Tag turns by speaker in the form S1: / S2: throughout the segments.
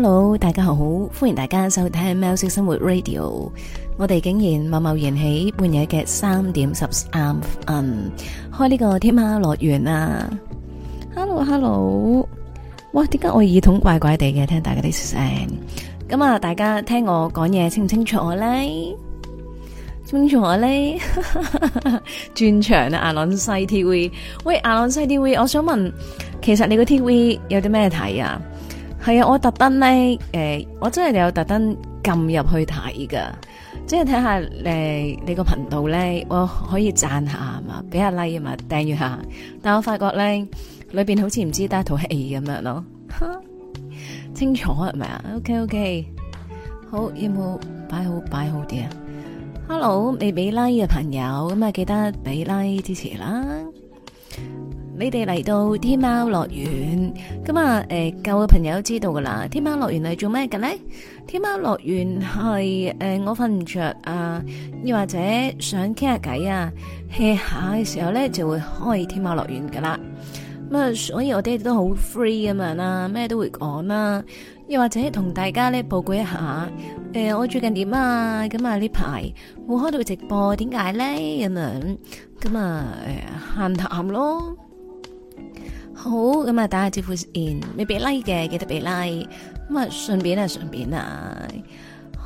S1: hello，大家好，歡迎大家收睇《喵式生活 Radio》。我哋竟然默冒然喺半夜嘅三點十晏，嗯，開呢個天喵樂園啊！Hello，Hello，哇，點解我耳筒怪怪地嘅？聽大家啲聲，咁啊，大家聽我講嘢清唔清楚咧？清唔清楚咧？轉 場啊，阿朗西 TV，喂，阿朗西 TV，我想問，其實你個 TV 有啲咩睇啊？係啊、哎，我特登咧，誒、欸，我真係有特登撳入去睇噶，即係睇下誒，呃、你頻道，呢個頻道咧，我可以讚下嘛，俾下 like 嘛，訂閱下。但我發覺咧，裏邊好似唔知得一套戲咁樣咯，啊。清楚係咪啊？OK OK，好，有冇擺好擺好啲啊？Hello，未俾 like 嘅朋友，咁啊記得俾 like 支持啦。你哋嚟到天喵樂園咁啊？誒、呃，舊嘅朋友都知道噶啦。天喵樂園係做咩嘅咧？天喵樂園係誒、呃，我瞓唔着啊，又或者想傾下偈啊，hea 下嘅時候咧，就會開天喵樂園噶啦。咁啊，所以我哋都好 free 咁樣啦，咩都會講啦、啊。又或者同大家咧報告一下，誒、呃，我最近點啊？咁啊，呢排冇開到直播，點解咧？咁樣咁啊，閒、呃、談咯。好，咁啊打下招呼先，未俾 like 嘅記得俾 like，咁啊順便啊順便啊。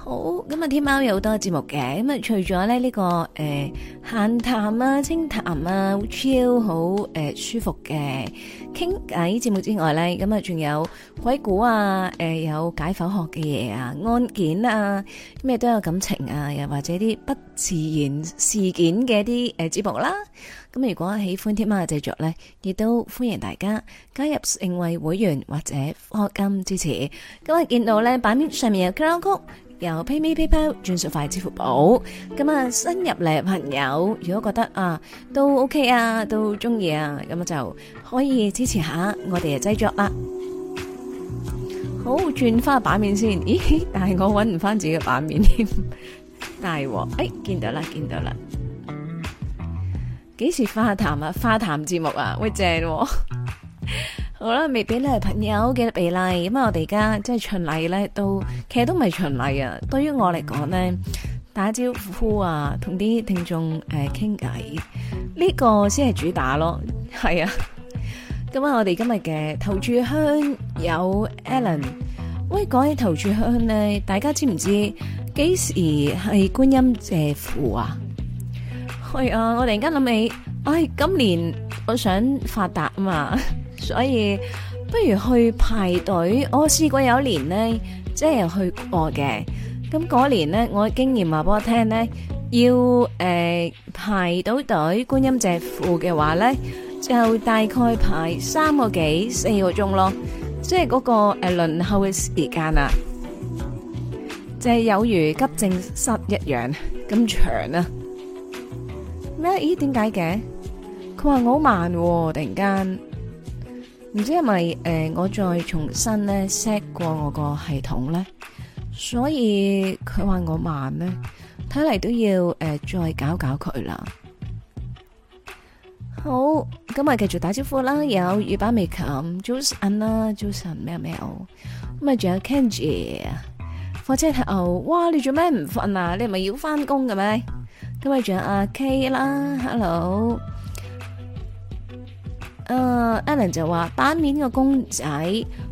S1: 好咁啊！天喵有好多節目嘅咁啊，除咗咧呢個誒閒談啊、清談啊，超好誒舒服嘅傾偈節目之外咧，咁啊，仲有鬼故啊、誒、呃、有解剖學嘅嘢啊、案件啊，咩都有感情啊，又或者啲不自然事件嘅一啲誒節目啦。咁、嗯、如果喜歡天喵嘅製作咧，亦都歡迎大家加入成為會員或者課金支持。咁、嗯、啊，見到咧版面上面有曲。由 PayMePayPal 轉數快支付寶。咁啊，新入嚟嘅朋友如果覺得啊都 OK 啊都鍾意啊，咁就可以支持下我哋嘅製作啦。好，轉翻版面先，咦？但係我揾唔翻自己嘅版面添， 大鑊！哎，見到啦，見到啦，幾時花壇啊？花壇節目啊，喂，正喎、啊！ 好啦，未俾咧朋友嘅備禮，咁啊，我哋而家即係循例咧，都其實都唔係循例啊。對於我嚟講咧，打招呼啊，同啲聽眾誒傾偈，呢、呃這個先係主打咯。係啊，咁 啊、嗯，我哋今日嘅頭炷香有 Alan，喂，講起頭炷香咧，大家知唔知幾時係觀音借庫啊？係 啊、嗯，我突然間諗起，唉、哎，今年我想發達啊嘛。 所以不如去排隊。我試過有一年呢，即係去過嘅。咁嗰年呢，我經驗話俾我聽呢，要誒、呃、排到隊觀音借庫嘅話呢，就大概排三個幾四個鐘咯。即係嗰個誒輪候嘅時間啊，就係有如急症室一樣咁長啊！咩？咦？點解嘅？佢話我好慢喎，突然間。唔知係咪誒，我再重新咧 set 過我個系統咧，所以佢話我慢咧，睇嚟都要誒再搞搞佢啦。好，咁啊繼續打招呼啦，有雨巴未冚，Joseph 啊，Joseph 咩咩哦，咁啊仲有 Kenji，火車頭，哇你做咩唔瞓啊？你係咪要翻工嘅咩？咁啊仲有阿 K 啦，Hello。誒，Alan 就話版面個公仔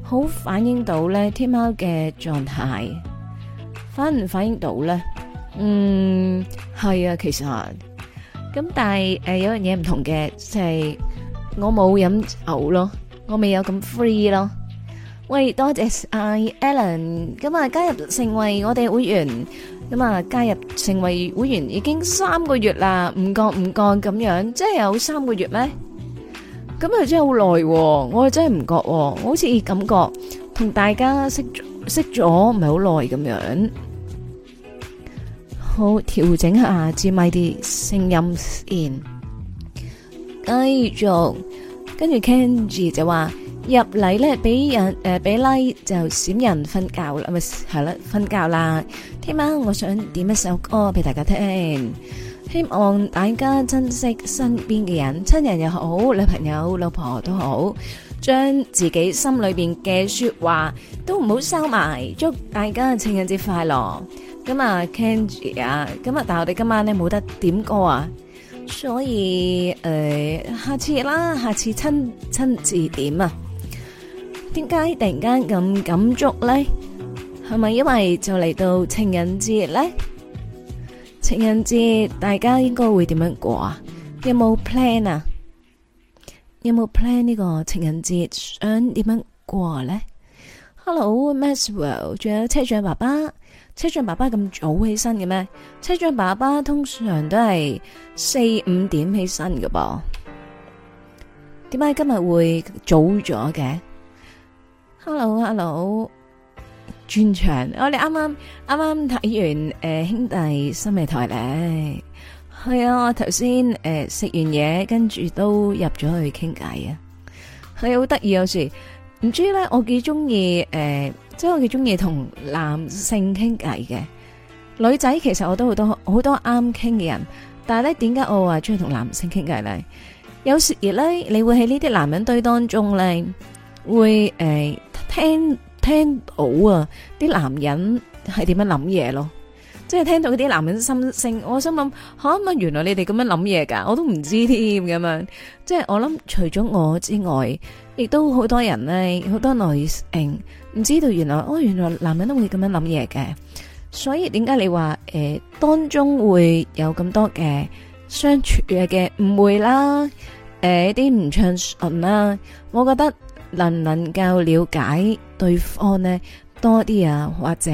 S1: 好反映到咧天喵嘅狀態，反唔反映到咧？嗯，係啊，其實咁但係誒有樣嘢唔同嘅，就係我冇飲酒咯，我未有咁 free 咯。喂，多謝阿 Alan，咁啊加入成為我哋會員，咁啊加入成為會員已經三個月啦，唔覺唔覺咁樣，即係有三個月咩？咁啊，真係好耐，我真係唔覺、哦，我好似感覺同大家識識咗唔係好耐咁樣。好，調整下支咪啲聲音先，繼續跟住 Kenji 就話入嚟咧，俾人誒俾 like 就閃人瞓覺啦，咪係啦，瞓覺啦。聽晚我想點一首歌俾大家聽。希望大家珍惜身邊嘅人，親人又好，女朋友、老婆都好，將自己心裏邊嘅說話都唔好收埋。祝大家情人節快樂！咁啊，Candy 啊，咁啊，但係我哋今晚咧冇得點歌啊，所以誒，下次啦，下次親親自點啊！點解突然間咁感觸咧？係咪因為就嚟到情人節咧？情人節大家應該會點樣過啊？有冇 plan 啊？有冇 plan 呢個情人節想點樣過呢？Hello，Maxwell，仲有車長爸爸，車長爸爸咁早起身嘅咩？車長爸爸通常都係四五點起身㗎噃，點解今日會早咗嘅？Hello，Hello。Hello, hello. 轉場，我哋啱啱啱啱睇完誒、呃、兄弟深夜台咧，係、哎呃、啊，哎、我頭先誒食完嘢，呃、跟住都入咗去傾偈啊，係好得意，有時唔知咧，我幾中意誒，即係我幾中意同男性傾偈嘅女仔，其實我都好多好多啱傾嘅人，但係咧，點解我話中意同男性傾偈咧？有時而咧，你會喺呢啲男人堆當中咧，會誒、呃、聽。聽到啊，啲男人係點樣諗嘢咯，即係聽到嗰啲男人心聲，我想諗吓，咁啊，原來你哋咁樣諗嘢噶，我都唔知添咁樣。即係我諗，除咗我之外，亦都好多人咧，好多女性唔知道，原來哦，原來男人都會咁樣諗嘢嘅，所以點解你話誒、呃、當中會有咁多嘅相處嘅嘅誤會啦，誒一啲唔暢順啦，我覺得能唔能夠了解。對方呢，多啲啊，或者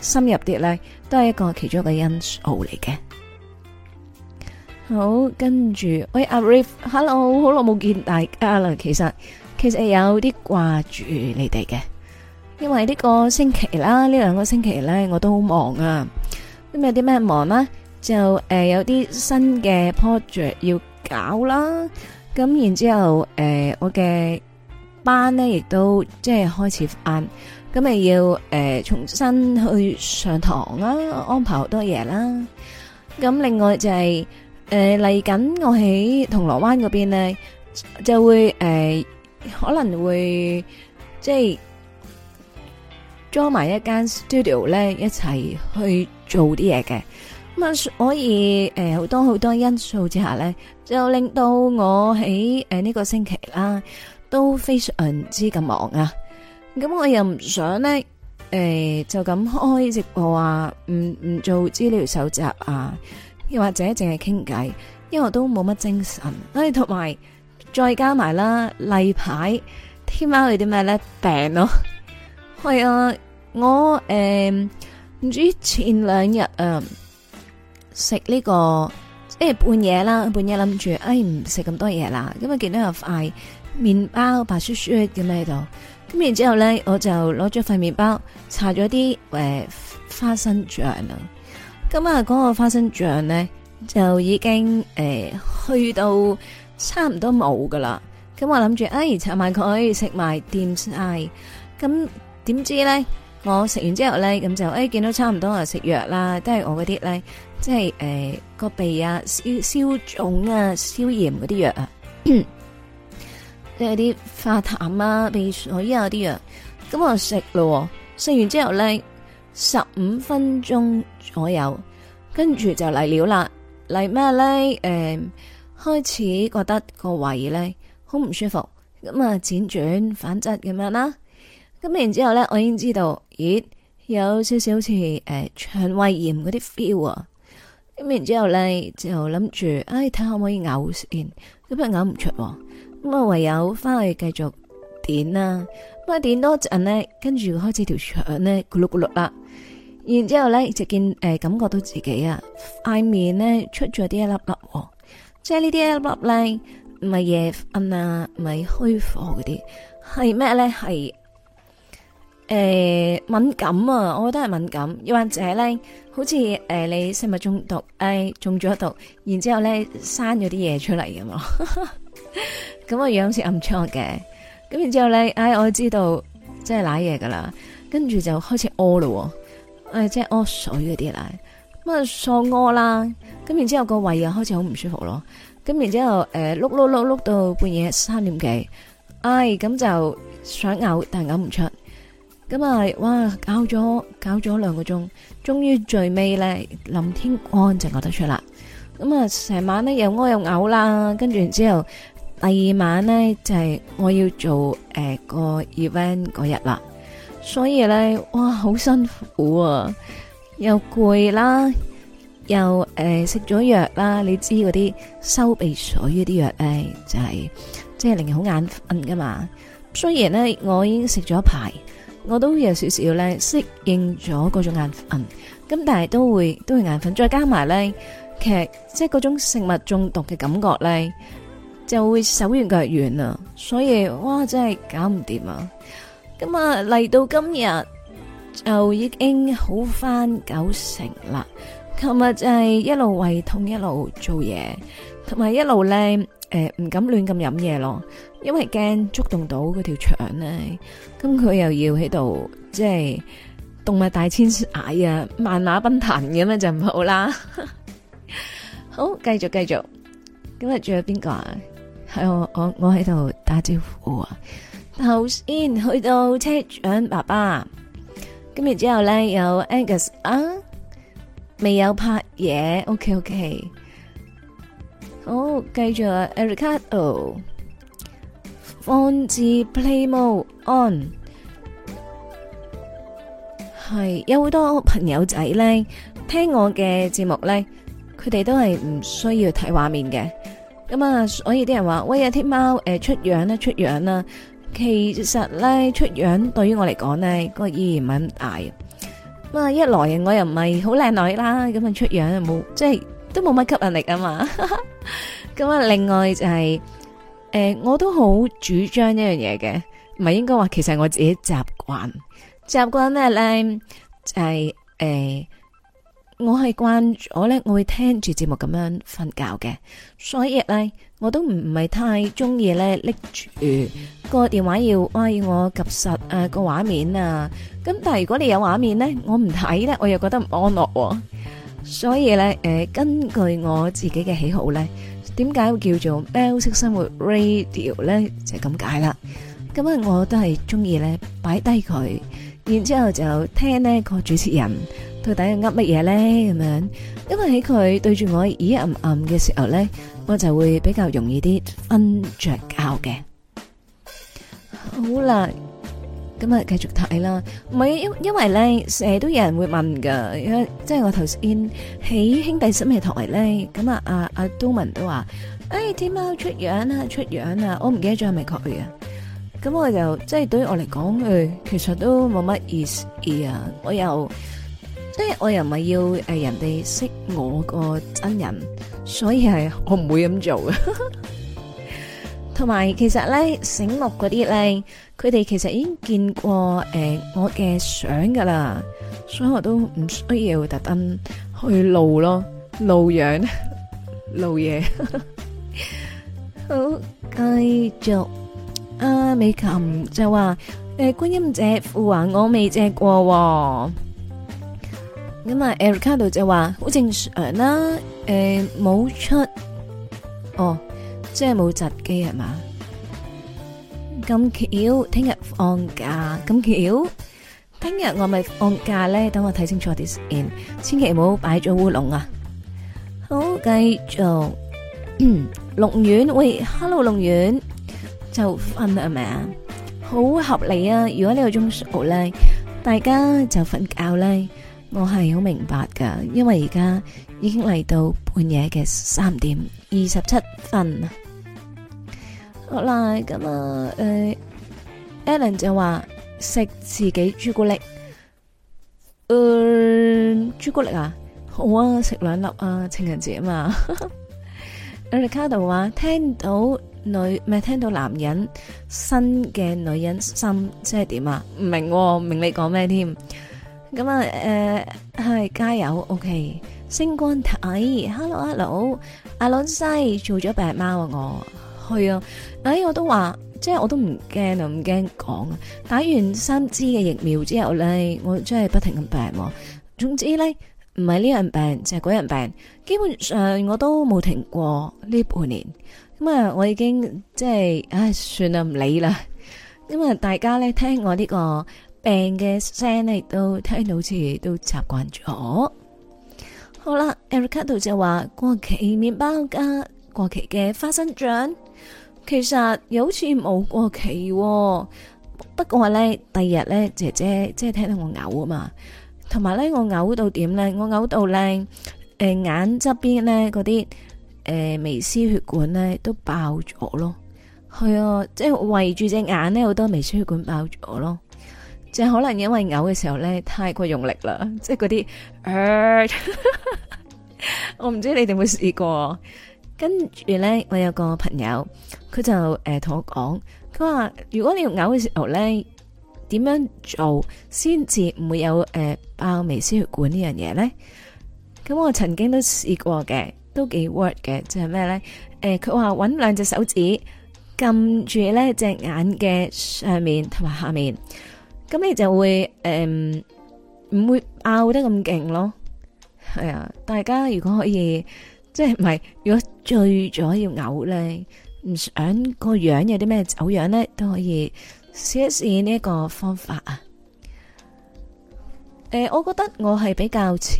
S1: 深入啲呢，都係一個其中嘅因素嚟嘅。好，跟住，喂，阿 Riff，Hello，好耐冇見，大家啦，其實其實有啲掛住你哋嘅，因為呢個星期啦，呢兩個星期呢，我都好忙啊。咁有啲咩忙咧、啊？就誒、呃、有啲新嘅 project 要搞啦。咁然之後誒、呃、我嘅。班咧亦都即係開始翻，咁咪要誒、呃、重新去上堂啦，安排好多嘢啦。咁另外就係誒嚟緊我喺銅鑼灣嗰邊咧，就會誒、呃、可能會即係裝埋一間 studio 咧一齊去做啲嘢嘅。咁啊所以誒好、呃、多好多因素之下咧，就令到我喺誒呢個星期啦。都非常之咁忙啊！咁我又唔想咧，誒，就咁開直播啊，唔唔做資料搜集啊，又或者淨係傾偈，因為我都冇乜精神。哎，同埋再加埋啦，例牌添翻嗰啲咩咧病咯，係啊，我誒唔知前兩日啊食呢個即係半夜啦，半夜諗住哎唔食咁多嘢啦，因為見到有快。麵包白雪雪嘅味道，咁然之後咧，我就攞咗塊麵包，搽咗啲誒花生醬啊。咁、嗯、啊、嗰、那個花生醬咧就已經誒、呃、去到差唔多冇噶啦。咁、嗯、我諗住，哎，搽埋佢，食埋掂晒。咁點、嗯、知咧，我食完之後咧，咁、嗯、就誒、哎、見到差唔多、呃、啊，食藥啦，都係我嗰啲咧，即係誒個鼻啊消消腫啊消炎嗰啲藥啊。即係啲化痰啊，鼻水、啊、我啲藥，咁我食咯，食完之後咧，十五分鐘左右，跟住就嚟料啦，嚟咩咧？誒、嗯，開始覺得個胃咧好唔舒服，咁啊，輾轉反側咁樣啦，咁然之後咧，我已經知道，咦，有少少好似誒腸胃炎嗰啲 feel 啊，咁然之後咧就諗住，誒、哎，睇下可唔可以嘔先，咁啊，嘔唔出。咁啊，唯有返去繼續點啦。咁啊，點多陣咧，跟住開始條腸咧咕碌咕碌啦。然之後咧就見誒、呃，感覺到自己啊塊面咧出咗啲一粒粒，哦、即係呢啲一粒粒咧，唔係夜瞓啊，唔係虛火嗰啲，係咩咧？係誒、呃、敏感啊，我覺得係敏感，或者咧好似誒、呃、你食物中毒，誒、哎、中咗毒，然之後咧生咗啲嘢出嚟咁 咁 我樣先暗瘡嘅，咁然後之後咧，哎我知道即係瀨嘢噶啦，跟住就開始屙啦，誒、哎、即係屙水嗰啲啦，咁啊喪屙啦，咁然後之後個胃又開始好唔舒服咯，咁然後之後誒碌碌碌碌到半夜三點幾，唉、哎，咁就想嘔但係嘔唔出，咁啊哇搞咗搞咗兩個鐘，終於最尾咧臨天安就嘔得出啦，咁啊成晚咧又屙又嘔啦，跟住然之後。第二晚咧就係、是、我要做誒、呃、個 event 嗰日啦，所以咧哇好辛苦啊，又攰啦，又誒食咗藥啦，你知嗰啲收鼻水嗰啲藥咧就係即係令人好眼瞓噶嘛。雖然咧我已經食咗一排，我都有少少咧適應咗嗰種眼瞓，咁但係都會都會眼瞓，再加埋咧其實即係嗰種食物中毒嘅感覺咧。就會手軟腳軟啊，所以哇真係搞唔掂啊！咁啊嚟到今日就已經好翻九成啦。琴日就係一路胃痛，一路做嘢，同埋一路咧誒唔敢亂咁飲嘢咯，因為驚觸動到嗰條腸咧。咁佢又要喺度即係動物大遷徙啊，萬馬奔騰咁樣就唔好啦。 好，繼續繼續，今日仲有邊個啊？係我我我喺度打招呼啊！頭先去到車長爸爸，今日之後咧有 Angus 啊，未有拍嘢，OK OK。好，繼續 Erica，哦，放置 play mode on。係有好多朋友仔咧聽我嘅節目咧，佢哋都係唔需要睇畫面嘅。咁啊，所以啲人話喂啊，天喵誒出樣啦出樣啦，其實咧出樣對於我嚟講咧個意義唔係咁大啊。咁啊，一來我又唔係好靚女啦，咁啊出樣又冇，即係都冇乜吸引力啊嘛。咁啊，另外就係誒，我都好主張一樣嘢嘅，唔係應該話，其實我自己習慣，習慣咩咧就係誒。我係慣咗咧，我會聽住節目咁樣瞓覺嘅，所以咧我都唔係太中意咧拎住個電話要，哇要我及實誒個畫面啊！咁但係如果你有畫面咧，我唔睇咧，我又覺得唔安樂喎，所以咧誒，根據我自己嘅喜好咧，點解會叫做喵式生活 Radio 咧，就係咁解啦。咁啊，我都係中意咧擺低佢，然之後就聽呢個主持人。到底係噏乜嘢咧？咁樣，因為喺佢對住我咦暗暗嘅時候咧，我就會比較容易啲瞓着覺嘅。好啦，今日繼續睇啦。唔係，因因為咧，成日都有人會問噶，即係我頭先喺兄弟室咩台咧？咁啊，阿阿都文都話，誒，天貓出樣啦，出樣啦，我唔記得咗係咪佢啊？咁我就即係對於我嚟講，佢其實都冇乜意思嘅。我又。即係我又唔係要誒人哋識我個真人，所以係我唔會咁做嘅。同埋其實咧，醒目嗰啲咧，佢哋其實已經見過誒我嘅相噶啦，所以我都唔需要特登去露咯，露樣露嘢。好，繼續啊，美琴就話誒觀音借庫呀，我未借過喎。咁啊，Erica 就話好正常啦，誒，冇出，哦，即係冇閘機係嘛？咁巧聽日放假，咁巧聽日我咪放假咧？等我睇清楚啲 in，千祈唔好擺咗烏龍啊！好，繼續嗯，龍苑，喂，Hello 龍苑，就瞓係咪啊？好合理啊！如果呢個鐘數咧，大家就瞓覺咧。我係好明白噶，因為而家已經嚟到半夜嘅三點二十七分。好啦，咁 啊樂，誒 ，Allen 就話食自己朱古力。誒，朱古力啊，好啊，食兩粒啊，情人節啊嘛。Ericado 話聽到女咪聽到男人新嘅女人心，即係點啊？唔明、啊，唔明你講咩添？咁啊，誒、呃，係加油，OK，星光體、哎、Hello，Hello，阿朗西做咗病貓啊，我，去啊，誒、哎，我都話，即係我都唔驚啊，唔驚講啊，打完三支嘅疫苗之後咧，我真係不停咁病、啊，總之咧，唔係呢樣病就係、是、嗰樣病，基本上我都冇停過呢半年，咁、嗯、啊，我已經即係，唉，算啦，唔理啦，因、嗯、啊，大家咧聽我呢、這個。病嘅聲嚟，都聽到好似都習慣咗。好啦，Erkato 就話過期麵包加過期嘅花生醬，其實又好似冇過期喎。不過咧，第二日咧，姐姐即係聽到我嘔啊嘛，同埋咧，我嘔到點咧，我嘔到咧，誒、呃、眼側邊咧嗰啲誒微絲血管咧都爆咗咯。係啊，即係圍住隻眼咧好多微絲血管爆咗咯。可能因為嘔嘅時候咧太過用力啦，即係嗰啲。呃、 我唔知你哋有冇試過。跟住咧，我有個朋友佢就誒同、呃、我講，佢話如果你要嘔嘅時候咧，點樣做先至唔會有誒、呃、爆微絲血管呢樣嘢咧？咁我曾經都試過嘅，都幾 work 嘅。即係咩咧？誒、呃，佢話搵兩隻手指撳住咧隻眼嘅上面同埋下面。咁你就會誒唔、呃、會拗得咁勁咯。係、哎、啊，大家如果可以，即係唔係如果醉咗要嘔咧，唔想個樣有啲咩走樣咧，都可以試一試呢個方法啊。誒、呃，我覺得我係比較似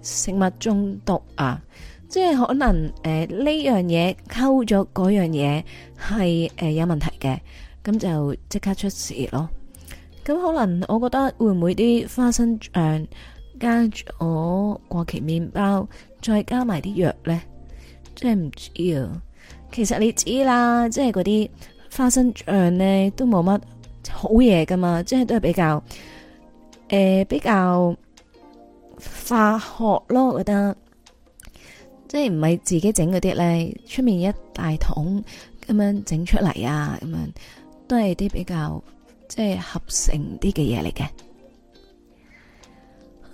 S1: 食物中毒啊，即係可能誒呢樣嘢溝咗嗰樣嘢係誒有問題嘅，咁就即刻出事咯。咁可能我覺得會唔會啲花生醬加咗過期麵包，再加埋啲藥咧？即係唔知啊！其實你知啦，即係嗰啲花生醬咧都冇乜好嘢噶嘛，即係都係比較誒、呃、比較化學咯，我覺得即係唔係自己整嗰啲咧，出面一大桶咁樣整出嚟啊，咁樣都係啲比較。即係合成啲嘅嘢嚟嘅。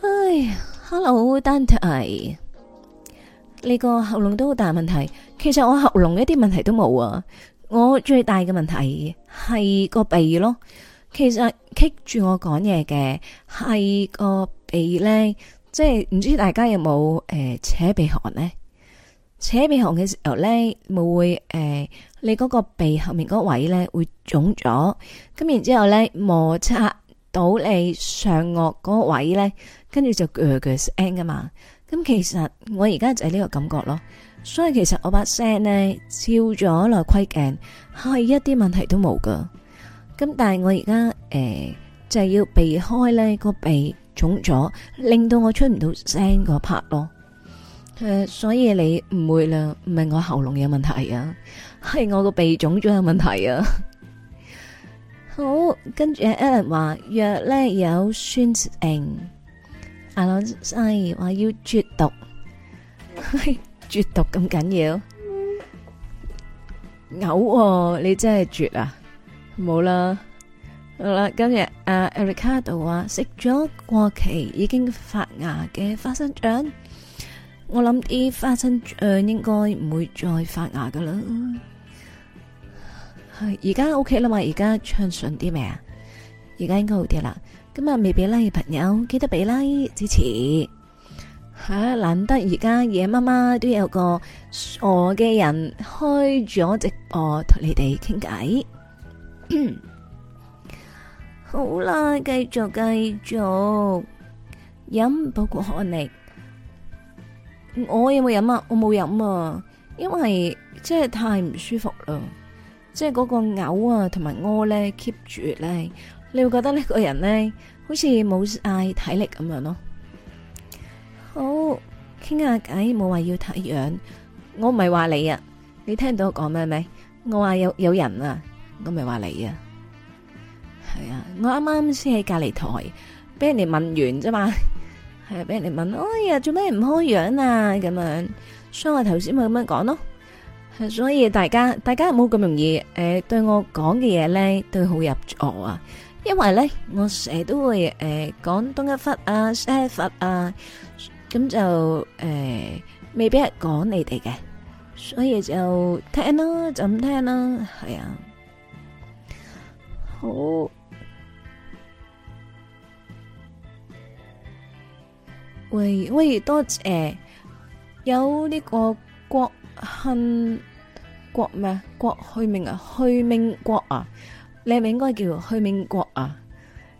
S1: 唉 Hello Daniel 你個喉嚨都好大問題。其實我喉嚨一啲問題都冇啊。我最大嘅問題係個鼻咯。其實棘住我講嘢嘅係個鼻咧。即係唔知大家有冇誒、呃、扯鼻鼾呢？扯鼻鼾嘅時候咧，會唔會誒？呃你嗰個鼻後面嗰個位咧會腫咗，咁然之後咧摩擦到你上顎嗰個位咧，跟住就鋸鋸聲噶嘛。咁其實我而家就係呢個感覺咯，所以其實我把聲咧照咗落窺鏡，係一啲問題都冇噶。咁但係我而家誒就係要避開咧個鼻腫咗，令到我出唔到聲個 part 咯。誒，所以你唔會啦，唔係我喉嚨有問題啊。係我個鼻腫咗有問題啊！好，跟住 Alan 話藥咧有酸性，阿老細話要絕毒， 絕毒咁緊要，嘔、 呃！你真係絕啊！冇啦，好啦，今日阿 Erica 度話食咗過期已經發芽嘅花生醬，我諗啲花生醬應該唔會再發芽噶啦。而家 OK 啦嘛，而家暢順啲未啊？而家應該好啲啦。今日未俾拉嘅朋友，記得俾拉、like, 支持。吓、啊，難得而家夜媽媽都有個傻嘅人開咗直播同你哋傾偈。 好啦，繼續繼續飲，不過你，我有冇飲啊？我冇飲啊，因為真係太唔舒服啦。即係嗰個嘔啊，同埋屙咧 keep 住咧，你會覺得呢個人咧好似冇嗌體力咁樣咯。好，傾下偈，冇話要睇樣。我唔係話你啊，你聽到我講咩咩？我話有有人啊，我唔係話你啊。係啊，我啱啱先喺隔籬台俾人哋問完啫嘛，係啊，俾人哋問，哎呀，做咩唔開樣啊？咁樣，所以我頭先咪咁樣講咯。所以大家大家唔好咁容易誒對我講嘅嘢，咧，對號入座啊！因為咧我成日都會誒講東一佛啊西一佛啊，咁就誒未必係講你哋嘅，所以就聽啦，就咁聽啦，係啊，好，喂，喂，多謝有呢個國。恨國咩？國虛名啊，虛名國啊，你係咪應該叫虛名國啊。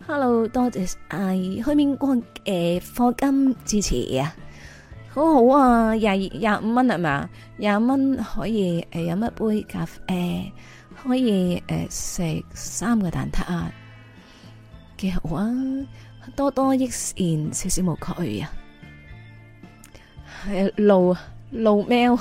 S1: Hello，多謝係虛明國誒，課金支持啊，好好啊，廿二廿五蚊係嘛，廿五蚊可以誒飲、呃、一杯咖啡，呃、可以誒食、呃、三個蛋撻、啊，幾好啊！多多益善，少少無愧啊。係露露喵。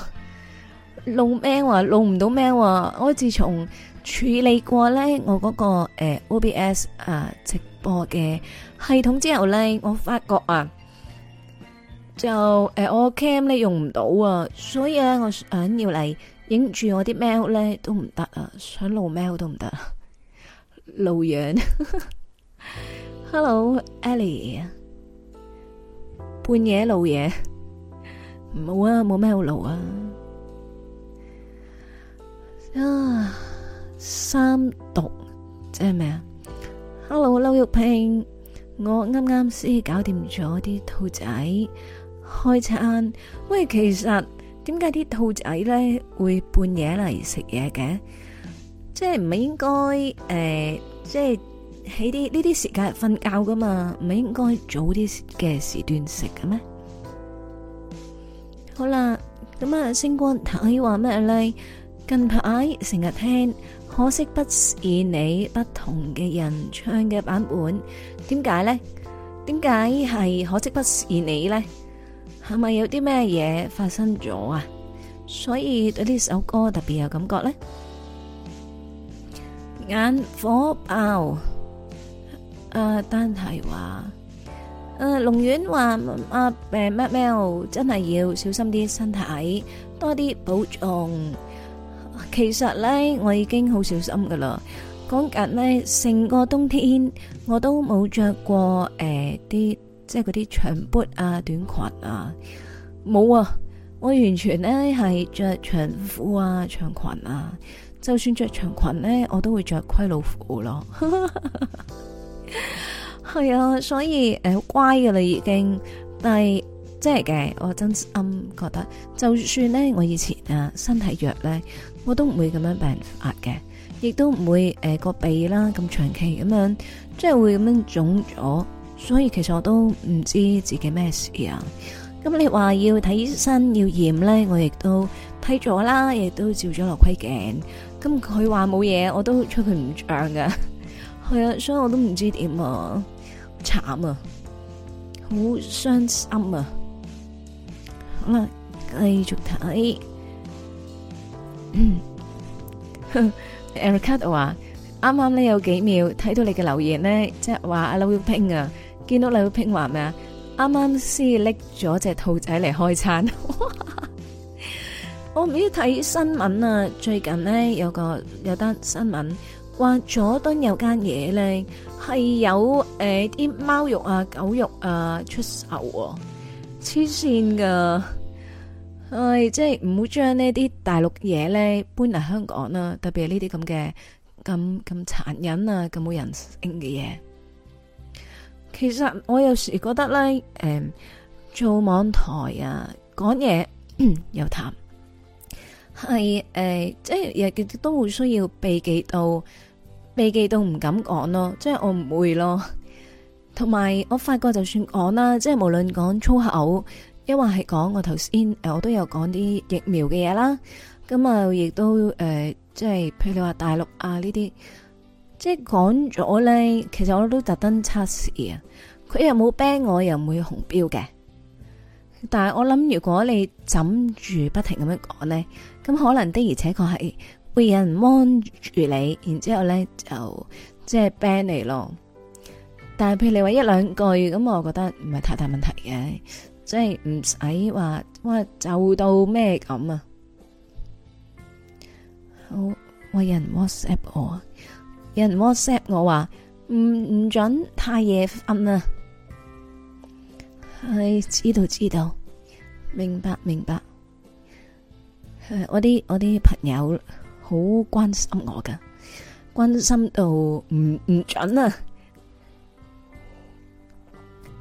S1: 錄咩話？錄唔到咩？我自從處理過咧，我嗰個誒 OBS 啊直播嘅系統之後咧，我發覺啊，就誒我 cam 咧用唔到啊，所以啊，我想要嚟影住我啲貓咧都唔得啊，想錄貓都唔得，露樣。Hello，Ellie，半夜露嘢，冇啊，冇咩好露啊。啊，三毒即係咩啊？Hello，劉玉萍，我啱啱先搞掂咗啲兔仔開餐。喂，其實點解啲兔仔咧會半夜嚟食嘢嘅？即係唔係應該誒，即係喺啲呢啲時間瞓覺噶嘛？唔係應該早啲嘅時段食嘅咩？好啦，咁啊，星光睇可以話咩咧？近排成日聽，可惜不是你不同嘅人唱嘅版本。點解呢？點解係可惜不是你呢？係咪有啲咩嘢發生咗啊？所以對呢首歌特別有感覺呢。眼火爆，阿丹提話，阿龍源話，阿誒麥喵真係要小心啲身體，多啲保重。其實咧，我已經好小心噶啦。講緊咧，成個冬天我都冇着過誒啲、呃，即係嗰啲長 boot 啊、短裙啊，冇啊！我完全咧係着長褲啊、長裙啊。就算着長裙咧，我都會着盔老虎咯。係 啊，所以誒、呃、好乖噶啦已經，但係。即係嘅，我真心覺得，就算咧我以前啊身體弱咧，我都唔會咁樣病發嘅，亦都唔會誒個、呃、鼻啦咁長期咁樣，即係會咁樣腫咗。所以其實我都唔知自己咩事啊。咁、嗯、你話要睇醫生要驗咧，我亦都睇咗啦，亦都照咗落窺鏡。咁佢話冇嘢，我都吹佢唔漲噶。係 啊、嗯，所以我都唔知點啊，慘啊，好傷心啊！好啦，繼續睇。Erica 話：啱啱咧有幾秒睇到你嘅留言咧，即係話阿劉永平啊，見到你劉永平話咩啊？啱啱先拎咗隻兔仔嚟開餐。我唔知睇新聞啊，最近咧有個有單新聞話佐敦有間嘢咧係有誒啲貓肉啊、狗肉啊出售。黐線噶，唉，即係唔好將呢啲大陸嘢咧搬嚟香港啦，特別係呢啲咁嘅咁咁殘忍啊，咁冇人性嘅嘢。其實我有時覺得咧，誒，做網台啊，講嘢又談，係誒，即係亦都會需要避忌到，避忌到唔敢講咯，即係我唔會咯。同埋，我發覺就算講啦，即係無論講粗口，抑或係講我頭先，誒、呃，我都有講啲疫苗嘅嘢啦。咁、嗯呃、啊，亦都誒，即係譬如你話大陸啊呢啲，即係講咗咧，其實我都特登測試啊，佢又冇 ban，我又唔會紅標嘅。但係我諗，如果你枕住不停咁樣講咧，咁可能的而且確係會有人 mon 住你，然之後咧就即係 ban 你咯。但係，譬如你話一兩句，咁我覺得唔係太大問題嘅，即係唔使話哇就到咩咁啊！好、哦，有人 WhatsApp 我，有人 WhatsApp 我話唔唔准太夜瞓啊！係、哎、知道知道，明白明白。嗯、我啲我啲朋友好關心我噶，關心到唔唔准啊！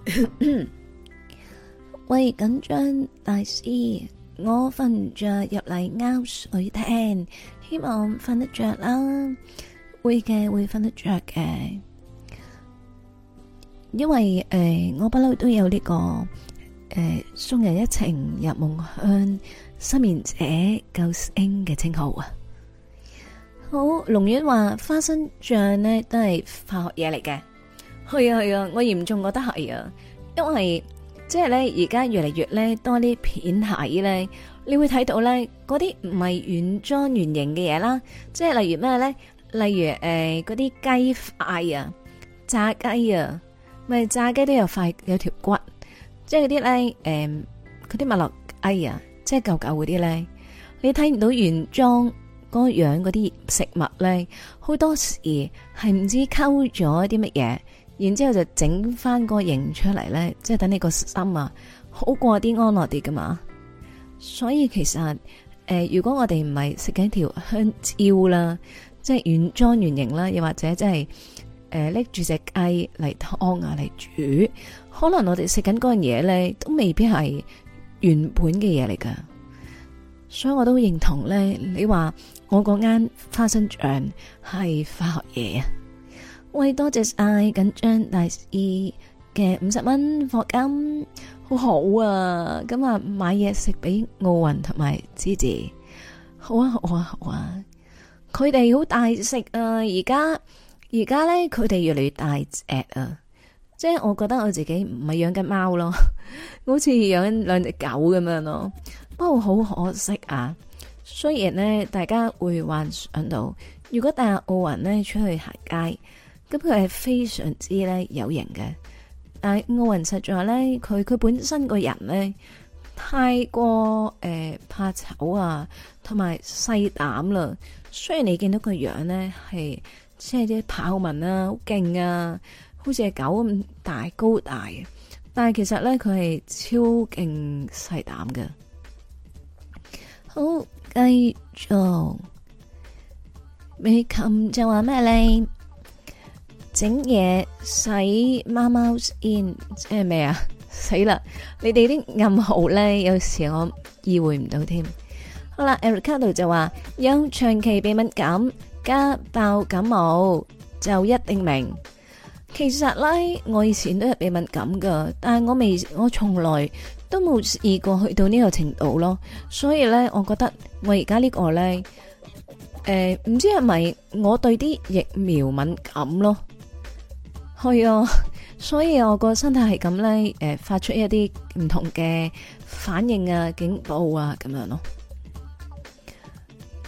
S1: 喂，緊張大師，我瞓唔着入嚟啱水聽，希望瞓得着啦，會嘅會瞓得着嘅，因為誒、呃、我不嬲都有呢、這個誒、呃、送人一程入夢鄉，失眠者救星嘅稱號啊！好，龍月話花生醬呢都係化學嘢嚟嘅。係啊係啊，我嚴重覺得係啊，因為即係咧而家越嚟越咧多啲片睇咧，你會睇到咧嗰啲唔係原裝原型嘅嘢啦，即係例如咩咧？例如誒嗰啲雞塊啊、炸雞啊，咪炸雞啊、炸雞都有塊有條骨，即係嗰啲咧誒嗰啲麥樂雞啊，即係舊舊嗰啲咧，你睇唔到原裝嗰樣嗰啲食物咧，好多時係唔知溝咗啲乜嘢。然之後就整翻個形出嚟咧，即係等你個心啊好過啲安樂啲噶嘛。所以其實誒、呃，如果我哋唔係食緊條香蕉啦，即係原裝原形啦，又或者即係誒拎住隻雞嚟湯啊嚟煮，可能我哋食緊嗰樣嘢咧都未必係原本嘅嘢嚟噶。所以我都認同咧，你話我嗰間花生醬係化學嘢啊。我多謝晒緊張大二嘅五十蚊課金，好好啊！咁啊，買嘢食俾奧運同埋芝芝，好啊，好啊，好啊！佢哋好大食啊！而家而家咧，佢哋越嚟越大隻啊！即係我覺得我自己唔係養緊貓咯， 好似養緊兩隻狗咁樣咯。不過好可惜啊！雖然咧，大家會幻想到，如果帶奧運咧出去行街。咁佢係非常之咧有型嘅，但係奧運實在咧，佢佢本身個人咧太過誒、呃、怕醜啊，同埋細膽啦。雖然你見到佢樣咧係即係啲豹紋啊，啊，好勁啊，好似係狗咁大高大嘅，但係其實咧佢係超勁細膽嘅。好，繼續，你琴就話咩咧？整嘢洗貓貓 in 即係咩啊？死啦！你哋啲暗號咧，有時我意會唔到添。好啦，Ericado 就話有長期鼻敏感加爆感冒就一定明。其實咧，我以前都有鼻敏感噶，但係我未，我從來都冇試過去到呢個程度咯。所以咧，我覺得我而家呢個咧，誒，唔知係咪我對啲疫苗敏感咯？係啊，所以我個身體係咁咧，誒，發出一啲唔同嘅反應啊、警報啊咁樣咯。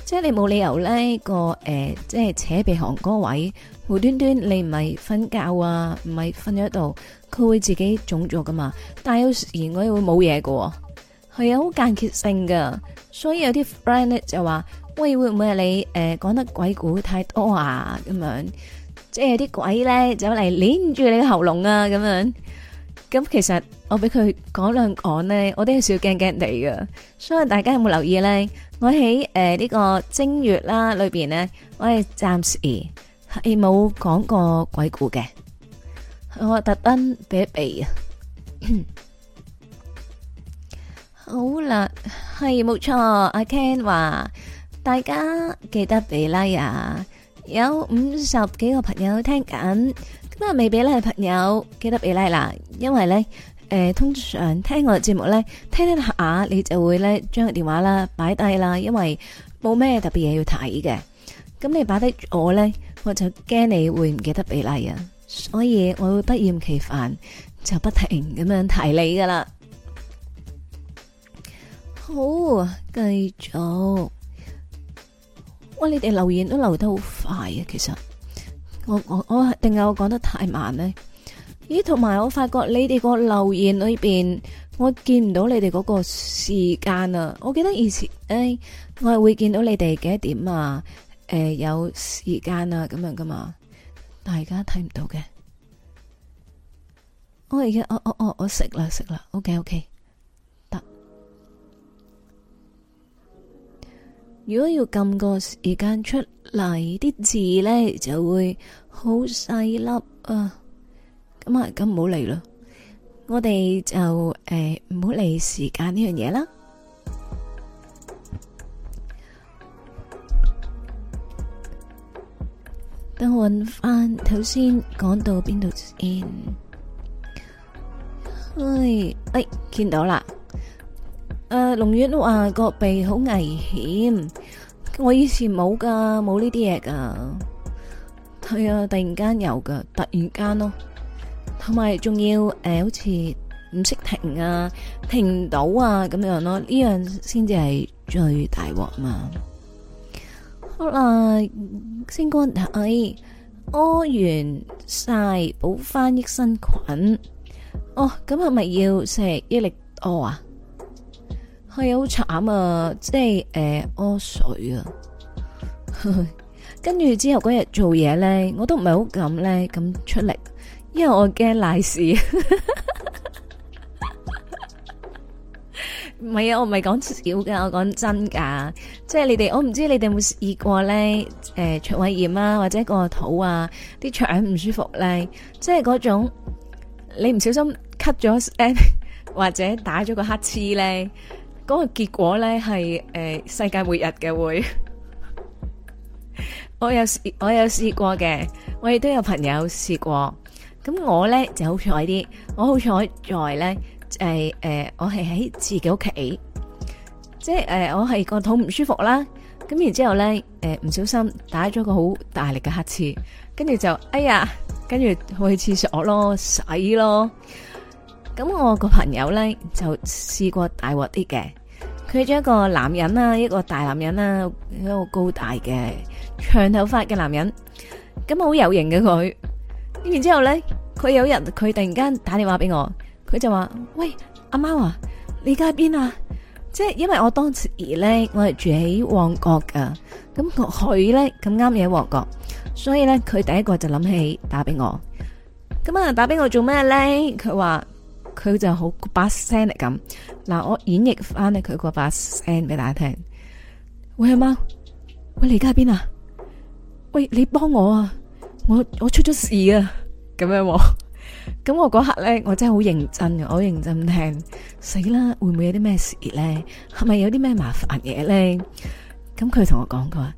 S1: 即係你冇理由咧個誒，即係扯鼻鼾嗰位，無端端你唔係瞓覺啊，唔係瞓咗喺度，佢會自己腫咗噶嘛。但係有時我又會冇嘢噶，係啊，好間歇性噶。所以有啲 friend 咧就話：「喂，會唔會係你誒講得鬼故太多啊？咁樣。即係啲鬼咧，走嚟捏住你個喉嚨啊！咁樣，咁其實我俾佢講兩講咧，我都係少驚驚地噶。所以大家有冇留意咧？我喺誒呢個正月啦裏邊咧，我係暫時係冇講過鬼故嘅。我特登避避啊！好啦，係冇錯。阿 Ken 話大家記得俾 like 啊！有五十幾個朋友聽緊，今日未俾 like 嘅朋友記得俾 like 啦，因為咧誒、呃、通常聽我節目咧，聽聽下你就會咧將個電話啦擺低啦，因為冇咩特別嘢要睇嘅。咁你擺低我咧，我就驚你會唔記得俾 like 啊，所以我會不厭其煩就不停咁樣提你噶啦。好，繼續。哇！你哋留言都留得好快啊，其實我我我定係我講得太慢咧？咦，同埋我發覺你哋個留言裏邊，我見唔到你哋嗰個時間啊！我記得以前誒，我係會見到你哋幾多點啊？誒，有時間啊咁樣噶嘛？但係而家睇唔到嘅，我而家我我我我食啦食啦，OK OK。如果要撳個時間出嚟，啲字咧就會好細粒啊！咁啊，咁唔好嚟啦，我哋就誒唔好嚟時間呢樣嘢啦。等我搵返，頭先講到邊度先？嘿，哎，見到啦。誒，龍月都話個鼻好危險，我以前冇噶冇呢啲嘢噶。係啊，突然間有噶突然間咯，同埋仲要誒，好似唔識停啊，停唔到啊，咁樣咯，呢樣先至係最大鑊嘛。好啦，先講，係屙完晒補翻益生菌。哦，咁係咪要食益力多啊？係好慘啊！即係誒屙水啊，跟 住之後嗰日做嘢咧，我都唔係好敢咧咁出力，因為我驚賴屎。唔 係啊，我唔係講笑嘅，我講真噶。即係你哋，我唔知你哋有冇試過咧？誒、呃，腸胃炎啊，或者個肚啊，啲腸唔舒服咧，即係嗰種你唔小心吸咗， 或者打咗個乞嗤咧。嗰個結果咧係誒世界末日嘅會 我試，我有試，我有試過嘅，我亦都有朋友試過。咁我咧就好彩啲，我好彩在咧誒誒，我係喺自己屋企，即係誒我係個肚唔舒服啦，咁然後，之後咧誒唔小心打咗個好大力嘅乞嗤，跟住就哎呀，跟住去廁所咯，洗咯。咁我個朋友咧就試過大鑊啲嘅，佢做一個男人啦，一個大男人啦，一個高大嘅長頭髮嘅男人，咁好有型嘅佢。然之後咧，佢有一日，佢突然間打電話俾我，佢就話：，喂，阿喵啊，你家喺邊啊？即係因為我當時咧，我係住喺旺角噶，咁佢咧咁啱嘢喺旺角，所以咧佢第一個就諗起打俾我。咁啊打俾我做咩咧？佢話。佢就好個把聲嚟，咁，嗱，我演繹翻咧佢個把聲俾大家聽。喂，阿貓，喂，你而家喺邊啊？喂，你幫我啊！我我出咗事啊！咁樣我，咁我嗰刻咧，我真係好認真嘅，好認真聽。死啦！會唔會有啲咩事咧？係咪有啲咩麻煩嘢咧？咁佢同我講，佢話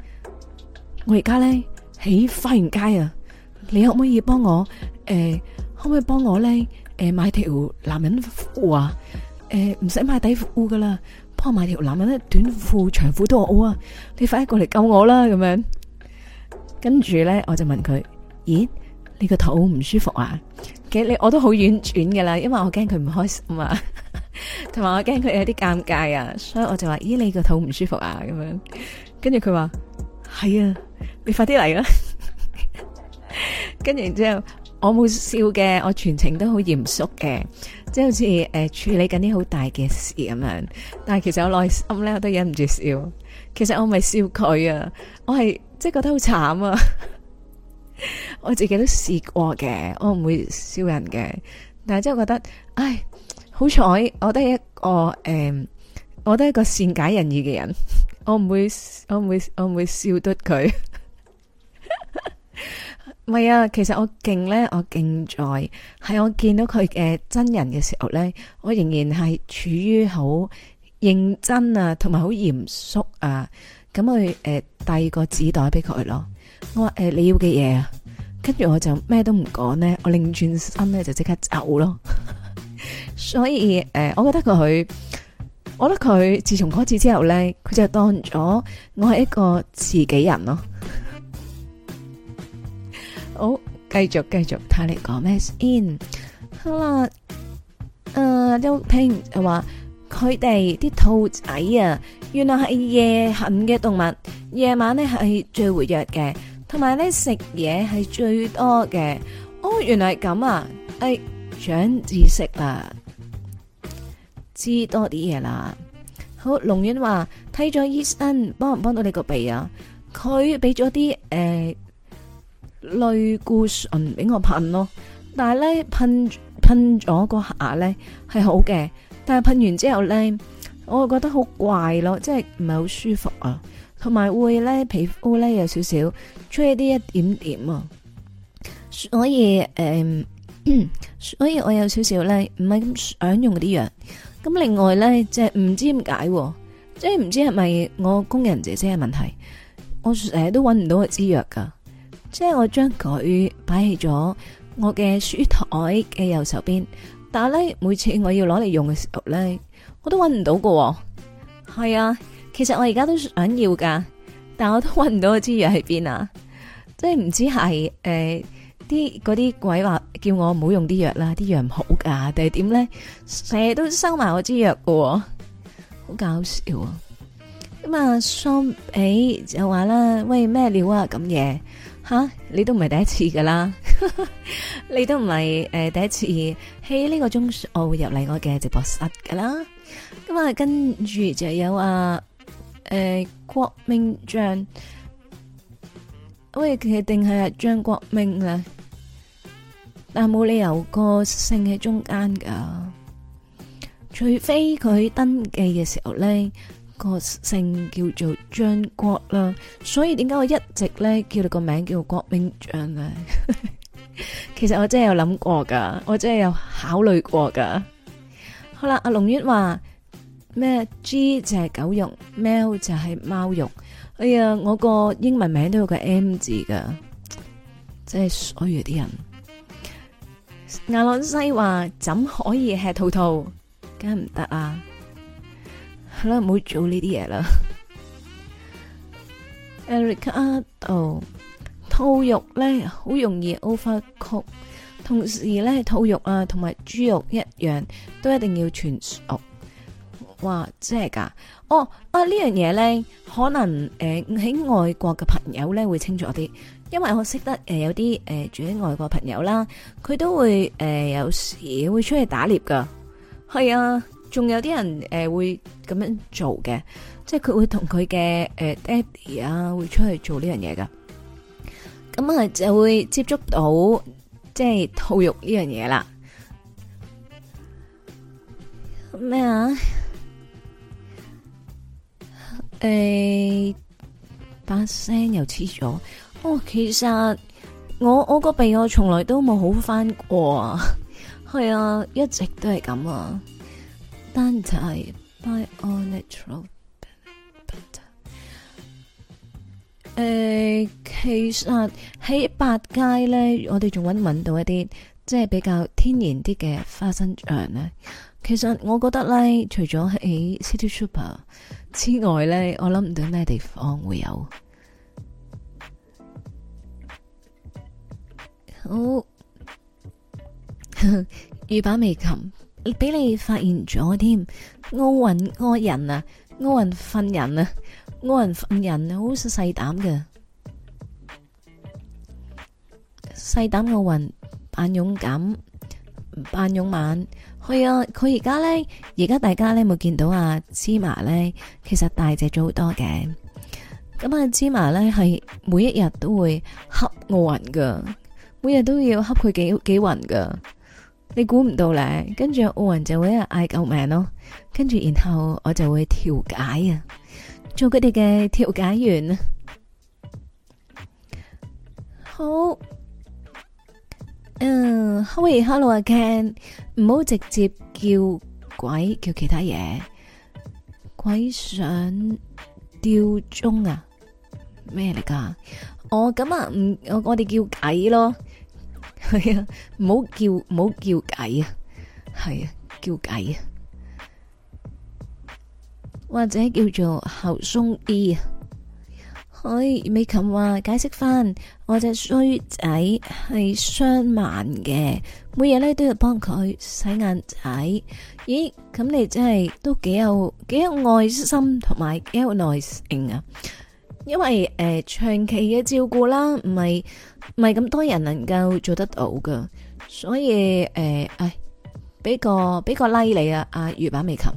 S1: 我而家咧喺花園街啊！你可唔可以幫我？誒，可唔可以幫我咧？誒，買條男人褲啊！誒，唔使買底褲噶啦，幫我買條男人咧短褲、長褲都好啊！你快啲過嚟救我啦！咁樣，跟住咧，我就問佢，咦，你個肚唔舒服啊？其實你我都好婉轉噶啦，因為我驚佢唔開心啊，同埋我驚佢有啲尷尬啊，所以我就話，咦，你個肚唔舒服啊？咁樣，跟住佢話，係啊，你快啲嚟啦！跟住之後。我冇笑嘅，我全程都好嚴肅嘅，即係好似誒處理緊啲好大嘅事咁樣。但係其實我內心咧，我都忍唔住笑。其實我唔係笑佢啊，我係即係覺得好慘啊。 我自己都試過嘅，我唔會笑人嘅。但係即係覺得，唉，好彩、呃，我都係一個誒，我都係一個善解人意嘅人， 我唔會，我唔會，我唔會笑得佢。 唔係啊，其實我勁咧，我勁在係我見到佢嘅真人嘅時候咧，我仍然係處於好認真啊，同埋好嚴肅啊，咁去誒遞個紙袋俾佢咯。我話誒、呃、你要嘅嘢啊。跟住我就咩都唔講咧，我擰轉身咧就即刻走咯。 所以誒、呃，我覺得佢，我覺得佢自從嗰次之後咧，佢就當咗我係一個自己人咯。好，繼續繼續，睇你講咩？In 好啦，誒 Dopein 又話佢哋啲兔仔啊，原來係夜行嘅動物，夜晚咧係最活躍嘅，同埋咧食嘢係最多嘅。哦，原來係咁啊！誒，長知識啦，知多啲嘢啦。好，龍遠話睇咗醫生，幫唔幫到你個鼻啊？佢俾咗啲誒。呃類固醇俾我噴咯，但係咧噴，噴咗個下咧係好嘅，但係噴完之後咧，我覺得好怪咯，即係唔係好舒服啊，同埋會咧皮膚咧有少少出吹啲一,一點點啊，所以誒、呃，所以我有少少咧唔係咁想用嗰啲藥。咁另外咧，即係唔知點解，即係唔知係咪我工人姐姐嘅問題，我成日都搵唔到佢支藥噶。即係我將佢擺喺咗我嘅書枱嘅右手邊，但係咧每次我要攞嚟用嘅時候咧，我都揾唔到噶喎。係啊，其實我而家都想要噶，但我都揾唔到我支藥喺邊啊！即係唔知係誒啲嗰啲鬼話叫我唔好用啲藥啦、哦，啲藥唔好噶，定係點咧？成日都收埋我支藥噶，好搞笑啊！咁啊，雙比就話啦，喂咩料啊咁嘢？吓，你都唔係第一次噶啦， 你都唔係誒第一次喺呢個鐘我會入嚟我嘅直播室噶啦。咁、嗯、啊，跟住就有啊誒、呃、郭明將，喂佢定係阿張國明啊？但冇理由個姓喺中間噶，除非佢登記嘅時候咧。個姓叫做張國啦，所以點解我一直咧叫你個名叫做郭明張咧？其實我真係有諗過噶，我真係有考慮過噶。好啦，阿龍月話咩 G 就係狗肉，M 就係貓肉。哎呀，我個英文名都有個 M 字噶，真係所有啲人。亞朗西話怎可以吃兔兔？梗係唔得啊！係啦，唔好做呢啲嘢啦。Erica， 兔肉咧好容易 overcook，同時咧兔肉啊同埋豬肉一樣，都一定要全熟。哇，真係噶！哦，啊呢樣嘢咧，可能誒喺、呃、外國嘅朋友咧會清楚啲，因為我識得誒、呃、有啲誒、呃、住喺外國朋友啦，佢都會誒、呃、有時會出去打獵噶，係啊。仲有啲人誒、呃、會咁樣做嘅，即係佢會同佢嘅誒爹哋啊，會出去做呢樣嘢噶，咁啊就會接觸到即係套肉呢樣嘢啦。咩啊？誒、欸，把聲又黐咗。哦，其實我我個鼻我從來都冇好返過啊，係 啊，一直都係咁啊。問題。誒，其實喺百佳咧，我哋仲搵搵到一啲即係比較天然啲嘅花生醬咧。其實我覺得咧，除咗喺 City Super 之外咧，我諗唔到咩地方會有。好，欲罷未及。俾你發現咗添，奧運惡人啊，奧運訓人啊，奧運訓人好細膽嘅，細膽奧運，啊、奧運扮勇敢，扮勇猛。係啊，佢而家咧，而家大家咧冇見到啊，芝麻咧，其實大隻咗好多嘅。咁啊，芝麻咧係每一日都會恰奧運噶，每日都要恰佢幾幾云噶。你估唔到咧，跟住奧運就會嗌救命咯，跟住然後我就會調解啊，做佢哋嘅調解員。好，嗯，喂，hello 啊 Ken，唔好直接叫鬼叫其他嘢，鬼想吊鐘啊，咩嚟㗎？哦，咁啊，唔，我我哋叫計咯。係啊，唔好 叫唔好叫計啊，係啊，叫計啊，或者叫做後鬆啲啊。可以美琴話解釋翻，我隻衰仔係傷盲嘅，每日呢都要幫佢洗眼仔。咦，咁你真係都幾有幾有愛心同埋幾有耐性啊！因為誒、呃、長期嘅照顧啦，唔係唔係咁多人能夠做得到噶，所以誒，哎、呃，俾個俾個 like 你啊，啊，魚板美琴。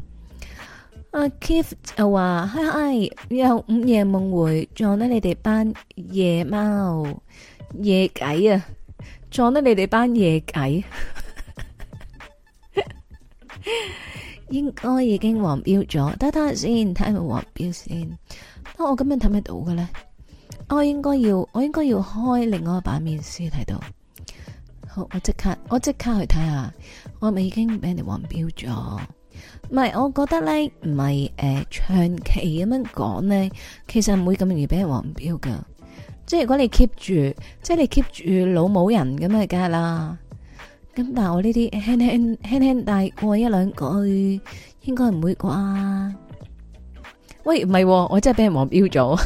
S1: 啊，Keith 又話，嗨嗨，又午夜夢回，撞得你哋班夜貓夜鬼啊，撞得你哋班夜鬼， 應該已經黃標咗，等一等先，睇下黃標先。哦、我咁樣睇唔睇到嘅咧？我應該要，我應該要開另外一個版面先睇到。好，我即刻，我即刻去睇下，我咪已經俾人哋黃標咗？唔係，我覺得咧，唔係誒長期咁樣講咧，其實唔會咁容易俾人黃標噶。即係如果你 keep 住，即係你 keep 住老母人咁啊，梗係啦。咁但係我呢啲輕輕輕輕帶過一兩句，應該唔會啩？喂，唔係、哦，我真係俾人黃標咗。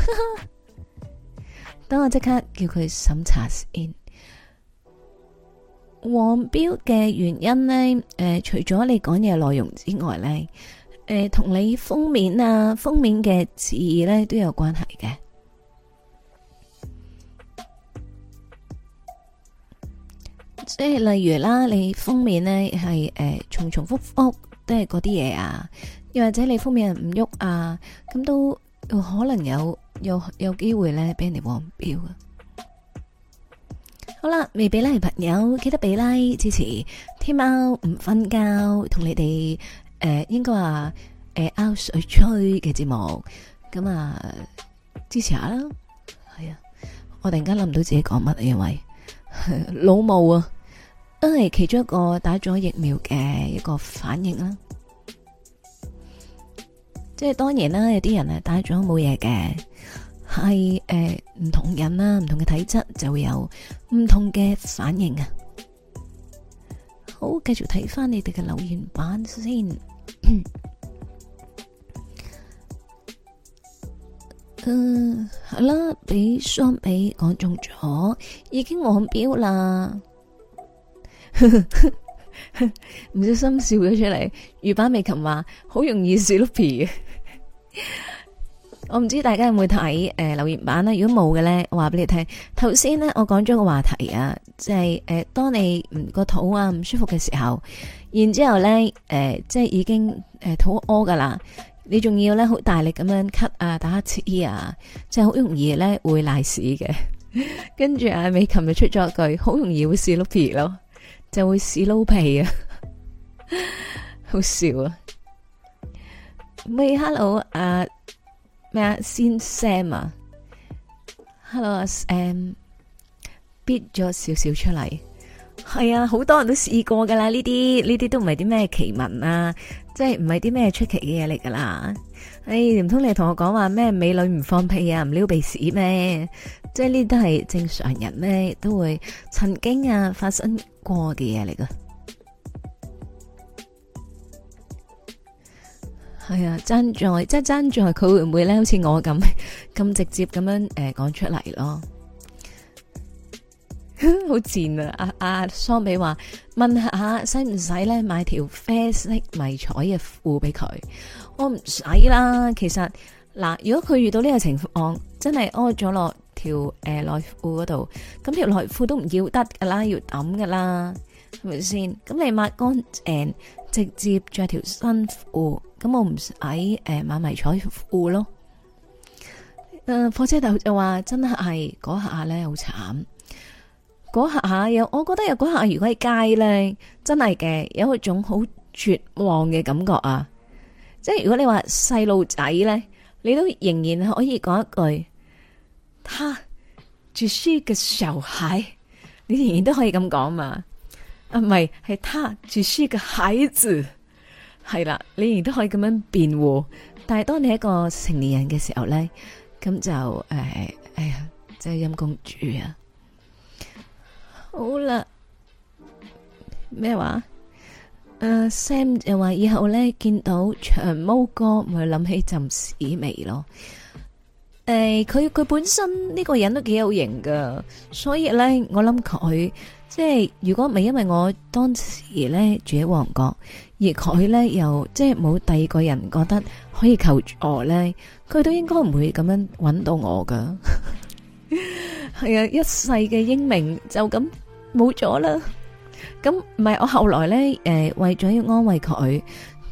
S1: 等 我即刻叫佢審查先。n 黃標嘅原因呢，誒、呃，除咗你講嘢內容之外呢，誒、呃，同你封面啊、封面嘅字呢都有關係嘅。即係例如啦，你封面呢係誒、呃，重重複複都係嗰啲嘢啊。又或者你封面唔喐啊，咁都可能有有有機會咧，俾人哋黃標啊！ 好啦，未俾拉嘅朋友記得俾拉、like，支持。天喵唔瞓覺，同你哋誒、呃，應該話誒 out 水出嘅節目，咁啊支持下啦。係啊，我突然間諗唔到自己講乜，因為 老母啊，都係其中一個打咗疫苗嘅一個反應啦。即係當然啦，有啲人、呃、人啊帶咗冇嘢嘅，係誒唔同人啦，唔同嘅體質就會有唔同嘅反應啊。好，繼續睇翻你哋嘅留言版先。嗯，好 啦，俾雙美講中咗，已經黃標啦。 唔 小心笑咗出嚟，魚板美琴話好容易屎碌皮嘅， 我唔知大家有冇睇誒留言板啦。如果冇嘅咧，我話俾你聽，頭先咧我講咗個話題啊，即係誒，當你唔個肚啊唔舒服嘅時候，然之後咧誒、呃，即係已經誒肚屙噶啦，你仲要咧好大力咁樣咳啊打乞嗤啊，即係好容易咧會瀨屎嘅。跟住阿美琴就出咗句，好容易會屎碌皮咯。就會屎撈屁啊， 好笑啊！喂，Hello，阿咩啊？先 Sam 啊，Hello，Sam，uh, 憋咗少少出嚟。係 啊，好多人都試過噶啦，呢啲呢啲都唔係啲咩奇聞啊，即係唔係啲咩出奇嘅嘢嚟噶啦。誒，唔通你同我講話咩？美女唔放屁啊，唔撩鼻屎咩？即係呢，都係正常人咧都會曾經啊發生過嘅嘢嚟噶。係、哎呃、 啊，爭在，即係爭在佢會唔會咧？好似我咁咁直接咁樣誒講出嚟咯？好賤啊！阿、啊、阿桑比話問下使唔使咧買條啡色迷彩嘅褲俾佢？我唔使啦。其實嗱，如果佢遇到呢個情況，真係屙咗落。條誒內褲嗰度，咁條內褲都唔要得噶啦，要抌噶啦，係咪先？咁、嗯、你抹乾誒，直接着條新褲，咁、嗯、我唔使誒買迷彩褲咯。誒、呃，火車頭就話真係嗰下咧好慘，嗰下又我覺得又嗰下如果喺街咧，真係嘅有一種好絕望嘅感覺啊！即係如果你話細路仔咧，你都仍然可以講一句。他只是個小孩，你仍然都可以咁講嘛？啊，唔係，係他住書嘅孩子，係啦，你仍然都可以咁樣辯護。但係當你係一個成年人嘅時候咧，咁就誒、呃，哎呀，真係陰公主啊！好啦，咩話？誒、呃、，Sam 又話以後咧見到長毛哥，咪會諗起浸屎味咯。誒，佢佢、哎，本身呢個人都幾有型噶，所以呢，我諗佢即係如果唔係因為我當時呢住喺旺角，而佢呢又即係冇第二個人覺得可以求助我呢，佢都應該唔會咁樣揾到我噶。係 啊，一世嘅英明就咁冇咗啦。咁唔係我後來呢，誒、呃，為咗要安慰佢。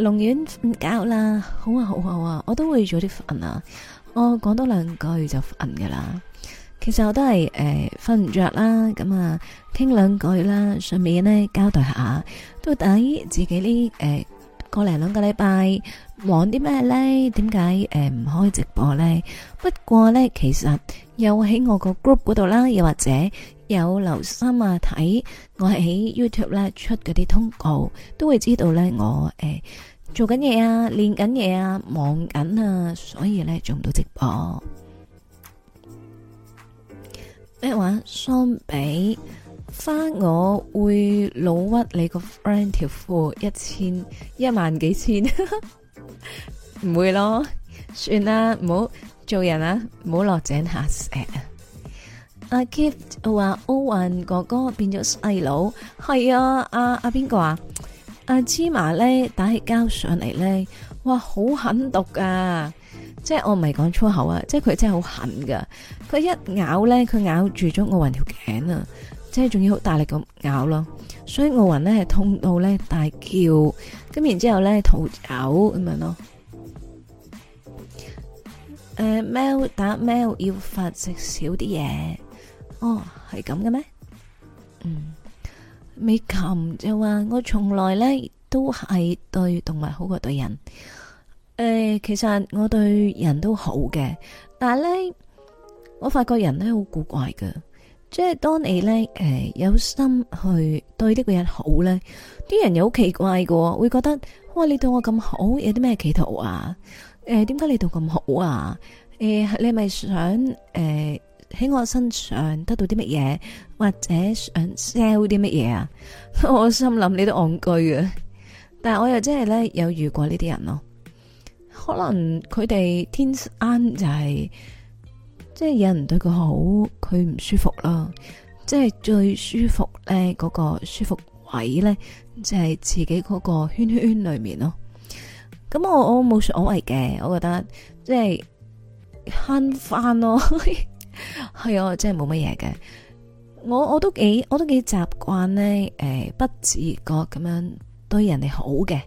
S1: 龍丸瞓覺啦，好啊好啊，我都會早啲瞓啊，我講多兩句就瞓㗎啦。其實我都係誒瞓唔着啦，咁啊傾兩句啦，順便咧交代下，到底自己、呃、兩呢誒個零兩個禮拜忙啲咩咧？點解誒唔開直播咧？不過咧其實。有喺我個 group 嗰度啦，又或者有留心啊睇，我係喺 YouTube 咧出嗰啲通告，都會知道咧我誒、呃、做緊嘢啊，練緊嘢啊，忙緊啊，所以咧做唔到直播。咩話？相比翻我會老屈你個 friend 條褲一千一萬幾千，唔 會咯，算啦，唔好。做人啊，唔好落井下石啊！阿 Kip 話奧運哥哥變咗細佬，係啊！阿阿邊個話、啊？阿、啊、芝麻咧打起交上嚟咧，哇，好狠毒啊！即係我唔係講粗口啊，即係佢真係好狠噶！佢一咬咧，佢咬住咗奧運條頸啊！即係仲要好大力咁咬咯，所以奧運咧係痛到咧大叫，咁然之後咧逃走咁樣咯。誒，貓打貓要發食少啲嘢。哦，係咁嘅咩？嗯，美琴就話我從來咧都係對動物好過對人。誒、呃，其實我對人都好嘅，但係咧我發覺人咧好古怪㗎，即係當你咧誒、呃、有心去對呢個人好咧，啲人又好奇怪㗎，會覺得哇，你對我咁好，有啲咩企圖啊？誒，點解、呃、你度咁好啊？誒、呃，你係咪想誒喺、呃、我身上得到啲乜嘢，或者想 sell 啲乜嘢啊？ 我心諗你都戇居啊。但係我又真係咧有遇過呢啲人咯。可能佢哋天生就係即係有人對佢好，佢唔舒服咯。即、就、係、是、最舒服咧，嗰個舒服位咧，就係自己嗰個圈圈裏面咯。咁我我冇所謂嘅，我覺得即係慳翻咯，係啊，我真係冇乜嘢嘅。我我，我都幾我都幾習慣呢，誒、呃、不自覺咁樣對人哋好嘅，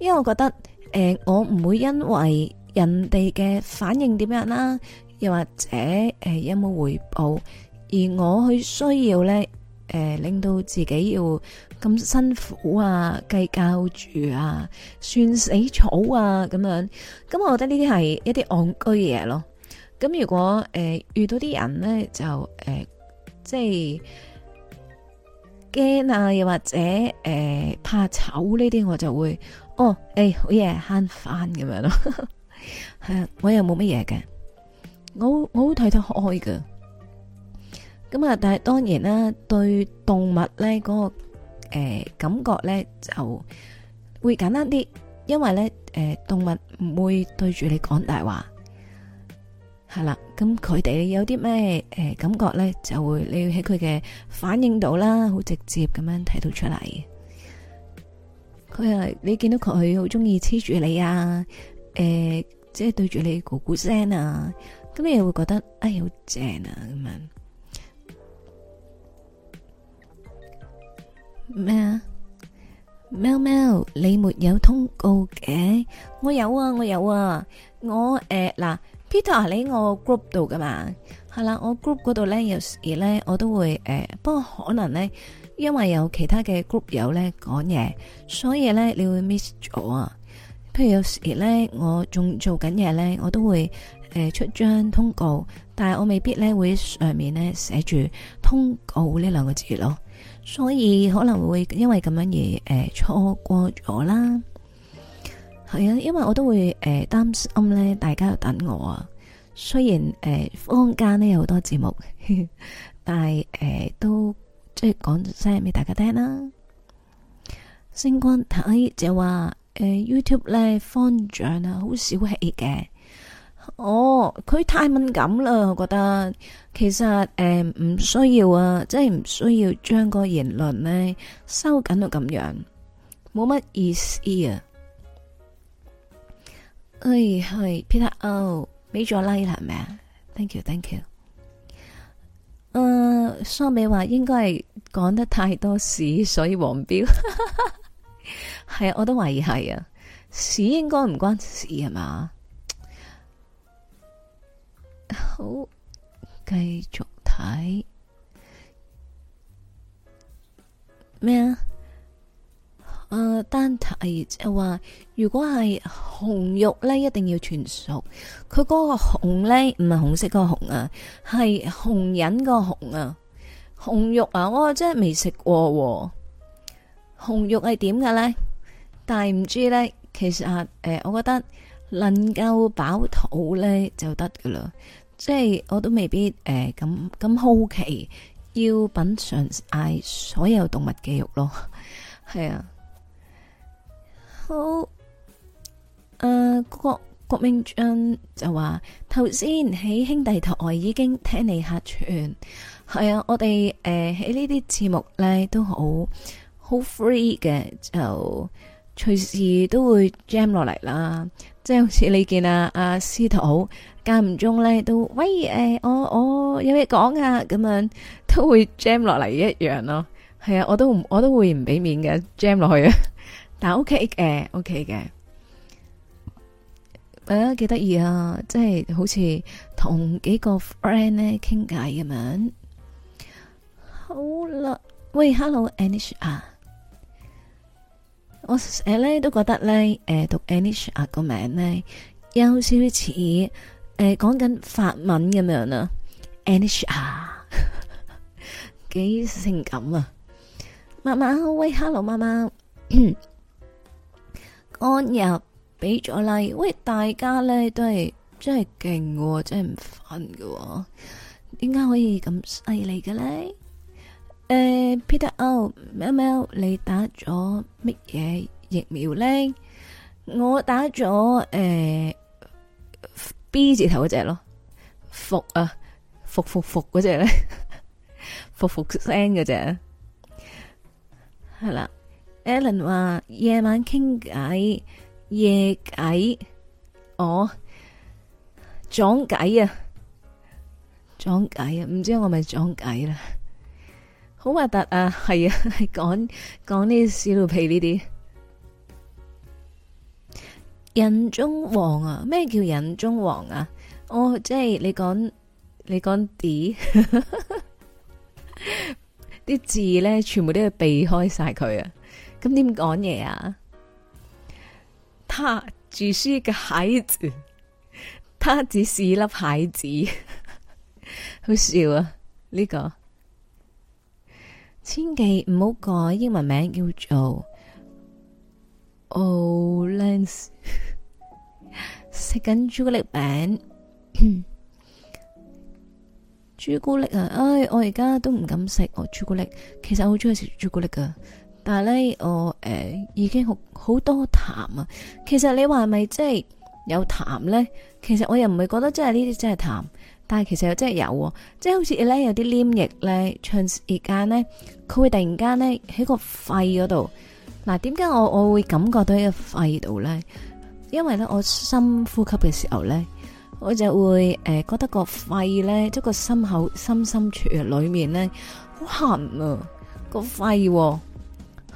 S1: 因為我覺得誒、呃、我唔會因為人哋嘅反應點樣啦，又或者誒、呃、有冇回報而我去需要咧。誒、呃，令到自己要咁辛苦啊，計較住啊，算死草啊，咁樣，咁我覺得呢啲係一啲戇居嘢咯。咁如果誒、呃、遇到啲人咧，就誒、呃、即係驚啊，又或者誒、呃、怕醜呢啲，我就會哦，誒、哎、好嘢，慳翻咁樣咯， 啊、我又冇乜嘢嘅，我我會睇得開嘅。咁啊！但係當然咧，對動物咧嗰個誒感覺咧，就會簡單啲，因為咧誒動物唔會對住你講大話係啦。咁佢哋有啲咩誒感覺咧，就會你要喺佢嘅反應度啦，好直接咁樣睇到出嚟。佢係你見到佢好中意黐住你啊，誒，即係對住你咕咕聲啊，咁你又會覺得哎好正啊，咁樣。咩啊？喵喵，你沒有通告嘅？我有啊，我有啊。我誒嗱、呃、Peter 係喺我 group 度噶嘛？係啦、嗯，我 group 嗰度咧有時咧，我都會誒，不過可能咧，因為有其他嘅 group 友咧講嘢，所以咧你會 miss 咗啊。譬如有時咧，我仲做緊嘢咧，我都會誒出張通告，但係我未必咧會上面咧寫住通告呢兩個字咯。所以可能會因為咁樣而誒錯過咗啦，係啊，因為我都會誒擔心咧，大家要等我啊。雖然誒坊間咧有好多節目， 但係誒、呃、都即係講聲俾大家聽啦。星光睇就話誒、呃、YouTube 咧，方丈啊好小器嘅。哦，佢太敏感啦，我覺得其實誒唔、呃、需要啊，即係唔需要將個言論咧收緊到咁樣，冇乜意思啊。哎係，Peter o 俾咗 like 係咪啊？Thank you，Thank you, thank you.、呃。誒，雙美話應該係講得太多屎，所以黃標。係 啊，我都懷疑係啊，屎應該唔關事係嘛？好，繼續睇咩啊？誒、呃，單題就話，如果係紅肉呢，一定要全熟。佢嗰個紅呢，唔係紅色個紅啊，係紅人個紅啊。紅肉啊，我真係未食過喎，啊。紅肉係點嘅呢？但係唔知呢？其實誒、呃，我覺得。能夠飽肚呢就得噶啦，即係我都未必誒咁咁好奇要品嘗晒所有動物嘅肉咯。係 啊，好誒、呃，國國明將就話頭先喺兄弟台已經聽你客串係啊。我哋誒喺呢啲節目呢都好好 free 嘅，就隨時都會 jam 落嚟啦。即係好似你見啊，阿司徒間唔中咧都喂，誒、哎，我、哦、我、哦、有嘢講啊，咁樣都會 jam 落嚟一樣咯。係啊，我都唔，我都會唔俾面嘅 jam 落去、okay okay 哎、啊。但係 OK 嘅，OK 嘅，啊幾得意啊！即係好似同幾個 friend 咧傾偈咁樣。好啦，喂，Hello，Anish 啊。我成日咧都覺得咧，誒讀 Anisha 個名咧，有少少似誒講緊法文咁樣啊。Anisha 幾性感啊！媽媽喂，Hello 媽媽，安入俾咗禮。喂，大家咧都係真係勁嘅，真係唔瞓嘅。點解可以咁犀利嘅咧？誒，Peter O. 喵喵，你打咗乜嘢疫苗咧？我打咗誒 B 字頭嗰隻咯，復啊復復復嗰隻咧，復復聲嗰隻。係啦，Alan 話夜晚傾偈夜偈，哦撞偈啊撞偈啊，唔知我咪撞偈啦。好核突啊！係啊，講講呢小老皮呢啲，人中王啊！咩叫人中王啊？哦，即係你講，你講啲啲字咧， 全部都要避開晒佢啊！咁點講嘢啊？他住書嘅蟹字，他只屎粒蟹字， 好笑啊！呢、呢個。千祈唔好改英文名，叫做 Ollens。食、oh, 緊 朱古力餅， 朱古力啊！唉、哎，我而家都唔敢食哦。朱古力，其實我好中意食朱古力噶，但係咧，我誒、呃、已經好好多痰啊。其實你話係咪即係有痰咧？其實我又唔係覺得真係呢啲真係痰。但係其實又真係有，哦，即係好似咧有啲黏液咧，長時間咧佢會突然間咧喺個肺嗰度。嗱，啊，點解我我會感覺到喺個肺度咧？因為咧我深呼吸嘅時候咧，我就會誒，呃，覺得個肺咧，即，那，係個心口深深處裏面咧，好痕啊個肺。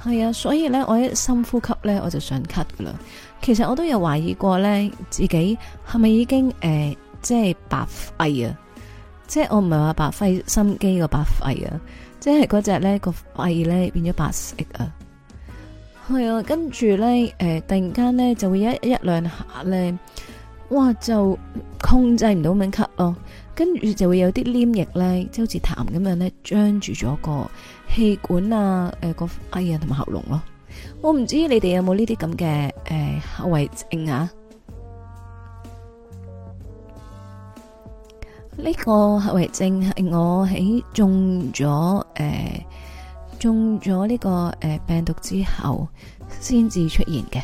S1: 係啊，所以咧我一深呼吸咧我就想咳噶啦。其實我都有懷疑過咧，自己係咪已經誒？呃即係白肺啊！即係我唔係話白費心機個白肺啊！即係嗰隻咧個肺咧變咗白色啊！係啊，跟住咧誒，突然間咧就會一一兩下咧，哇就控制唔到咁樣咳咯，跟住就會有啲黏液咧，即係好似痰咁樣咧，張住咗個氣管啊，誒個肺啊同埋喉嚨咯。我唔知你哋有冇呢啲咁嘅誒後遺症啊？呢個後遺症係我喺中咗，誒、呃、中咗呢，這個誒、呃、病毒之後先至出現嘅，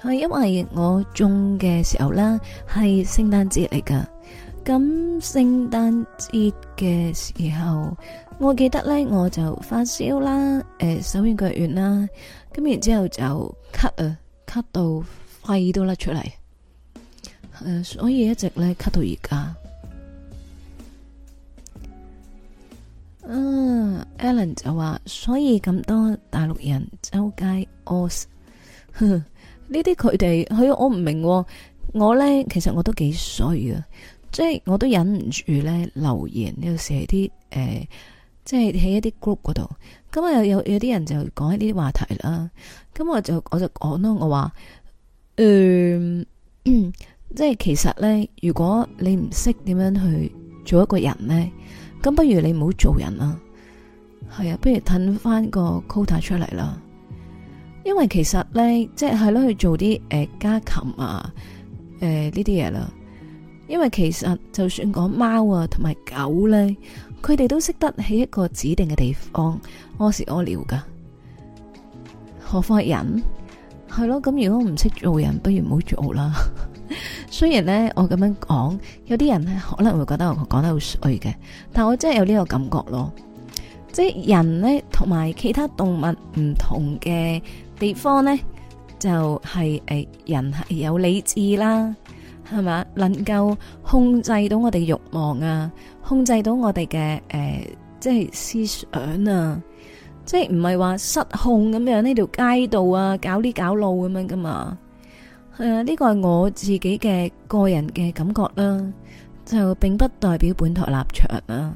S1: 係因為我中嘅時候啦，係聖誕節嚟㗎。咁聖誕節嘅時候，我記得咧我就發燒啦，誒、呃、手軟腳軟啦，咁然之後就咳啊、呃，咳到肺都甩出嚟。誒、uh,，所以一直咧咳到而家。嗯，Alan 就話，所以咁多大陸人周街屙屎，呢啲佢哋佢我唔明。我咧、哦、其實我都幾衰啊，即、就、係、是、我都忍唔住咧留言，呢度寫啲誒，即係喺一啲 group 嗰度。咁、嗯、啊，有有啲人就講一啲話題啦。咁、嗯、我就我就講咯，我話嗯。 即係其實咧，如果你唔識點樣去做一個人咧，咁不如你唔好做人啦、啊。係啊，不如褪翻個 quota 出嚟啦。因為其實咧，即係咯、啊、去做啲誒、呃、家禽啊，誒呢啲嘢啦。因為其實就算講貓啊，同埋狗咧，佢哋都識得喺一個指定嘅地方屙屎屙尿噶。何況係人係咯，咁、啊、如果唔識做人，不如唔好做啦。 雖然咧，我咁樣講，有啲人咧可能會覺得我講得好衰嘅，但我真係有呢個感覺咯。即係人咧同埋其他動物唔同嘅地方咧，就係誒，人係有理智啦，係嘛，能夠控制到我哋欲望啊，控制到我哋嘅誒，即係思想啊，即係唔係話失控咁樣呢條街道啊，搞呢搞路咁樣噶嘛。誒，呢個係我自己嘅個人嘅感覺啦，就並不代表本台立場啊。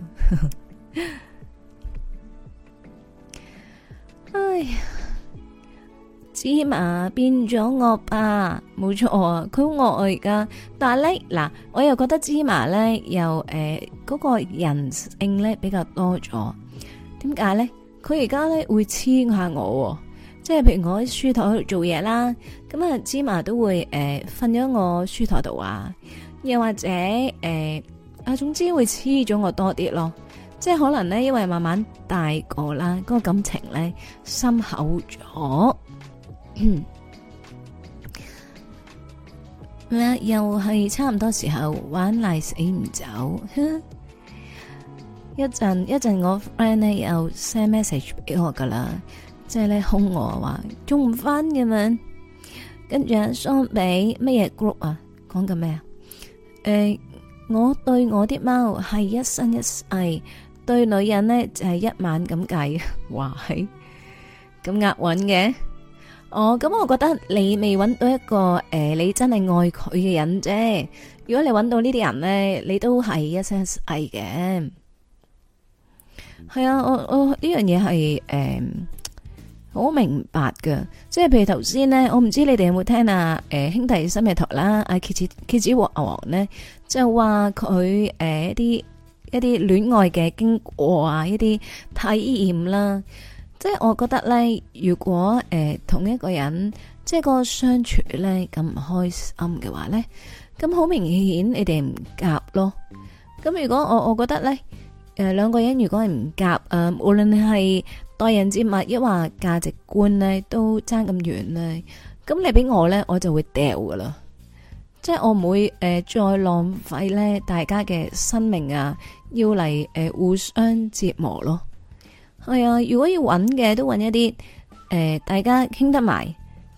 S1: 哎 芝麻變咗惡啊，冇錯啊，佢好惡啊而家。但係呢，嗱，我又覺得芝麻呢又誒嗰、呃嗰個人性呢比較多咗。點解呢？佢而家呢會黐下我、啊。即係譬如我喺書台度做嘢啦，咁啊芝麻都會誒瞓咗我書台度啊，又或者誒，啊、呃、總之會黐咗我多啲咯。即係可能咧，因為慢慢大個啦，嗰個感情咧深厚咗， 又係差唔多時候玩賴死唔走。一陣一陣，我 friend 咧又 send message 俾我噶啦。即係咧，哄，我話仲唔返嘅嘛，跟住啊，相比乜嘢 group 啊，講緊咩啊？誒，我對我啲貓係一生一世，對女人咧就係一晚咁計，哇！係咁押韻嘅。哦，咁我覺得你未揾到一個誒，你真係愛佢嘅人啫。如果你揾到呢啲人咧，你都係一生一世嘅。係啊，我我呢樣嘢係誒。好明白噶，即係譬如頭先咧，我唔知你哋有冇聽啊？誒，兄弟深夜台啦，阿、啊、蠍子蠍子和牛王咧、啊，就話佢誒一啲一啲戀愛嘅經過啊，一啲體驗啦。即係我覺得咧，如果誒、呃、同一個人即係個相處咧咁唔開心嘅話咧，咁好明顯你哋唔夾咯。咁如果我我覺得咧，誒、呃、兩個人如果係唔夾，誒、呃、無論係，待人接物，抑或價值觀咧都爭咁遠咧，咁你俾我咧，我就會掉噶啦，即係我唔會誒、呃、再浪費咧大家嘅生命啊，要嚟誒、呃、互相折磨咯。係、哎、啊，如果要揾嘅都揾一啲誒、呃、大家傾得埋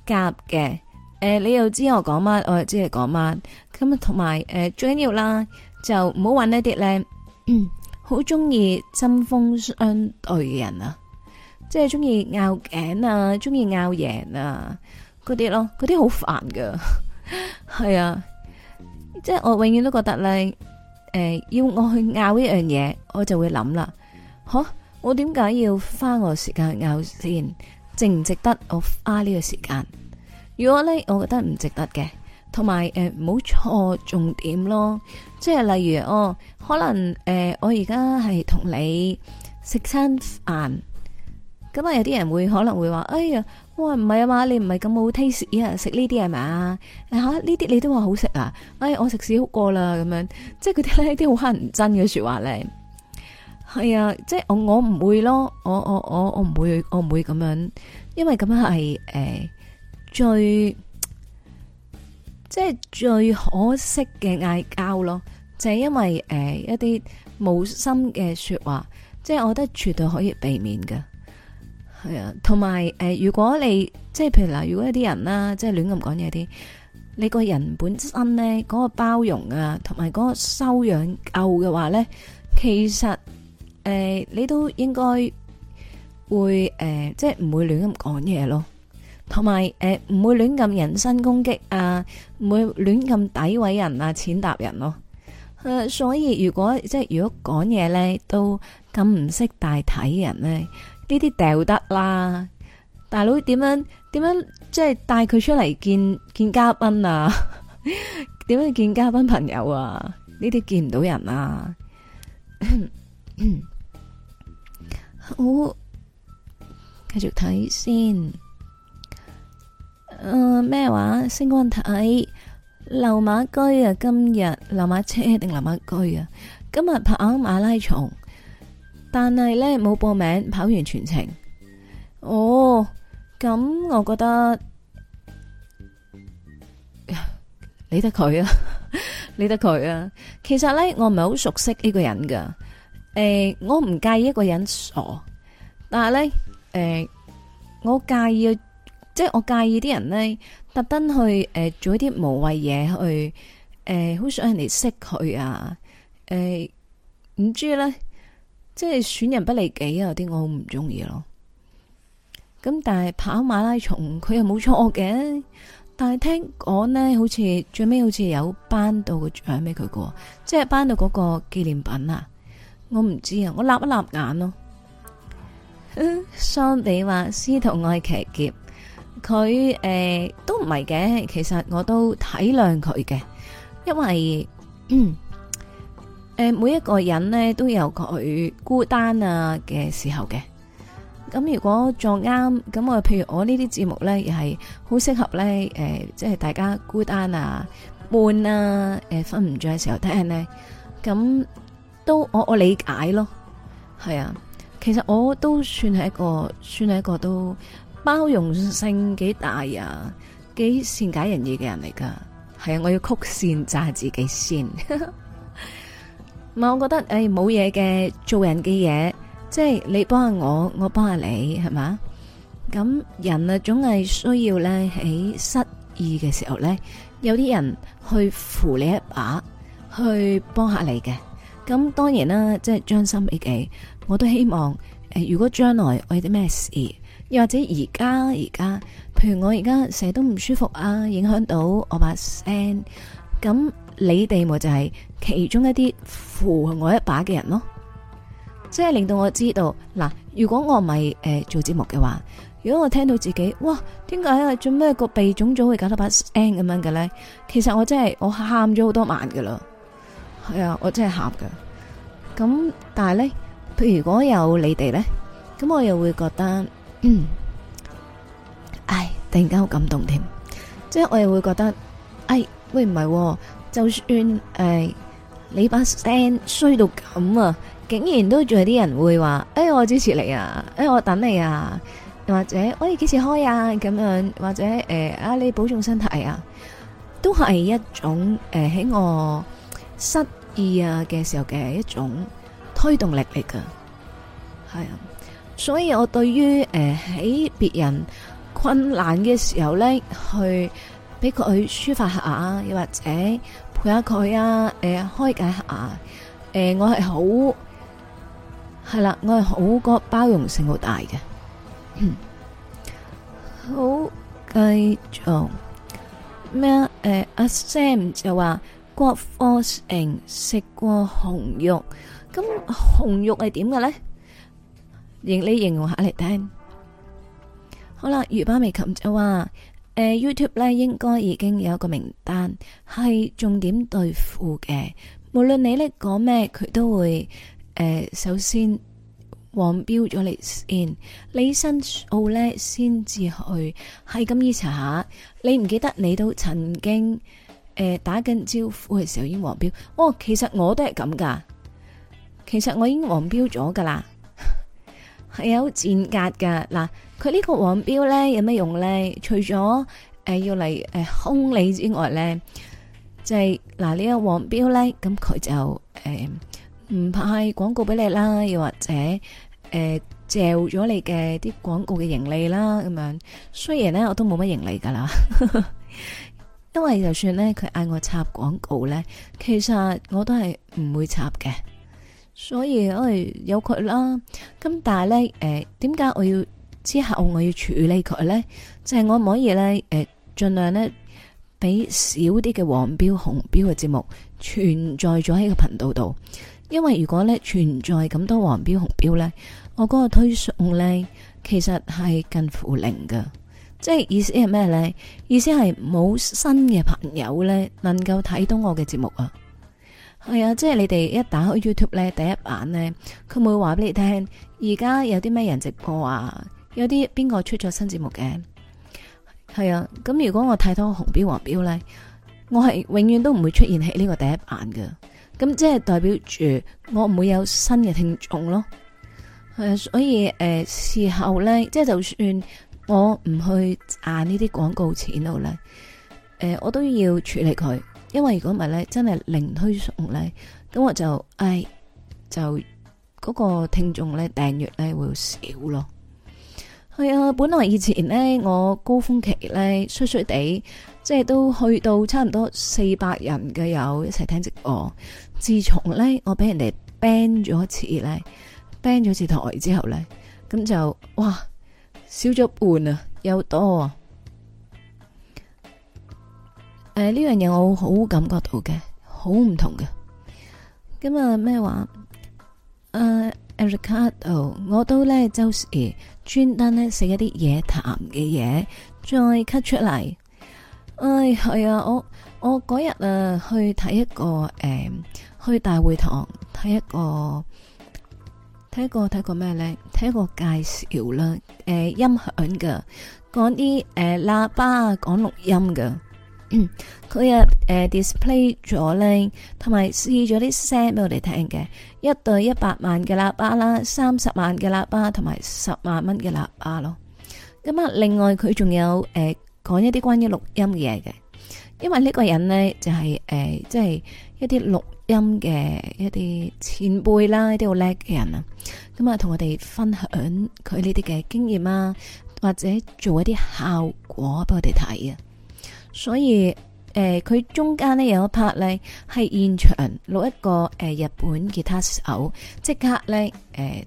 S1: 夾嘅，誒、呃、你又知我講乜，我又知你講乜，咁啊同埋誒最緊要啦，就唔好揾一啲咧好中意針鋒相對嘅人啊。即係中意拗頸啊，中意拗贏啊，嗰啲咯，嗰啲好煩噶，係 啊！即係我永遠都覺得咧，誒、呃，要我去拗一樣嘢，我就會諗啦，吓，我點解要花我時間去拗先？值唔值得我花呢個時間？如果咧，我覺得唔值得嘅，同埋誒，唔好錯重點咯。即係例如哦，可能誒、呃，我而家係同你食餐飯。咁啊，有啲人會可能會話：哎呀，哇，唔係啊嘛，你唔係咁冇 taste 啊，食呢啲係咪啊？吓，呢啲你都話好食啊？哎呀，我食屎好過啦，咁樣即係佢哋咧啲好乞人憎嘅說話咧，係啊，即係、哎、我我唔會咯，我我我我唔會我唔會咁樣，因為咁樣係誒、呃、最即係最可惜嘅嗌交咯，就係因為誒、呃、一啲冇心嘅說話，即係我覺得絕對可以避免嘅。同埋誒，如果你即係譬如嗱，如果一啲人啦，即係亂咁講嘢啲，你個人本身咧，嗰、嗰個包容啊，同埋嗰個修養夠嘅話咧，其實誒、呃，你都應該會誒、呃，即係唔會亂咁講嘢咯，同埋誒，唔、呃、會亂咁人身攻擊啊，唔會亂咁詆毀人啊，踐踏人咯、啊呃。所以如果即係如果講嘢咧，都咁唔識大體人咧。呢啲掉得啦，大佬點樣點樣即係帶佢出嚟見見嘉賓啊？點 樣見嘉賓朋友啊？呢啲見唔到人啊！ 好，繼續睇先，誒、呃、咩話？星光睇，溜馬居啊！今日溜馬車定溜馬居啊？今日跑馬拉松。但係咧冇報名跑完全程。哦，咁我覺得理得佢啊，理得佢啊， 啊。其實咧，我唔係好熟悉呢個人噶。誒，我唔介意一個人傻，但係咧，誒，我介意，即係我介意啲人咧，特登去誒做一啲無謂嘢去，誒，好想人哋識佢啊，誒，唔知咧。即係損人不利己啊！啲我好唔中意咯。咁但係跑馬拉松佢又冇錯嘅，但係聽講呢，好似最尾好似有頒到個獎俾佢嘅，即係頒到嗰個紀念品啊！我唔知啊，我立一立眼咯。 相比話《司徒愛騎劫》，佢、呃、誒都唔係嘅，其實我都體諒佢嘅，因為。 誒，每一個人咧都有佢孤單啊嘅時候嘅，咁如果撞啱，咁我譬如我呢啲節目咧，又係好適合咧，誒、呃，即係大家孤單啊、悶啊、誒、呃，瞓唔着嘅時候聽咧，咁都我我理解咯，係啊，其實我都算係一個，算係一個都包容性幾大啊，幾善解人意嘅人嚟噶，係啊，我要曲線讚自己先。 唔，我覺得誒冇嘢嘅，做人嘅嘢，即係你幫下我，我幫下你，係嘛？咁人啊，總係需要咧喺失意嘅時候咧，有啲人去扶你一把，去幫下你嘅。咁當然啦，即係將心比己，我都希望誒、呃，如果將來我有啲咩事，又或者而家而家，譬如我而家成日都唔舒服啊，影響到我把聲咁。你哋咪就係其中一啲扶我一把嘅人咯，即係令到我知道嗱，如果我唔係誒做節目嘅話，如果我聽到自己，哇，點解啊，做咩個鼻腫咗會搞到把聲咁樣嘅咧？其實我真係我喊咗好多晚噶啦，係、哎、啊，我真係喊噶。咁但係咧，譬如有你哋咧，咁我又會覺得，嗯，唉，突然間好感動添，即係我又會覺得，哎，喂唔係。就算誒、呃，你把聲衰到咁啊，竟然都仲有啲人會話，誒、哎，我支持你啊，誒、哎，我等你啊，或者我哋幾時開啊，咁樣，或者誒、呃，啊，你保重身體啊，都係一種誒喺、呃、我失意啊嘅時候嘅一種推動力嚟㗎。係啊，所以我對於誒喺、呃、別人困難嘅時候咧去。俾佢抒發下，又或者陪下佢啊！誒，開解下。誒，我係好係啦，我係好個包容性好大嘅。
S2: 好，
S1: 繼續咩啊？誒，阿 Sam 就話郭富城食過紅肉，咁紅肉係點嘅咧？認你形容下嚟聽。好啦，月巴未琴就話。誒、uh，YouTube 咧應該已經有一個名單係重點對付嘅，無論你咧講咩，佢都會誒、呃，首先黃標咗你先，你申訴咧先至去係咁依查下，你唔記得你都曾經誒、呃、打緊招呼嘅時候已經黃標，哦，其實我都係咁噶，其實我已經黃標咗噶啦。係有賤格噶嗱，佢呢個黃標咧有咩用咧？除咗誒、呃、要嚟，誒兇你之外咧，就係、是、嗱、這個、呢個黃標咧，咁佢就誒唔、呃、派廣告俾你啦，又或者誒借咗你嘅啲廣告嘅盈利啦，咁樣，雖然咧我都冇乜盈利噶啦， 因為就算咧佢嗌我插廣告咧，其實我都係唔會插嘅。所以我係、哎、有佢啦，咁但係呢，誒、呃，點解我要之後我要處理佢呢？就係、是、我唔可以呢，誒、呃，盡量呢，俾少啲嘅黃標、紅標嘅節目存在咗喺個頻道度，因為如果呢，存在咁多黃標、紅標呢，我嗰個推送呢，其實係近乎零㗎，即係意思係咩呢？意思係冇新嘅朋友呢，能夠睇到我嘅節目啊！係啊、 哎，即係你哋一打開 YouTube 咧，第一版咧，佢唔會話俾你聽，而家有啲咩人直播啊，有啲邊個出咗新節目嘅。係、哎、啊，咁如果我睇到紅標黃標咧，我係永遠都唔會出現喺呢個第一版嘅。咁、嗯、即係代表住我唔會有新嘅聽眾咯。係、哎、啊，所以誒、呃、事後咧，即係就算我唔去賺呢啲廣告錢度咧，誒、呃，我都要處理佢。因為如果唔係咧，真係零推送咧，咁我就唉，就嗰、嗰個聽眾咧訂閱咧會少咯。係啊，本來以前咧我高峰期咧衰衰地，即係都去到差唔多四百人嘅，有一齊聽直播。自從咧我俾人哋 ban 咗一次咧，ban 咗次台之後咧，咁就哇少咗半，啊，又多。啊。誒，呢樣嘢我好感覺到嘅，好唔同嘅。咁啊咩話？誒 Erica 我都咧，周時專登咧食一啲嘢，談嘅嘢，再 cut 出嚟。唉、哎，係啊，我我嗰日啊去睇一個誒、呃、去大會堂睇一個睇一個睇個咩咧？睇一個介紹啦，誒、呃、音響嘅，講啲誒、呃、喇叭，講錄音嘅。佢 啊，誒、呃、display 咗咧，同埋試咗啲聲俾我哋聽嘅，一對一百萬嘅喇叭啦，三十萬嘅喇叭，同埋十萬蚊嘅喇叭咯。咁、嗯、啊，另外佢仲有誒，講、呃、一啲關於錄音嘅嘢嘅，因為呢個人咧就係、是、誒，即、呃、係、就是、一啲錄音嘅一啲前輩啦，一啲好叻嘅人啊。咁、嗯、啊，同我哋分享佢呢啲嘅經驗啊，或者做一啲效果俾我哋睇啊。所以誒，佢、呃、中間咧有一 part 咧係現場錄一個誒、呃、日本吉他手即刻咧誒、呃、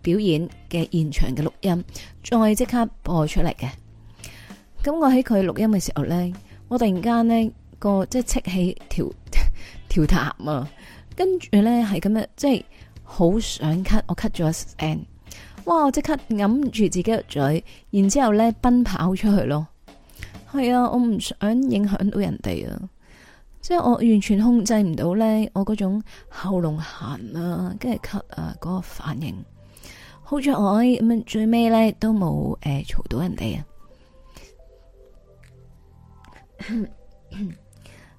S1: 表演嘅現場嘅錄音，再即刻播出嚟嘅。咁我喺佢錄音嘅時候呢，我突然間呢個即係戚起條條塔啊，跟住呢係咁樣即係好想咳，我咳咗一聲，哇！我即刻揞住自己嘅嘴，然之後咧奔跑出去咯。係啊，我唔想影響到人哋啊，即係我完全控制唔到咧，我嗰種喉嚨痕啊，跟住咳啊，嗰、嗰個反應。好在我咁最尾咧都冇誒嘈到人哋啊。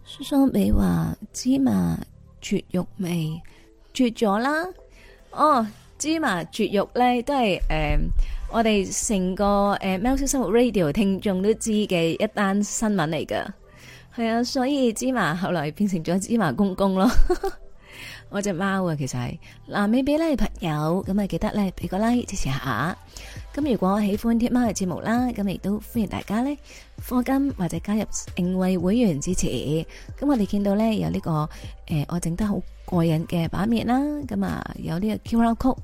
S1: 叔叔，你 話芝麻絕育未？絕咗啦。哦，芝麻絕育咧都係誒。呃我哋成個誒喵式生活 radio 聽眾都知嘅一單新聞嚟㗎，係啊，所以芝麻後來變成咗芝麻公公咯。 我隻貓啊，其實係嗱，未必咧朋友咁啊，記得咧俾個 like 支持下。咁如果喜歡天喵嘅節目啦，咁亦都歡迎大家咧，課金或者加入訂閱會員支持。咁我哋見到咧有呢、這個誒、呃，我整得好過癮嘅版面啦。咁啊，有呢個 QR Code。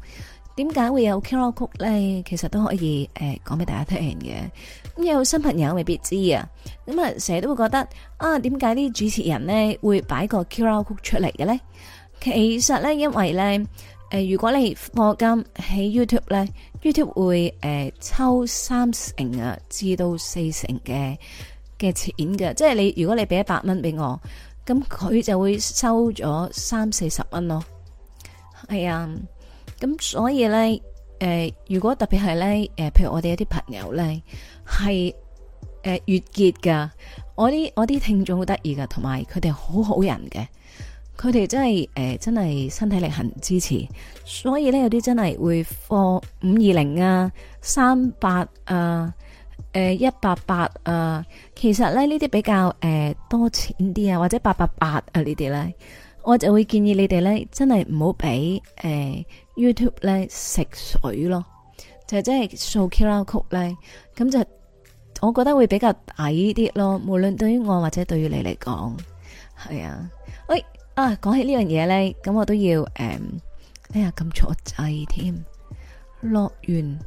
S1: 點解會有 QR Code 咧？其實都可以誒、呃、講俾大家聽嘅。咁有新朋友未必知啊。咁啊，成、呃、日都會覺得啊，點解啲主持人咧會擺個 QR Code 出嚟嘅咧？其實咧，因為咧誒、呃，如果你課金喺 YouTube 咧，YouTube 會誒、呃、抽三成啊至到四成嘅嘅錢嘅。即係你如果你俾一百蚊俾我，咁佢就會收咗三四十蚊咯。係啊。咁所以咧，誒、呃，如果特別係咧，誒、呃，譬如我哋一啲朋友咧，係誒、呃、月結噶，我啲我啲聽眾好得意噶，同埋佢哋好好人嘅，佢哋真係誒、呃、真係身體力行支持，所以咧有啲真係會放五二零啊、三八啊、誒一八八啊，其實咧呢啲比較誒、呃、多錢啲啊，或者八八八啊呢啲咧。我就會建議你哋咧，真係唔好俾誒 YouTube 咧食水咯，即就即係掃 QR 曲咧，咁就我覺得會比較抵啲咯。無論對於我或者對於你嚟講，係啊，喂、哎、啊，講起呢樣嘢咧，咁我都要誒、呃，哎呀咁坐滯添，樂園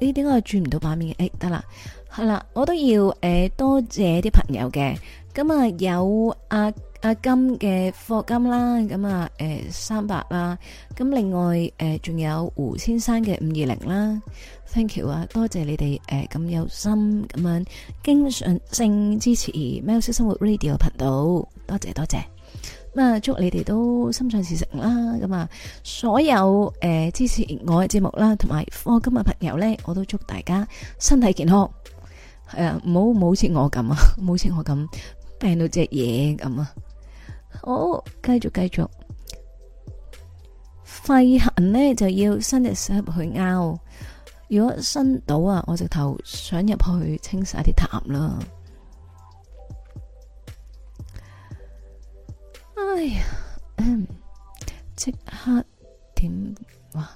S1: 呢點解轉唔到版面？誒得啦，係啦、啊，我都要誒、呃、多謝啲朋友嘅，咁、呃、啊有阿。阿金嘅課金啦，咁啊誒三百啦，咁另外誒仲有胡先生嘅五二零啦，thank you 啊，多謝你哋誒咁有心咁樣經常性支持喵式生活 radio 頻道，多謝多謝，咁啊祝你哋都心想事成啦，咁啊所有誒支持我嘅節目啦，同埋課金嘅朋友咧，我都祝大家身體健康，係啊，唔好唔好似我咁啊，唔好似我咁病到隻嘢咁啊～我、哦、繼續繼續，肺痕呢，就要伸隻手入去撓，如果伸到、嗯、啊，我直頭想入去清洗啲痰啦。哎呀，即刻點話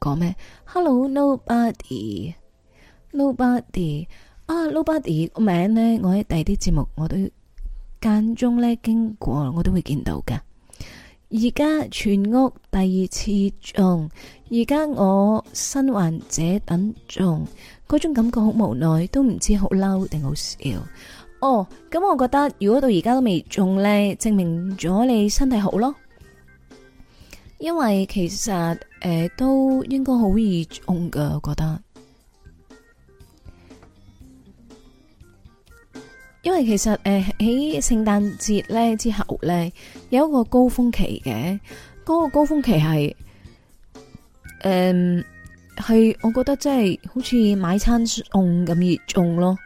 S1: 講咩？Hello nobody，nobody 啊，nobody 個名呢。我喺第二啲節目我都。間中咧經過，我都會見到㗎。而家全屋第二次中，而家我身患者等中，嗰種感覺好無奈，都唔知好嬲定好笑。哦，咁、嗯、我覺得如果到而家都未中呢，證明咗你身體好咯。因為其實誒、呃、都應該好易中噶，我覺得。因為其實誒喺聖誕節咧之後咧有一個高峰期嘅，嗰、嗰個高峰期係誒係我覺得真係好似買餐餸咁熱中咯。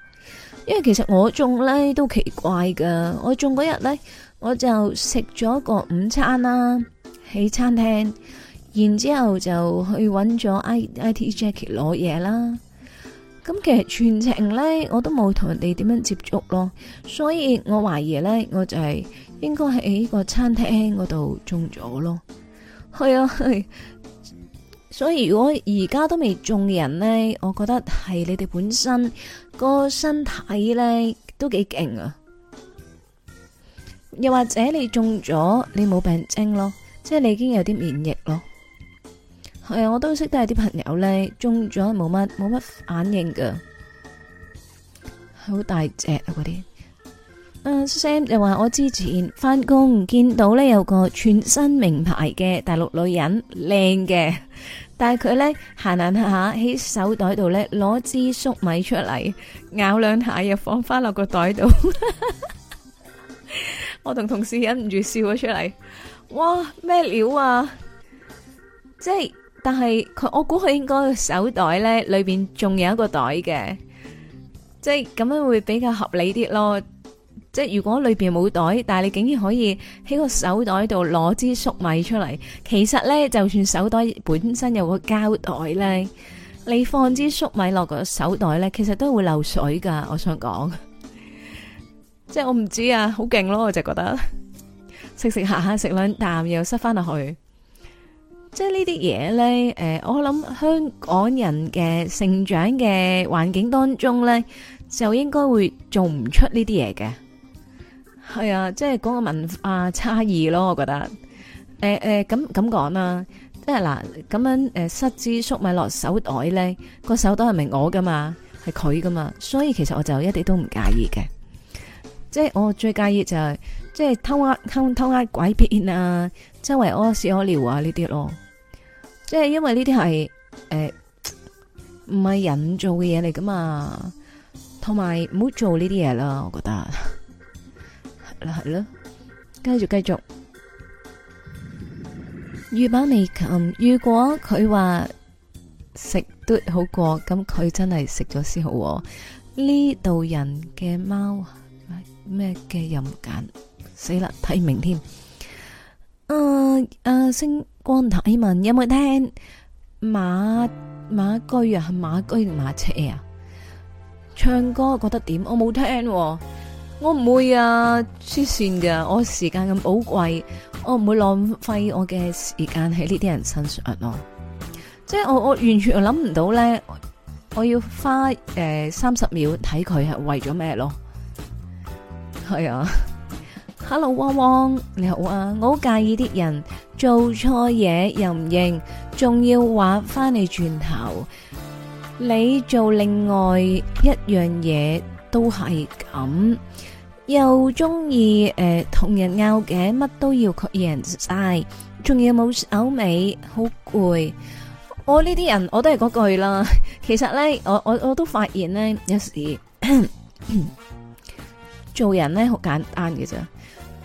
S1: 因為其實我中咧都奇怪噶，我中嗰日咧我就食咗個午餐啦喺餐廳，然之後就去搵咗 I, I I T Jackie 攞嘢啦。咁其實全程咧，我都冇同人哋點樣接觸咯，所以我懷疑咧，我就係應該喺呢個餐廳嗰度中咗咯。係啊，係。所以如果而家都未中嘅人咧，我覺得係你哋本身個身體咧都幾勁啊。又或者你中咗，你冇病徵咯，即係你已經有啲免疫咯。係、嗯、啊，我都識得啲朋友咧，中咗冇乜冇乜反應噶，好大隻啊嗰啲。啊 Sam 又話我之前翻工，見到咧有個全身名牌嘅大陸女人，靚嘅，但係佢咧行行下喺手袋度咧攞支粟米出嚟咬兩下又放翻落個袋度， 我同同事忍唔住笑咗出嚟，哇咩料啊，即係。但係佢，我估佢應該手袋咧裏邊仲有一個袋嘅，即係咁樣會比較合理啲咯。即係如果裏邊冇袋，但係你竟然可以喺個手袋度攞支粟米出嚟，其實咧就算手袋本身有個膠袋咧，你放支粟米落個手袋咧，其實都會漏水噶。我想講， 即係我唔知啊，好勁咯，我就覺得食食下下，食兩啖又塞翻落去。即係呢啲嘢咧，誒，我諗香港人嘅成長嘅環境當中咧，就應該會做唔出呢啲嘢嘅。係啊，即係講個文化差異咯，我覺得。誒誒，咁咁講啦，即係嗱，咁樣誒，失之粟米落手袋咧，個手袋係咪我噶嘛？係佢噶嘛？所以其實我就一啲都唔介意嘅。即係我最介意就係，即係偷呃偷偷呃拐騙啊，周圍屙屎屙尿啊呢啲咯。即係因為呢啲係誒唔係人做嘅嘢嚟噶嘛，同埋唔好做呢啲嘢啦，我覺得係啦係啦，繼續繼續，欲罷未及。如果佢話食都好過，咁佢真係食咗先好。呢度人嘅貓咩嘅任揀死啦，睇唔明添。誒誒星。光頭希文有冇聽馬馬駒啊？馬駒定馬車啊？唱歌覺得點？我冇聽、啊，我唔會啊！黐線噶，我時間咁寶貴，我唔會浪費我嘅時間喺呢啲人身上咯。即係我我完全諗唔到咧，我要花誒三十秒睇佢係為咗咩咯？係、哎、啊。hello，汪汪你好啊！我好介意啲人做錯嘢又唔認，仲要話翻你轉頭。你做另外一樣嘢都係咁，又中意誒同人拗頸，乜都要贏晒，仲要冇手尾，好攰。我呢啲人我都係嗰句啦。其實咧，我我我都發現咧，有時做人咧好簡單嘅咋。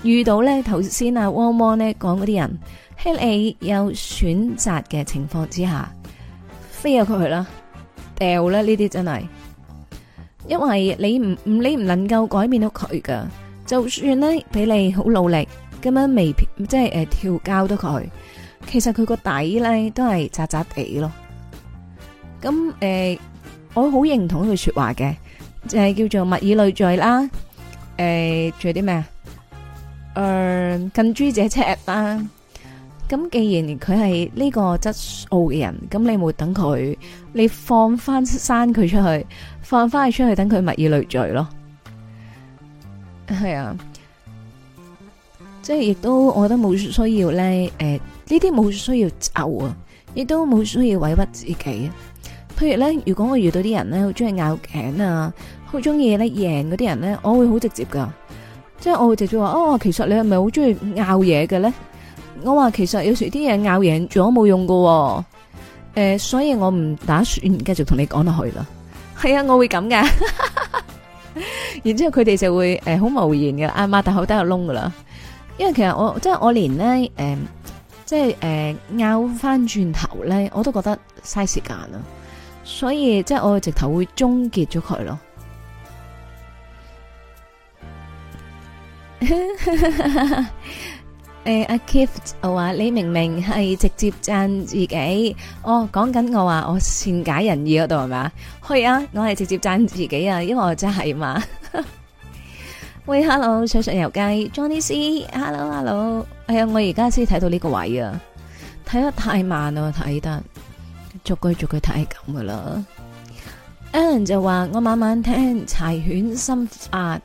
S1: 遇到咧，頭先啊汪汪咧講嗰啲人，喺你有選擇嘅情況之下，飛咗佢去啦，掉啦，呢啲真係。因為你唔唔你唔能夠改變到佢噶，就算咧俾你好努力咁樣未即係誒調教到佢其實佢個底咧都係渣渣地咯。咁誒，我好認同呢句說話嘅，就係叫做物以類聚啦。誒，仲有啲咩啊？誒、呃，近朱者赤啦。咁既然佢係呢個質素嘅人，咁你冇等佢，你放翻山佢出去，放翻佢出去，等佢物以類聚咯。係啊，啊，即係亦都，我覺得冇需要咧。誒、呃，呢啲冇需要拗啊，亦都冇需要委屈自己，啊。譬如咧，如果我遇到啲人咧，好中意拗頸啊，好中意咧贏嗰啲人咧，我會好直接噶。即係我會直接話哦，其實你係咪好中意拗嘢嘅咧？我話其實有時啲嘢拗嘢仲有冇用噶、啊？誒、呃，所以我唔打算繼續同你講落去啦。係啊，我會咁噶。然之後佢哋就會誒好、呃、無言嘅，啊，擘大口得個窿噶啦。因為其實我即係我連咧誒、呃，即係誒拗翻轉頭咧，我都覺得嘥時間啊。所以即係我直頭會終結咗佢咯。誒，阿、 uh, Kif 就話你明明係直接讚自己，哦，講緊我話我善解人意嗰度係嘛？係啊，我係直接讚自己啊，因為我真係嘛。 喂，Hello 水上游街，Johnny C，Hello Hello，Hello 哎呀，我而家先睇到呢個位啊，睇得太慢咯、啊，睇得逐句逐句睇咁噶啦。Alan 就話我晚晚聽柴犬心法。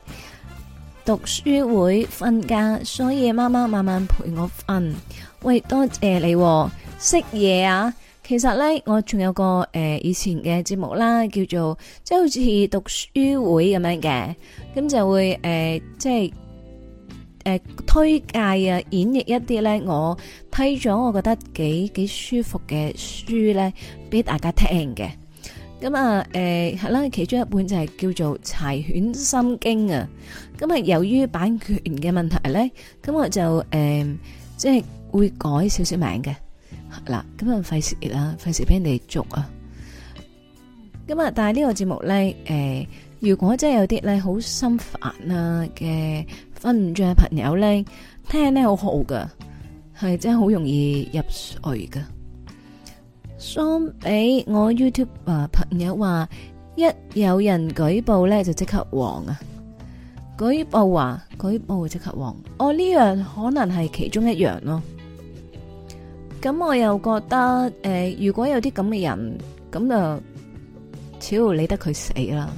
S1: 讀書會瞓覺，所以媽媽慢慢陪我瞓。喂，多謝你識、哦、嘢啊！其實咧，我仲有個誒、呃、以前嘅節目啦，叫做即係好似讀書會咁樣嘅，咁就會誒、呃、即係誒、呃、推介啊演繹一啲咧，我睇咗我覺得幾幾舒服嘅書咧，俾大家聽嘅。咁啊誒係啦，其中一本就係叫做《柴犬心經》啊。咁啊，由於版權嘅問題咧，咁我就誒、呃，即係會改少少名嘅。嗱、嗯，咁、嗯、啊，費事啦，費事俾人哋捉啊。咁、嗯、啊，但係呢個節目咧，誒、呃，如果真係有啲咧好心煩啊嘅瞓唔住嘅朋友咧，聽咧好好噶，係真係好容易入睡噶。相比我 YouTube 啊朋友話，一有人舉報咧，就即刻黃啊。舉報話，舉報即刻黃，我呢、啊哦、樣可能係其中一樣咯。咁我又覺得誒、呃，如果有啲咁嘅人，咁就只要理得佢死啦。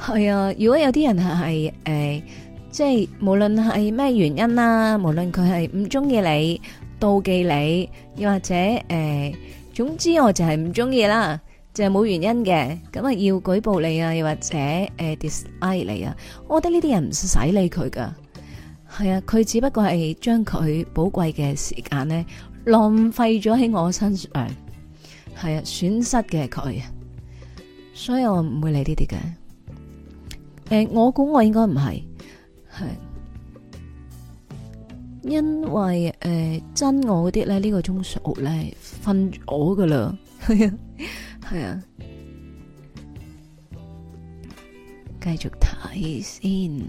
S1: 係 啊，如果有啲人係誒、呃，即係無論係咩原因啦，無論佢係唔中意你、妒忌你，又或者誒、呃，總之我就係唔中意啦。就係冇原因嘅，咁啊要舉報你啊，又或者誒 dislike、呃、你啊。我覺得呢啲人唔使理佢噶，係啊，佢只不過係將佢寶貴嘅時間咧浪費咗喺我身上，係啊，損失嘅佢，所以我唔會理呢啲嘅。誒、呃，我估我應該唔係係，因為誒、呃、真我啲咧呢、這個鐘數咧分我噶啦。 係啊，繼續睇先。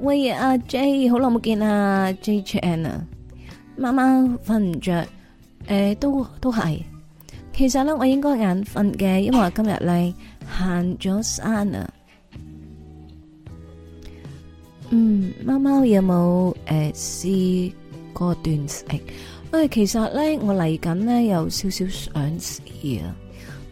S1: 喂阿 J，好耐冇見啊 J Chan 啊，貓貓瞓唔着，誒都都係。其實咧我應該眼瞓嘅，因為我今日咧行咗山啊。嗯，貓貓有冇誒試過斷食？其實咧，我嚟緊咧有少少想試啊，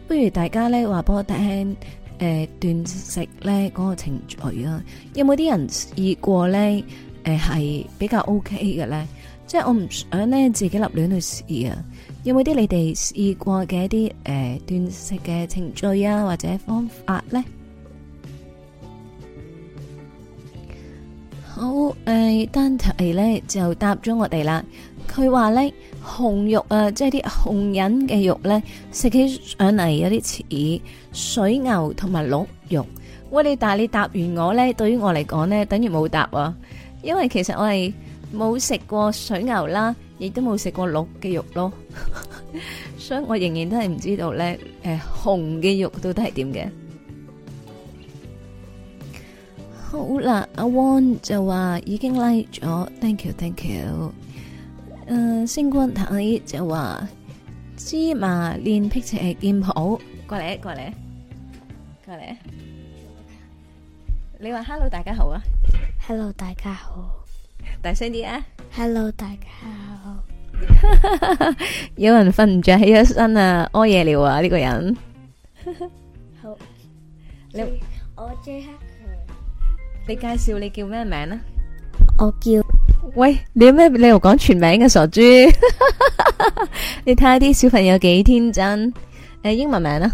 S1: 不如大家咧話俾我聽誒斷食咧嗰個程序啊，有冇啲人試過咧？誒，係比較 OK 嘅咧，即係我唔想咧自己立亂去試啊。有冇啲你哋試過嘅一啲誒斷食嘅程序啊，或者方法咧？好誒、呃，單題咧就答咗我哋啦。佢話咧紅肉啊，即係啲紅人嘅肉咧，食起上嚟有啲似水牛同埋鹿肉。喂，你但係你答完我咧，對於我嚟講咧，等於冇答啊，因為其實我係冇食過水牛啦，亦都冇食過鹿嘅肉咯，所以我仍然都係唔知道咧。誒，紅嘅肉到底係點嘅？好啦，阿汪就話已經 like 咗，thank you，thank you。星官睇就話芝麻練辟邪店鋪，過嚟過嚟過嚟，你話 hello，大家好啊，hello 大家好，大聲啲啊，hello 大家好，有人瞓唔着起咗身啊，屙夜尿啊呢個人，好，你我最黑，你介紹你叫咩名啊？我叫。喂，你有咩理由講全名嘅傻豬？你睇下啲小朋友幾天真。誒，英文名啦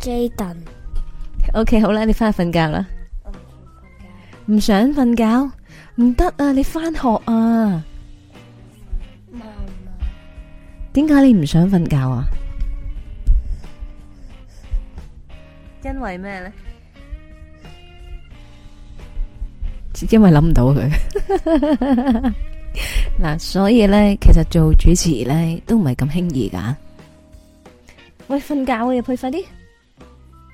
S1: ，Jaden。OK，好啦，你翻去瞓覺啦。唔想瞓覺，唔得啊！你翻學啊？點解你唔想瞓覺啊？因為咩咧？因為諗唔到佢嗱、 啊，所以咧其實做主持咧都唔係咁輕易噶、啊。喂，瞓覺嘅，入去，快啲，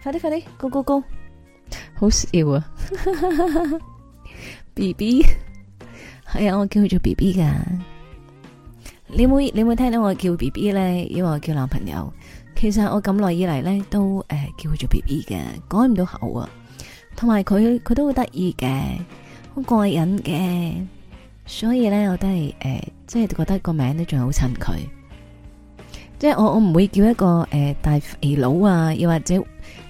S1: 快啲，快啲，go go go，好笑啊，B B，係啊，我叫佢做 B B 噶。你有冇你有冇聽到我叫 B B 咧？因為我叫男朋友。其實我咁耐以嚟咧都誒、呃、叫佢做 B B 嘅，改唔到口啊。同埋佢佢都好得意嘅。好過癮嘅，所以咧我都係誒，即係覺得個名都仲係好襯佢。即係我我唔會叫一個誒大肥佬啊，又或者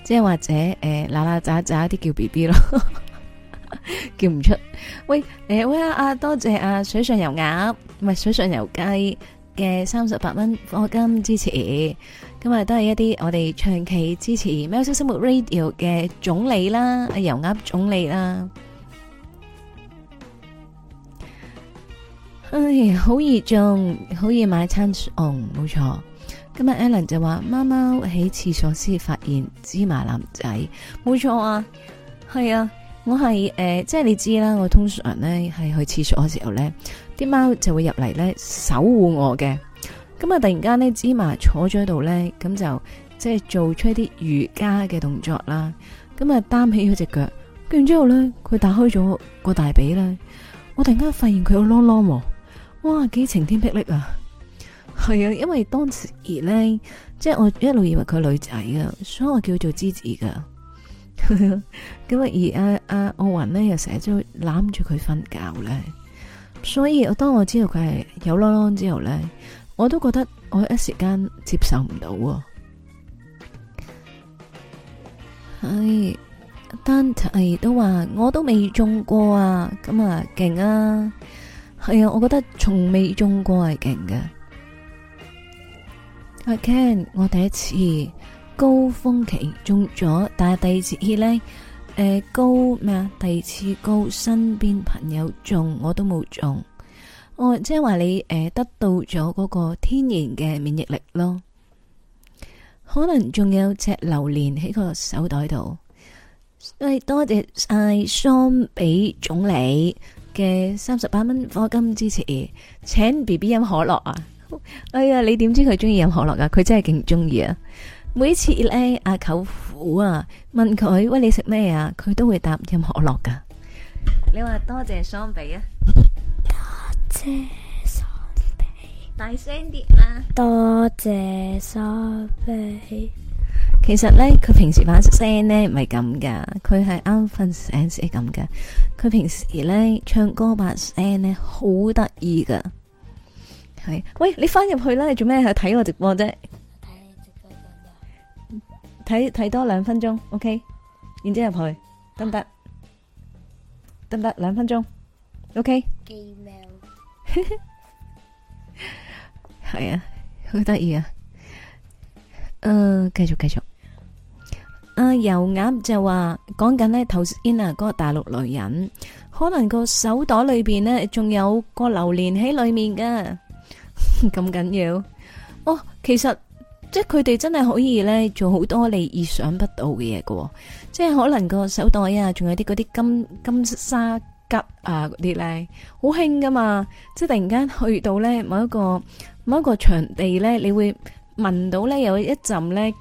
S1: 即係或者誒嗱嗱喳喳啲叫 B B 咯，叫唔出。喂誒，喂啊啊，多謝啊，水上游鴨唔係水上游雞嘅三十八蚊課金支持，今日都係一啲我哋長期支持《喵式生活 Radio》嘅總理啦，油鴨總理啦。唉、哎，好熱中，好熱買餐。哦，冇錯。今日 Alan 就話，貓貓喺廁所先發現芝麻男仔。冇錯啊，係啊，我係誒、呃，即係你知啦。我通常咧係去廁所嘅時候咧，啲貓就會入嚟咧守護我嘅。咁啊，突然間咧，芝麻坐咗喺度咧，咁就即係做出一啲瑜伽嘅動作啦。咁啊，擔起佢隻腳，跟住之後咧，佢打開咗個大髀咧，我突然間發現佢有啷啷喎。哇，幾晴天霹靂啊！係啊，因為當時而咧，即係我一路以為佢女仔啊，所以我叫做芝芝噶。咁啊，而阿阿奧雲咧又成日都攬住佢瞓覺咧，所以我當我知道佢係有啷啷之後咧，我都覺得我一時間接受唔到。係、哎，丹提都話我都未中過啊，咁啊勁啊！係啊，我覺得從未中過係勁嘅。阿、okay, Ken，我第一次高峰期中咗，但係第二次呢？誒、呃、高咩啊？第二次高身邊朋友中，我都冇中。我、哦、即係話你誒、呃、得到咗嗰個天然嘅免疫力咯，可能仲有隻榴蓮喺個手袋度。多謝晒桑俾總理嘅三十八蚊課金支持，請 B B 飲可樂啊！哎呀，你點知佢中意飲可樂噶、啊？佢真係勁中意啊！每次咧，阿舅父啊問佢，喂，你食咩啊，佢、啊啊、都會答飲可樂噶。你話 多謝桑比啊！多謝桑比！大聲啲啊！多謝桑比！其實咧，佢平時把聲咧唔係咁噶，佢係啱瞓醒先咁噶。佢平時咧唱歌把聲咧好得意噶，係。喂，你翻入去啦，你做咩去睇我直播啫？睇直播睇睇多兩分鐘，OK，然之後入去得唔得？得唔得？兩分鐘，OK。機係啊，好得意啊。誒、呃，繼續繼續。繼續啊！油鴨就話講緊咧，頭先啊嗰個大陸女人，可能個手袋裏邊咧，仲有個榴蓮喺裏面噶，咁緊要？哦，其實即係佢哋真係可以咧，做好多你意想不到嘅嘢噶，即係可能個手袋啊，仲有啲嗰啲金金沙吉啊嗰啲咧，好興噶嘛！即係突然間去到咧某一個某一個場地咧，你會聞到咧有一陣咧。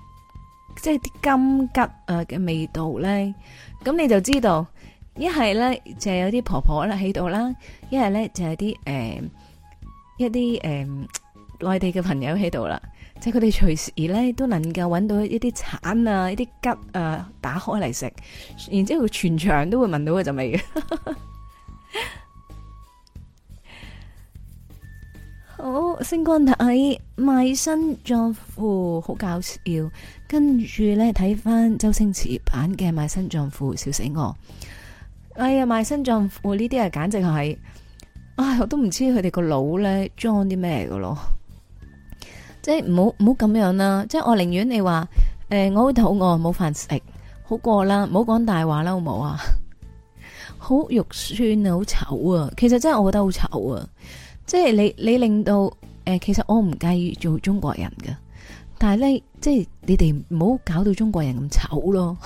S1: 即係啲金桔啊嘅味道咧，咁你就知道，一係咧就係有啲婆婆啦喺度啦，一係咧就係啲誒一啲誒外地嘅朋友喺度啦，即係佢哋隨時咧都能夠搵到一啲橙啊、一啲桔啊打開嚟食，然之後全場都會聞到嗰陣味嘅。 好，星光體賣身葬父，好搞笑。跟住呢，睇翻周星馳版嘅賣身葬父，笑死我！哎呀，賣身葬父呢啲啊，簡直係，哎，我都唔知佢哋個腦呢裝啲咩嘅咯，即係唔好唔好咁樣啦！即係我寧願你話，誒、呃，我好肚餓，冇飯食，好過啦，唔好講大話啦，好唔好啊？好 肉酸啊，好醜啊！其實真係我覺得好醜啊！即係你你令到誒、呃，其實我唔介意做中國人㗎。但係咧，即係你哋唔好搞到中國人咁醜咯，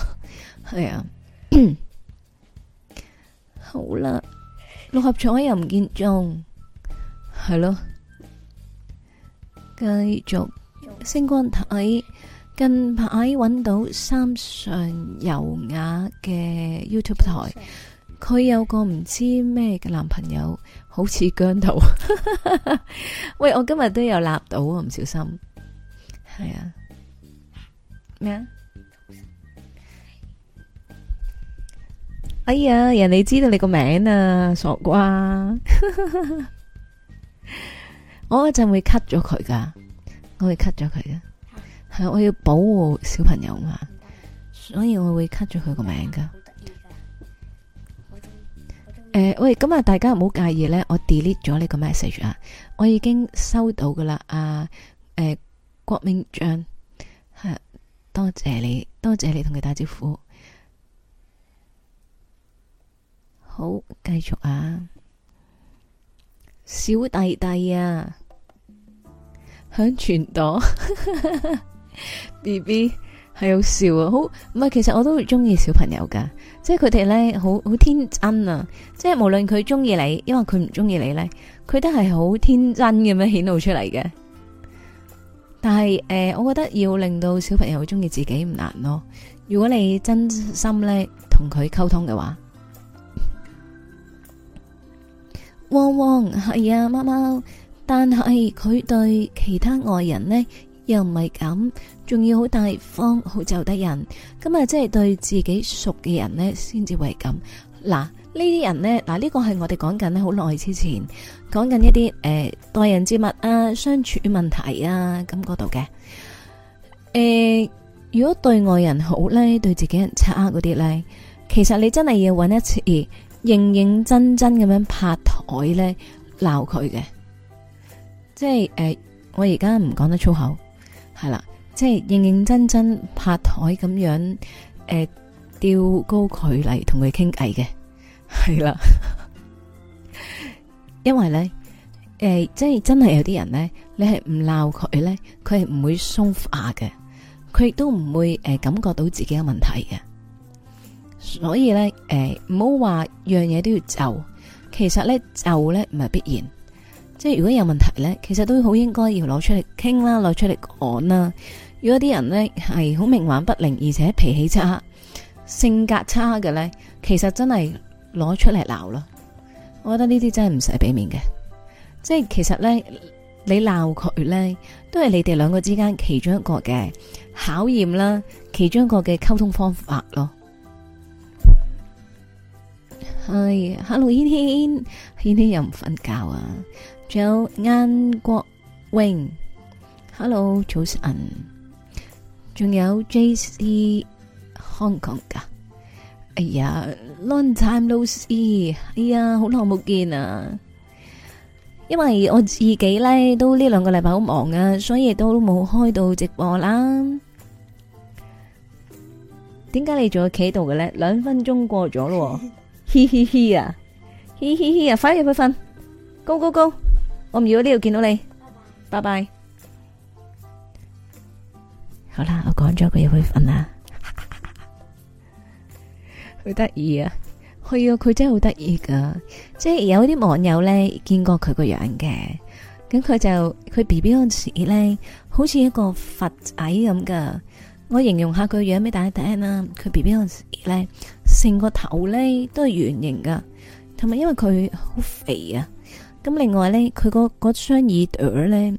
S1: 係啊。好啦，六合彩又唔見中，係咯。繼續星光睇，近排搵到三上悠亞嘅 YouTube 台，佢有個唔知咩嘅男朋友，好似姜濤。喂，我今日都有立到啊，唔小心。係啊咩啊？哎呀，人哋知道你個名啊，傻瓜！ 我一陣會 cut 咗佢噶，我會 cut 咗佢噶係。我要保護小朋友嘛，所以我會 cut 咗佢個名噶。誒、啊呃，喂，咁啊，大家唔好介意咧。我 delete 咗呢個 message 啊，我已經收到噶啦。啊！誒、呃。國明將係多謝你，多謝你同佢打招呼。好，繼續啊，小弟弟啊，響傳朵，B B 係好笑啊，好唔係？其實我都中意小朋友噶，即係佢哋咧好好天真啊！即係無論佢中意你，因為佢唔中意你咧，佢都係好天真咁樣顯露出嚟嘅。但係誒、呃，我覺得要令到小朋友中意自己唔難咯。如果你真心咧同佢溝通嘅話，旺旺係啊，貓貓。但係佢對其他外人呢，又唔係咁，仲要好大方，好就得人。咁啊，即係對自己熟嘅人呢，先至會咁嗱。呢啲人呢，嗱、這、呢個係我哋講緊咧，好耐、呃、之前講緊一啲誒，待人接物啊、相處問題啊咁嗰度嘅。誒、呃，如果對外人好咧，對自己人差嗰啲咧，其實你真係要揾一次，認認真真咁樣拍台咧鬧佢嘅。即係誒、呃，我而家唔講得粗口，係啦，即係認認真真拍台咁樣，誒、呃，吊高距離同佢傾偈嘅。係啦， 因為咧，誒、呃，即係真係有啲人咧，你係唔鬧佢咧，佢係唔會鬆化嘅，佢亦都唔會誒、呃、感覺到自己有問題嘅。所以咧，誒、呃，唔好話樣嘢都要就，其實咧就咧唔係必然，即係如果有問題咧，其實都好應該要攞出嚟傾啦，攞出嚟講啦。如果啲人咧係好冥頑不靈，而且脾氣差、性格差嘅咧，其實真係。攞出嚟鬧咯！我覺得呢啲真係唔使俾面嘅，即係其實咧，你鬧佢咧，都係你哋兩個之間其中一個嘅考驗啦，其中一個嘅溝通方法咯。係、哎，Hello 軒軒，軒軒又唔瞓覺啊！仲有啱國榮，Hello 早晨，仲有 JC Hong Kong 噶。哎呀，long time no see，哎呀，好耐冇見啊！因為我自己咧都呢兩個禮拜好忙啊，所以都冇開到直播啦。點解你仲喺企度嘅咧？兩分鐘過咗咯，嘻嘻嘻啊，嘻嘻嘻啊，快啲去瞓，Go Go Go，我唔要呢度見到你，拜拜。好啦，我趕咗佢入去瞓啦。好 得意啊！係啊，佢真係好得意噶。即係有啲網友咧見過佢個樣嘅，咁佢就佢 B B 嗰時咧，好似一個佛仔咁噶。我形容下佢個樣俾大家睇下啦。佢 B B 嗰時咧，成個頭咧都係圓形噶，同埋因為佢好肥啊。咁另外咧，佢個嗰雙耳朵咧，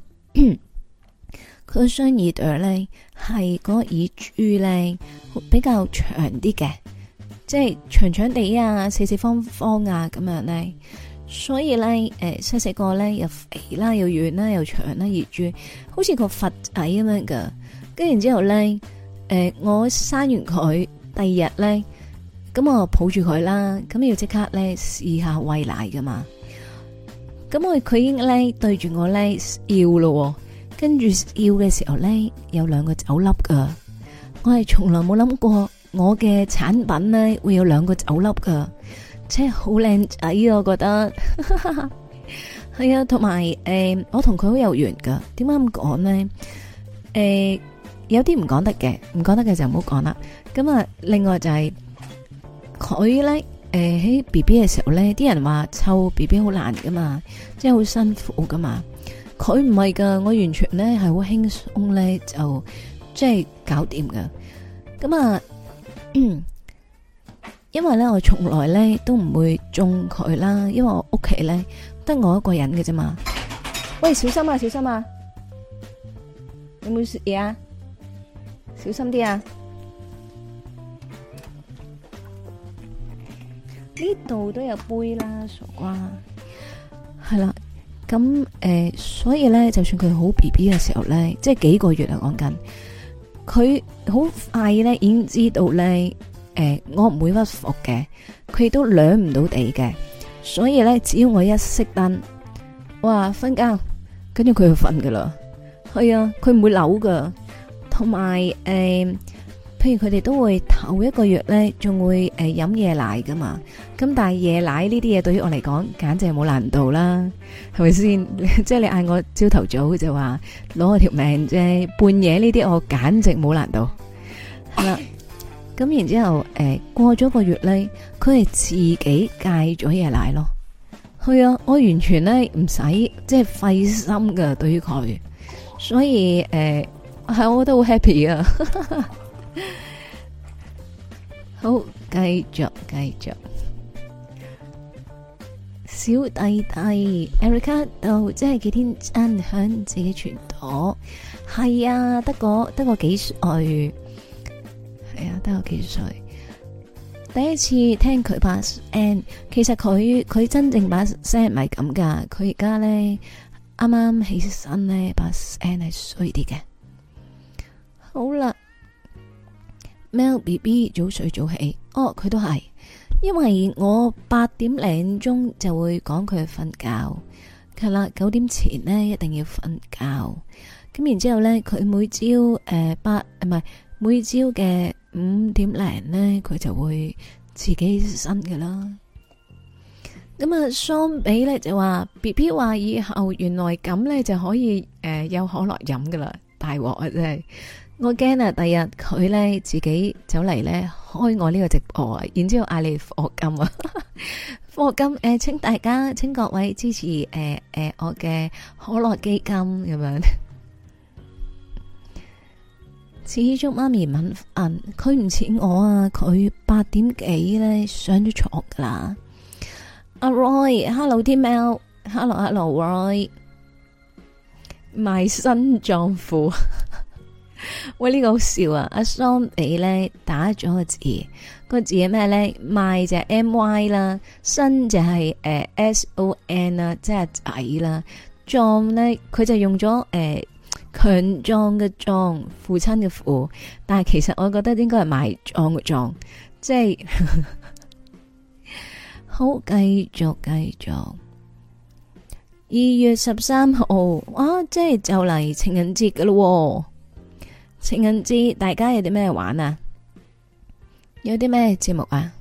S1: 佢雙耳朵咧係個耳珠咧比較長啲嘅。即係長長地啊，四四方方啊，咁樣咧，所以咧，誒、呃，細細個咧又肥啦，又軟啦，又長啦，而住好似個佛仔咁樣噶。跟住然之後咧，誒、呃，我生完佢第二日咧，咁我抱住佢啦，咁要即刻咧試下餵奶噶嘛。咁我佢已經咧對住我咧要咯，跟住要嘅時候咧有兩個酒粒噶，我係從來冇諗過。我嘅產品咧會有兩個酒粒噶，即係好靚仔，我覺得係 啊。同埋誒，我同佢好有緣噶。點解咁講呢？誒、呃，有啲唔講得嘅，唔講得嘅就唔好講啦。咁啊，另外就係佢咧，誒喺 B B 嘅時候咧，啲人話湊 B B 好難噶嘛，即係好辛苦噶嘛。佢唔係噶，我完全咧係好輕鬆咧，就即係搞掂噶。咁啊。呃嗯，因為咧，我從來咧都唔會中佢啦，因為我屋企咧得我一個人嘅啫嘛。喂，小心啊，小心啊！有冇嘢啊？小心啲啊！呢度都有杯啦，傻瓜。係啦，咁誒、呃，所以咧，就算佢好 B B 嘅時候咧，即係幾個月嚟講緊。嗯佢好快咧，已經知道咧，誒，我唔會屈服嘅，佢都兩唔到地嘅，所以咧，只要我一熄燈，哇，瞓覺，跟住佢就瞓噶啦，係啊，佢唔會扭噶，同埋誒。譬如佢哋都會頭一個月呢，仲會誒飲、呃、夜奶噶嘛，咁但係夜奶呢啲嘢對於我嚟講，簡直冇難度啦，係咪先？即 係你嗌我朝頭早就話攞我條命啫，半夜呢啲我簡直冇難度，係啦、 嗯。咁然之後誒、呃，過咗個月呢，佢係自己戒咗夜奶咯。係啊，我完全呢唔使即係費心噶，對於佢，所以誒，係、呃哎、我都好 happy 啊！ 好，繼續繼續，小弟弟 Erica 度即係幾天真，響自己全朵，係啊，得個得個幾歲，係啊，得個幾歲。第一次聽佢把聲，其實佢佢真正把聲係咁噶，佢而家呢啱啱，起身呢把聲係衰啲嘅，好啦。Mel B B 早睡早起，哦佢都係，因為我八點零鐘就會講佢瞓覺，係啦九點前呢一定要瞓覺，咁然之後呢佢每朝誒八唔係每朝嘅五點零呢，佢、呃啊、就會自己起身嘅啦，咁啊相比呢，就話 B B 話以後原來咁呢，就可以誒、呃、有可樂飲噶啦，大鑊啊真係！我驚啊！第日佢咧自己走嚟咧開我呢個直播，然之後嗌你課金啊，課 金誒、呃，請大家請各位支持誒誒、呃呃、我嘅可樂基金咁樣。 始終媽咪問：佢唔似我啊？佢八點幾咧上咗床噶啦。阿 Roy，Hello T M，Hello Hello Roy，賣新裝褲。喂，呢、這個好笑啊！阿 s 桑比咧打咗個字，個字咩咧？賣就 M Y 啦，新就係、是、誒、呃、S O N 啦，即係仔啦。壯咧，佢就用咗誒、呃、強壯嘅壯，父親嘅父，但係其實我覺得應該係賣壯嘅壯，即係 好繼續繼續。二月十三號哇，即係就嚟情人節噶咯。情人節，大家有啲咩玩啊？有啲咩節目啊？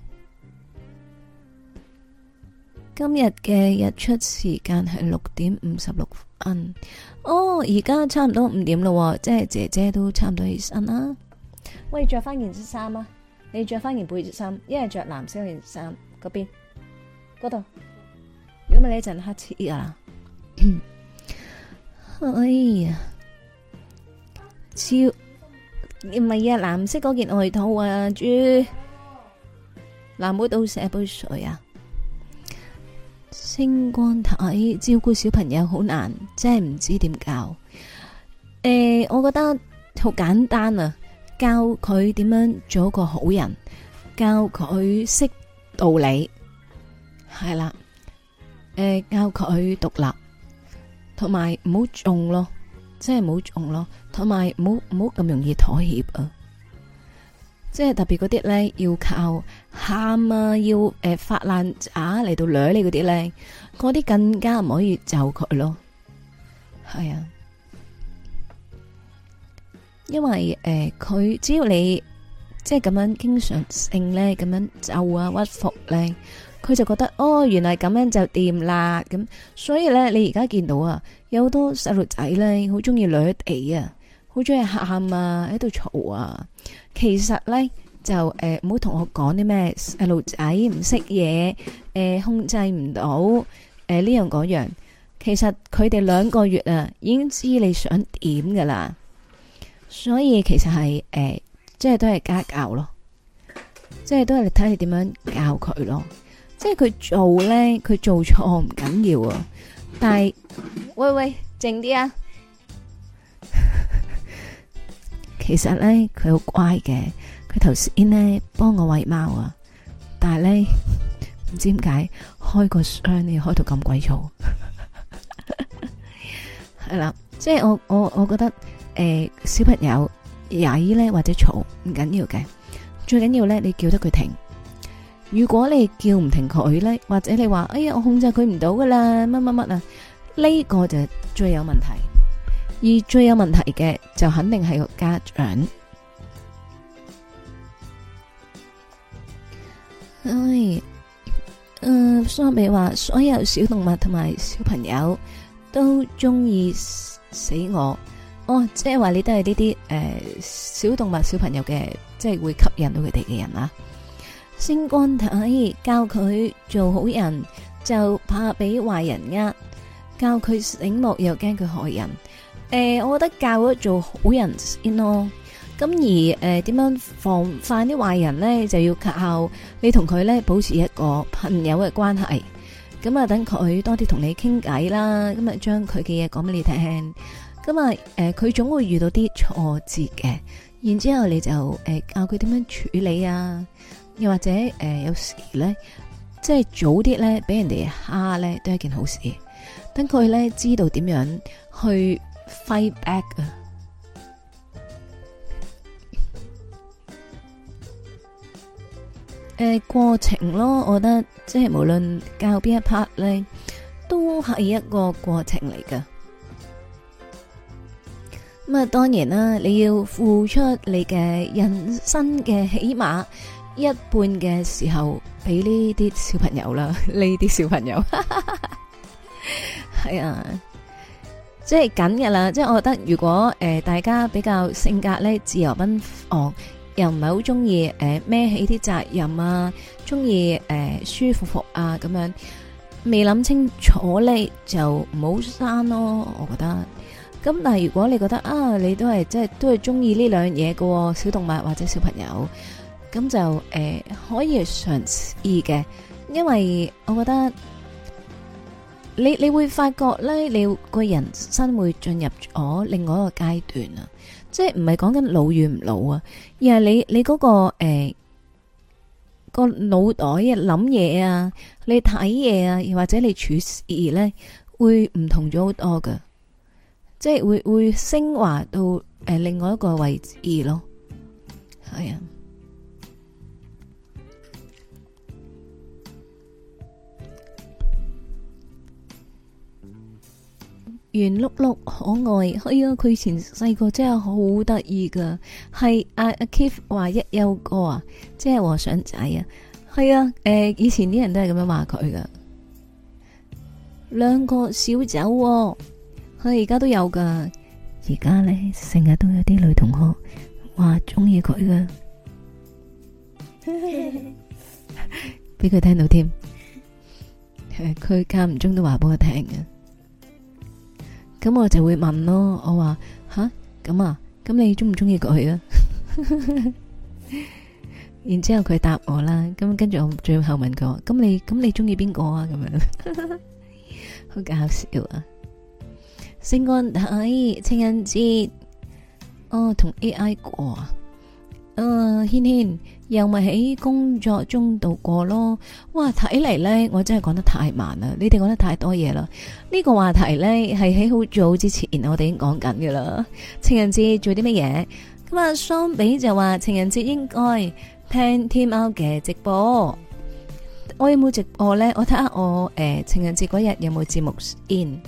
S1: 今日嘅日出時間係六點五十六分。哦，而家差唔多五點喇喎，即係姐姐都差唔多起身啦。喂，着翻件衫啊！你着翻件背心，一係着藍色嗰件衫嗰邊，嗰度。如果唔係你一陣黑黐啊！哎呀，超～唔係啊，藍色嗰件外套啊，豬，男寶倒瀉杯水啊。星光太照顧小朋友好難，真係唔知點教。誒、呃，我覺得好簡單啊，教佢點樣做一個好人，教佢識道理，係啦。誒、呃，教佢獨立，同埋唔好縱咯。即係冇中咯，同埋唔好咁容易妥協啊！即係特別嗰啲咧，要靠喊啊，要誒、呃、發爛渣嚟到掠你嗰啲咧，嗰啲更加唔可以就佢咯。係啊，因為誒，佢、呃、只要你即係咁樣經常性咧，咁樣就啊屈服咧。佢就覺得哦，原來咁樣就掂啦咁，所以咧，你而家見到啊，有好多細路仔咧，好中意掠地啊，好中意喊啊，喺度嘈啊。其實咧就誒，唔好同我講啲咩細路仔唔識嘢，誒、呃、控制唔到，誒、呃、呢樣嗰樣。其實佢哋兩個月啊，已經知你想點噶啦。所以其實係誒、呃，即係都係家教咯，即係都係睇你點樣教佢咯。即係佢做咧，佢做錯唔緊要啊！但係，喂喂，靜啲啊！ 其實咧，佢好乖嘅。佢頭先咧幫我餵貓啊，但係咧唔知點解開個箱你要開到咁鬼嘈。係 啦， 即係我我我覺得誒、呃，小朋友曳咧或者嘈唔緊要嘅，最緊要咧你叫得佢停。如果你叫唔停佢咧，或者你話哎呀我控制佢唔到噶啦乜乜乜啊，呢個就最有問題。而最有問題嘅就肯定係個家長。唉，嗯，蘇美話所有小動物同埋小朋友都中意死我。哦，即係話你都係呢啲誒小動物小朋友嘅，即係會吸引到佢哋嘅人啊。星光睇，教佢做好人，就怕俾壞人呃，教佢醒目又驚佢害人。誒、呃，我覺得教咗做好人先咯。咁而誒，點、呃、樣防範啲壞人咧？就要靠你同佢咧保持一個朋友嘅關係。咁、嗯、啊，等佢多啲同你傾偈啦。咁啊，將佢嘅嘢講俾你聽。咁、呃、啊，誒，佢總會遇到啲挫折嘅。然之後你就誒、呃、教佢點樣處理啊？又或者誒、呃，有時咧，即係早啲咧，俾人哋蝦咧，都係一件好事。等佢咧知道點樣去 fight back 啊！誒、呃，過程咯，我覺得即係無論教邊一 part 咧，都係一個過程嚟噶。咁、
S2: 嗯、
S1: 啊，當然啦，你要付出你嘅人生嘅起碼，一半嘅時候俾呢啲小朋友啦，呢啲小朋友係啊、 哎，即係緊噶啦，即係我覺得如果誒、呃、大家比較性格咧自由奔放、哦，又唔係好中意誒孭起啲責任啊，中意誒舒服服啊咁樣，未諗清楚咧就唔好生咯，我覺得。咁但係如果你覺得啊，你都係即係都係中意呢兩樣嘢嘅、啊、小動物或者小朋友。咁就誒、呃、可以嘗試嘅，因為我覺得你你會發覺咧，你個人生會進入咗另外一個階段啊，即係唔係講緊老與唔老啊，而係你你嗰個誒個腦袋啊諗嘢啊，你睇嘢啊，又、呃那個、或者你處事咧，會唔同咗好多嘅，即係會會升華到誒另外一個位置咯，係啊。圓碌碌可愛，哎呀！佢以前細個真係好得意噶，係阿阿 Keith 話一休哥啊，即、啊、係和尚仔啊，係啊，誒，以前啲人都係咁樣話佢噶。兩個小酒、啊，佢而家都有噶，而家咧成日都有啲女同學話中意佢噶，俾 佢聽到添，佢間唔中都話俾我聽嘅。咁我就會問咯，我話吓咁啊，咁你鍾唔鍾意佢啊？然之後佢答我啦，咁跟住我最後問佢，咁你咁你鍾意邊個啊？咁樣好搞笑啊！聖安喺情人節，哦同 AI 過啊，嗯軒軒。又咪喺工作中度過咯，哇！睇嚟咧，我真係講得太慢啦，你哋講得太多嘢啦。呢個話題咧係喺好早之前我哋已經講緊嘅啦。情人節做啲乜嘢？咁啊，雙比就話情人節應該聽 TM 嘅直播。我有冇直播咧？我睇下我誒情人節嗰日有冇節目 in。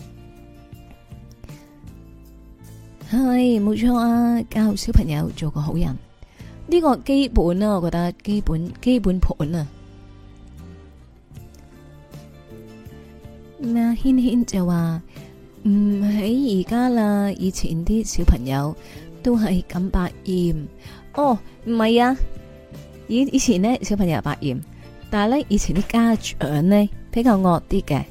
S1: 係，冇錯啊！教小朋友做個好人。呢個基本啦，啊，我覺得基本基本盤啊。那軒軒就話唔喺而家啦，以前啲小朋友都係咁百厭。哦，唔係啊，以以前呢小朋友百厭，但係呢以前啲家長呢比較惡啲嘅，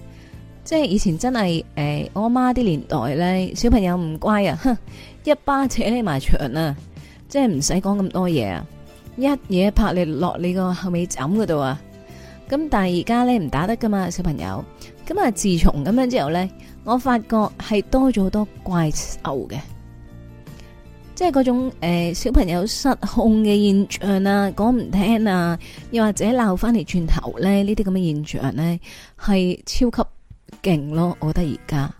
S1: 即係以前真係誒、呃，我阿媽啲年代呢，小朋友唔乖啊，哼，一巴扯起埋牆啊！即係唔使講咁多嘢啊，一嘢拍你落你個後尾枕嗰度啊，咁但係而家咧唔打得噶嘛，小朋友，咁啊自從咁樣之後咧，我發覺係多咗好多怪獸嘅，即係嗰種誒、呃、小朋友失控嘅現象啊，講唔聽啊，又或者鬧翻嚟轉頭咧，呢啲咁嘅現象咧係超級勁咯，我覺得而家。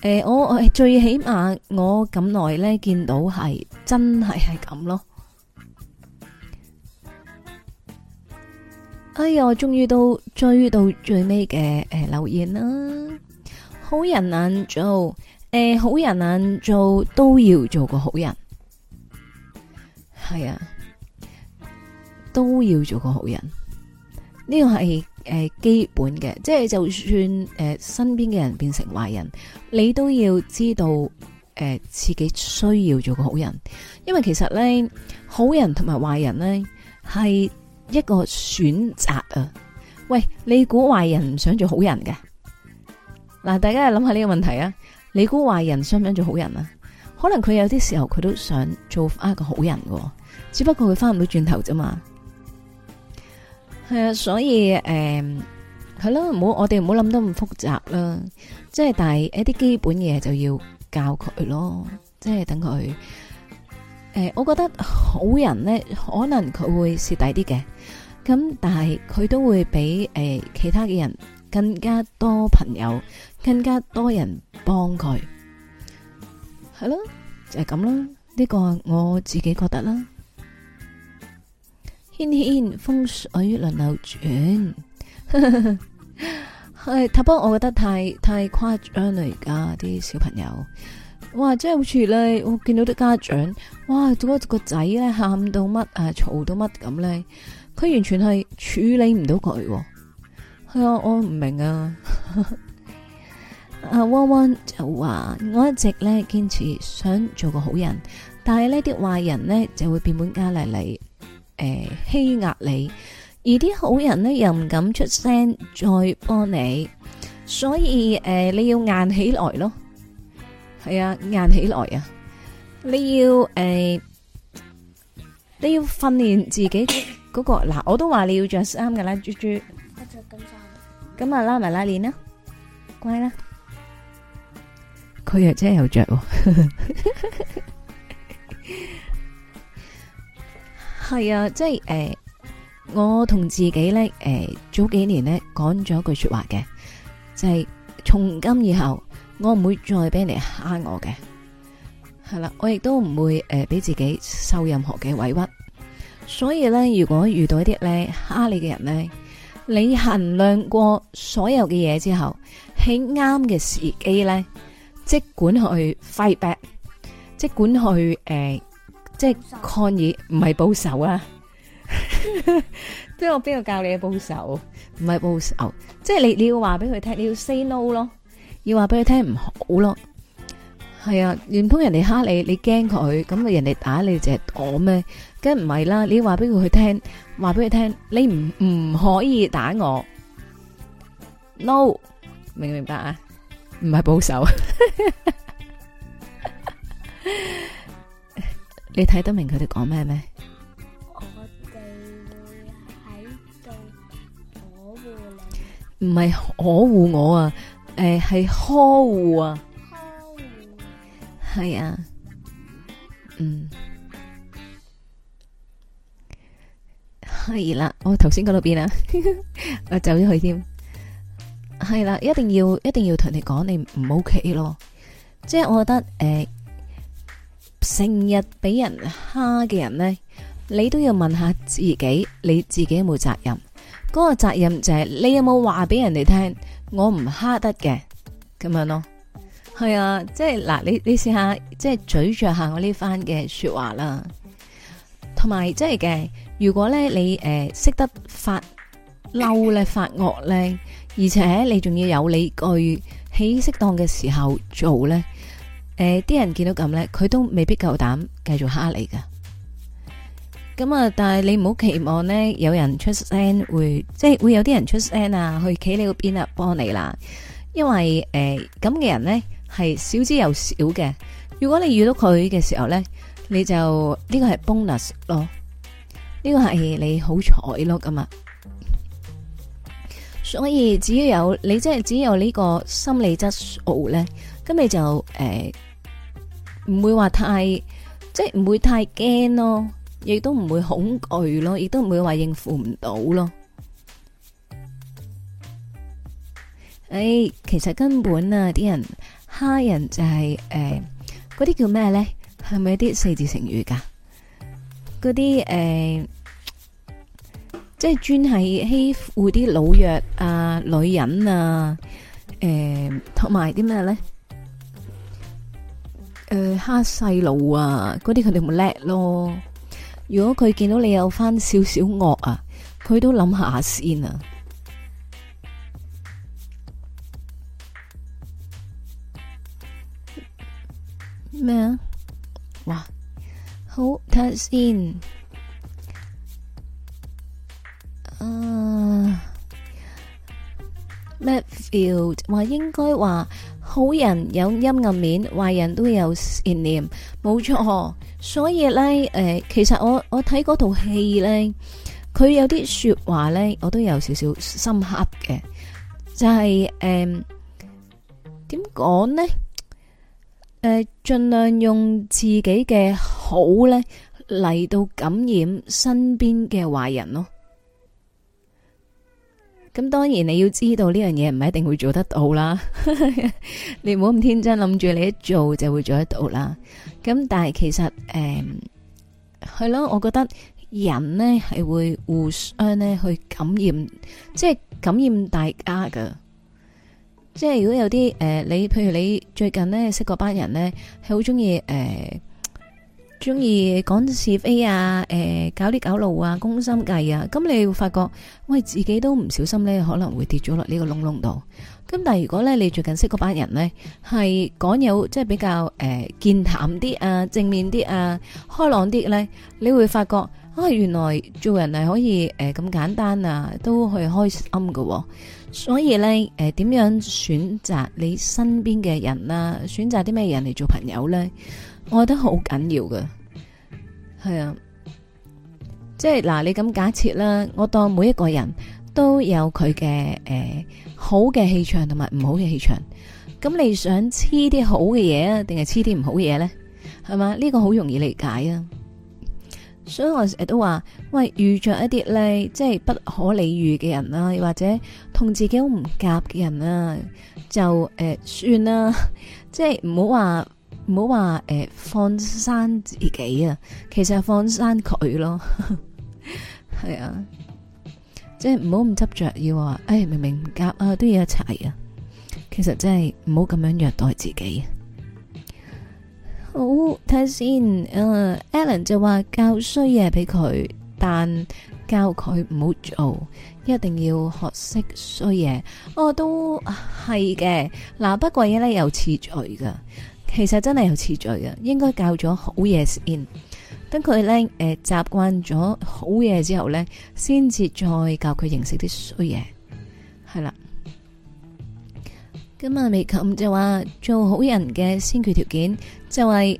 S1: 誒，我誒最起碼我咁耐呢見到係真係係咁咯。哎呀，我終於都追到最尾嘅誒留言啦！好人難做，誒好人難做都要做個好人，係啊，都要做個好人。呢個係。誒，基本嘅，即係就算誒、呃、身邊嘅人變成壞人，你都要知道誒、呃、自己需要做個好人，因為其實咧好人同埋壞人咧係一個選擇啊！喂，你估壞人唔想做好人嘅？嗱，大家諗下呢個問題啊！你估壞人想唔想做好人啊？可能佢有啲時候佢都想做翻一個好人嘅，只不過佢翻唔到轉頭啫嘛。係啊，所以誒，係咯，唔好我哋唔好諗得咁複雜啦。即係但係一啲基本嘢就要教佢咯，即係等佢。誒，我覺得好人咧，可能佢會蝕底啲嘅，咁但係佢都會比誒其他嘅人更加多朋友，更加多人幫佢。係咯，就係咁啦。呢個我自己覺得啦。天天風水輪流轉，係塔波，但我覺得太太誇張啦！而家啲小朋友，哇，真係好似咧，我見到啲家長，哇，做個個仔咧，喊到乜啊，吵到乜咁咧，佢完全係處理唔到佢，係啊，我唔明啊！阿、 啊、汪汪就話，我一直咧堅持想做個好人，但係呢啲壞人咧就會變本加厲嚟。誒，欺壓你，而啲好人呢又唔敢出聲再幫你，所以誒，你要硬起來咯，係啊，硬起來啊，你要誒，你要訓練自己嗰個，嗱，我都話你要着衫噶啦，豬豬，我着
S2: 緊
S1: 衫，咁啊，拉埋拉鏈啦，乖啦，佢又真係有着。係啊，即係誒、呃，我同自己咧誒、呃，早幾年咧講咗一句說話嘅，就係、是、從今以後我唔會再俾人嚟蝦我嘅。係啦、啊，我亦都唔會誒俾、呃、自己受任何嘅委屈，所以咧，如果遇到一啲咧蝦你嘅人咧，你衡量過所有嘅嘢之後，喺啱嘅時機咧，即管去 fight back，即管去誒。呃即係抗議，唔係報仇啊！邊個邊個教你報仇？唔係報仇，即係你你要話俾佢聽，你要 say no 咯，要話俾佢聽唔好咯。係啊，唔通人哋吓你，你驚佢？咁人哋打你就係我咩？梗係唔係啦？你要話俾佢聽，話俾佢聽，你唔唔可以打我。No，明唔明白啊？唔係報仇。你睇得明佢哋講咩咩？我哋會喺度保護你，唔係呵護我啊！誒、欸，係呵護啊，呵護係啊，嗯，係啦。我頭先嗰度邊啊，哦、邊 我走咗去添。係啦、啊，一定要，一定要同你講，你唔 OK 咯。即係我覺得誒。欸成日俾人蝦嘅人呢，你都要問下自己，你自己有冇責任？嗰、那個責任就係、是、你有冇話俾人哋聽，我唔蝦得嘅咁樣咯。係啊，即係嗱，你你試下即係咀嚼下我呢番嘅說話啦。同埋即係嘅，如果咧你誒識、呃、得發嬲咧發惡咧，而且你仲要有你句起適當嘅時候做咧。誒，啲、呃、人見到咁咧，佢都未必夠膽繼續蝦你噶。咁啊，但係你唔好期望呢，有人出聲會，即係會有啲人出聲啊，去企你嗰邊啊，幫你啦。因為誒咁嘅人呢，係少之又少嘅。如果你遇到佢嘅時候呢，你就呢、這個係 bonus 咯，呢、這個係你好彩咯，咁啊。所以只要有你即係只有呢個心理質素咧，咁你就誒。呃唔會話太即係唔會太驚咯，亦都唔會恐懼咯，亦都唔會話應付唔到咯。誒、哎，其實根本啊，啲人蝦人就係、是、誒，嗰、呃、啲叫咩咧？係咪啲四字成語噶？嗰啲誒，即係專係欺負啲老弱啊、女人啊，誒、呃，同埋啲咩咧？誒，蝦細路啊，嗰啲佢哋冇叻咯。如果佢見到你有翻少少惡啊，佢都諗下先啊。咩啊？哇，好睇下先。啊，Matfield 話應該話。好人有陰暗面，壞人都有善念，冇錯。所以呢，誒，其實我我睇嗰套戲呢，佢有啲說話呢，我都有少少深刻嘅，就係誒點講呢？誒，盡量用自己嘅好呢嚟到感染身邊嘅壞人咯。咁當然你要知道呢樣嘢唔係一定會做得到啦， 你唔好咁天真諗住你一做就會做得到啦。咁但係其實誒，係咯，我覺得人呢係會互相呢去感染，即係感染大家噶。即係如果有啲誒、呃，你譬如你最近呢識嗰班人呢，係好中意誒。呃中意講是非啊，誒、呃，搞啲搞路啊，攻心計啊，咁你會發覺，喂，自己都唔小心呢，可能會跌咗落呢個窿窿度。咁但係如果咧，你最近識嗰班人呢，係講有即係比較誒健談啲啊，正面啲啊，開朗啲呢，你會發覺，啊，原來做人係可以誒咁、呃、簡單啊，都係開心噶、哦。所以呢，誒、呃，點樣選擇你身邊嘅人啦、啊？選擇啲咩人嚟做朋友呢？我覺得好緊要嘅，係啊，即係嗱、啊，你咁假設啦，我當每一個人都有佢嘅誒好嘅氣場同埋唔好嘅氣場，咁你想黐啲好嘅嘢啊，定係黐啲唔好嘢咧？係嘛？呢、這個好容易理解啊！所以我成日都話，喂，遇着一啲咧，即係不可理喻嘅人啦、啊，或者同自己好唔夾嘅人啦、啊，就誒、呃、算啦，即係唔好話。唔好話誒，放生自己啊，其實係放生佢咯，係 啊，即係唔好唔執着，要話誒、哎，明明唔夾啊，都要一齊啊。其實真係唔好咁樣虐待自己啊。好睇先，誒、啊、Alan 就話教衰嘢俾佢，但教佢唔好做，一定要學識衰嘢。哦，都係嘅。嗱、啊，不過嘢咧有次序噶。其實真係有次序嘅，應該教咗好嘢先，等佢咧誒習慣咗好嘢之後咧，先至再教佢認識啲衰嘢，係啦。咁阿美琴就話做好人嘅先決條件就係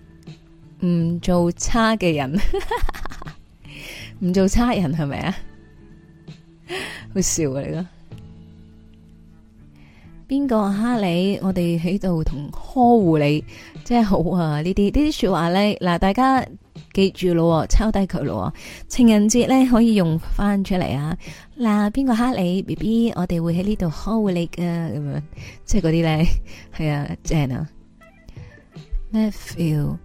S1: 唔做差嘅人，唔 做差人係咪啊？是是 好笑啊！你講。邊個蝦你？我哋喺度同呵護你，真係好啊！呢啲呢啲說話咧，嗱，大家記住咯，抄低佢咯，情人節咧可以用翻出嚟啊！嗱，邊個蝦你？B B，我哋會喺呢度呵護你噶，咁樣即係嗰啲咧，係啊，正啊，咩 feel？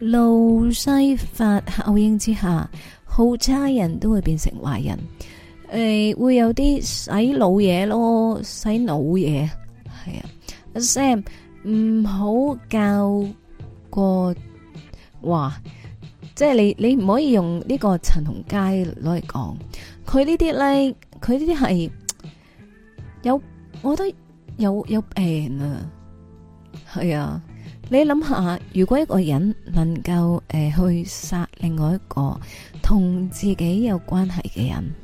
S1: 路西法效應之下，好差人都會變成壞人，誒、欸，會有啲洗腦嘢咯，洗腦嘢。係啊，Sam，唔好教過，嘩，即係你你唔可以用個陳呢個陳同佳攞嚟講，佢呢啲咧，佢呢啲係有，我覺得有有病啊。係啊，你諗下，如果一個人能夠誒、呃、去殺另外一個同自己有關係嘅人，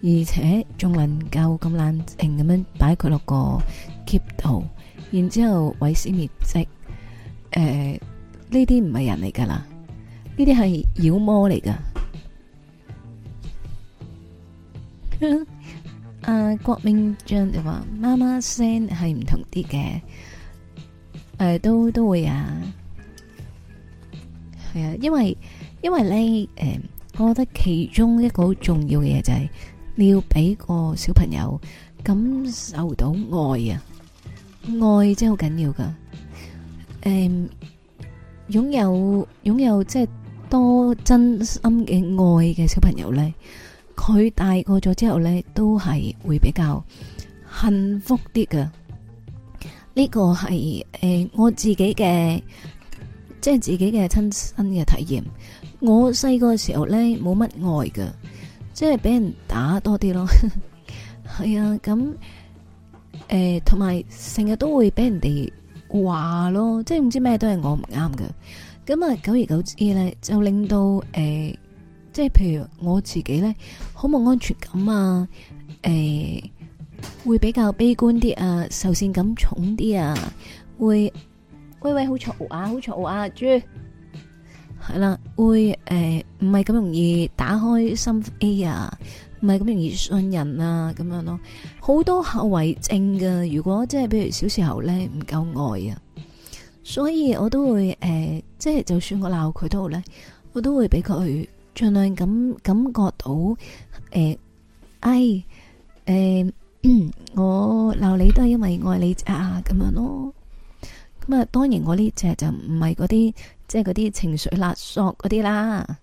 S1: 而且仲能夠咁冷靜咁樣擺佢落個。keep 逃，然之後毀屍滅跡，誒，呢啲唔係人嚟噶啦，呢啲係妖魔嚟噶。阿郭明章就話媽媽聲係唔同啲嘅，誒，都都會啊，係啊，因為因為呢，誒，我覺得其中一個好重要嘅嘢，就係你要俾個小朋友感受到愛啊。愛真係好緊要噶，誒、嗯，擁有擁有即係多真心嘅愛嘅小朋友咧，佢大個咗之後咧，都係會比較幸福啲噶。呢個係誒我自己嘅，即係自己嘅親身嘅體驗。我細個時候咧，冇乜愛噶，即係俾人打多啲咯。係 啊，咁。誒，同埋成日都會俾人哋話咯，即係唔知咩都係我唔啱嘅。咁啊，久而久之咧，就令到誒、呃，即係譬如我自己咧，好冇安全感啊，誒、呃，會比較悲觀啲啊，受善感重啲啊，會喂喂，好嘈啊，好嘈啊，豬，係啦，會、呃、誒，唔係咁容易打開心扉啊。唔係咁容易信人啊，咁樣咯，好多後遺症噶。如果即係譬如小時候咧唔夠愛啊，所以我都會誒，即、呃、係就算我鬧佢都好咧，我都會俾佢盡量咁感覺到誒，哎、呃、誒、呃，我鬧你都係因為愛你啊咁樣咯。咁啊，當然我呢隻就唔係嗰啲，即係嗰啲情緒勒索嗰啲啦。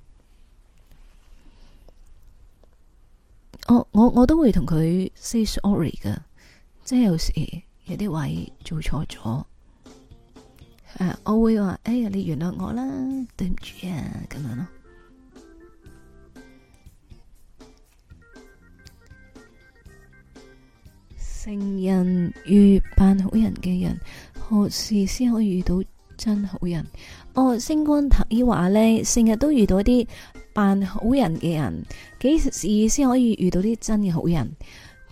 S1: Oh, 我我我都會同佢 say sorry 噶，即係有時有啲位做錯咗，誒，uh，我會話：哎呀，你原諒我啦，對唔住啊，咁樣咯。 成人遇扮好人嘅人，何時先可以遇到真好人？哦，星光塔依話咧，成日都遇到啲扮好人嘅人，幾時先可以遇到啲真嘅好人？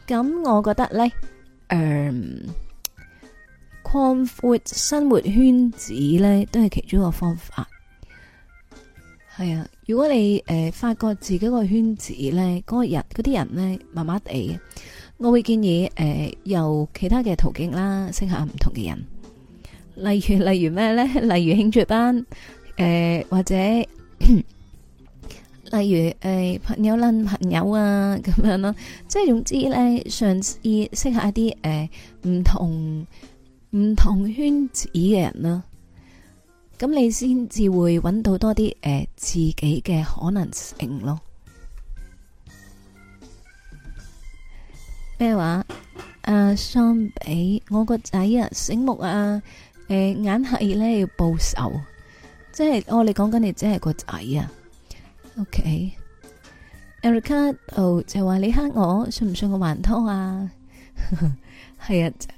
S1: 咁我覺得咧，誒、嗯，擴闊生活圈子咧，都係其中一個方法。係啊，如果你誒、呃、發覺自己個圈子咧，個人嗰啲人咧，麻麻哋，我會建議誒、呃，由其他嘅途徑啦，識下唔同嘅人。例如例如咩咧？例如興趣班，誒、呃、或者， 例如誒、呃、朋友攆朋友啊，咁樣啦。即係總之咧，嘗試識下啲誒唔同唔同圈子嘅人啦。咁你先至會揾到多啲誒、呃、自己嘅可能性咯。咩話？誒、啊，相比我個仔啊，醒目啊！誒、呃，眼黑嘢咧要報仇，即係我哋講緊你，只係個仔啊。OK，Erica、okay. 就話你黑我，信唔信我還拖啊？係 啊，仔。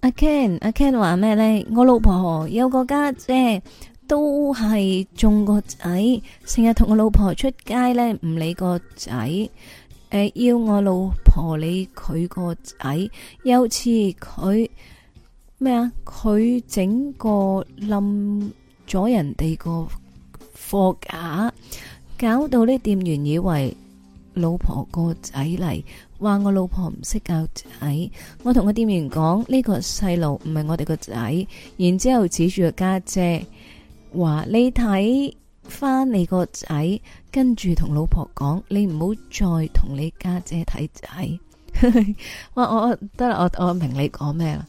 S1: 阿 k e n 阿 k e n 話咩咧？我老婆有個家姐，姐，都係中個仔，成日同我老婆出街咧，唔理個仔。誒，要我老婆理佢個仔，有次佢咩啊？佢整個冧咗人哋個貨架，搞到呢店員以為老婆個仔嚟，話我老婆唔識教仔。我同個店員講，呢個細路唔係我哋個仔，然之後指住個家姐，話你睇。翻你個仔，跟住同老婆講，你唔好再同你家姐睇仔。 哇，我得啦，我我唔理你講咩啦。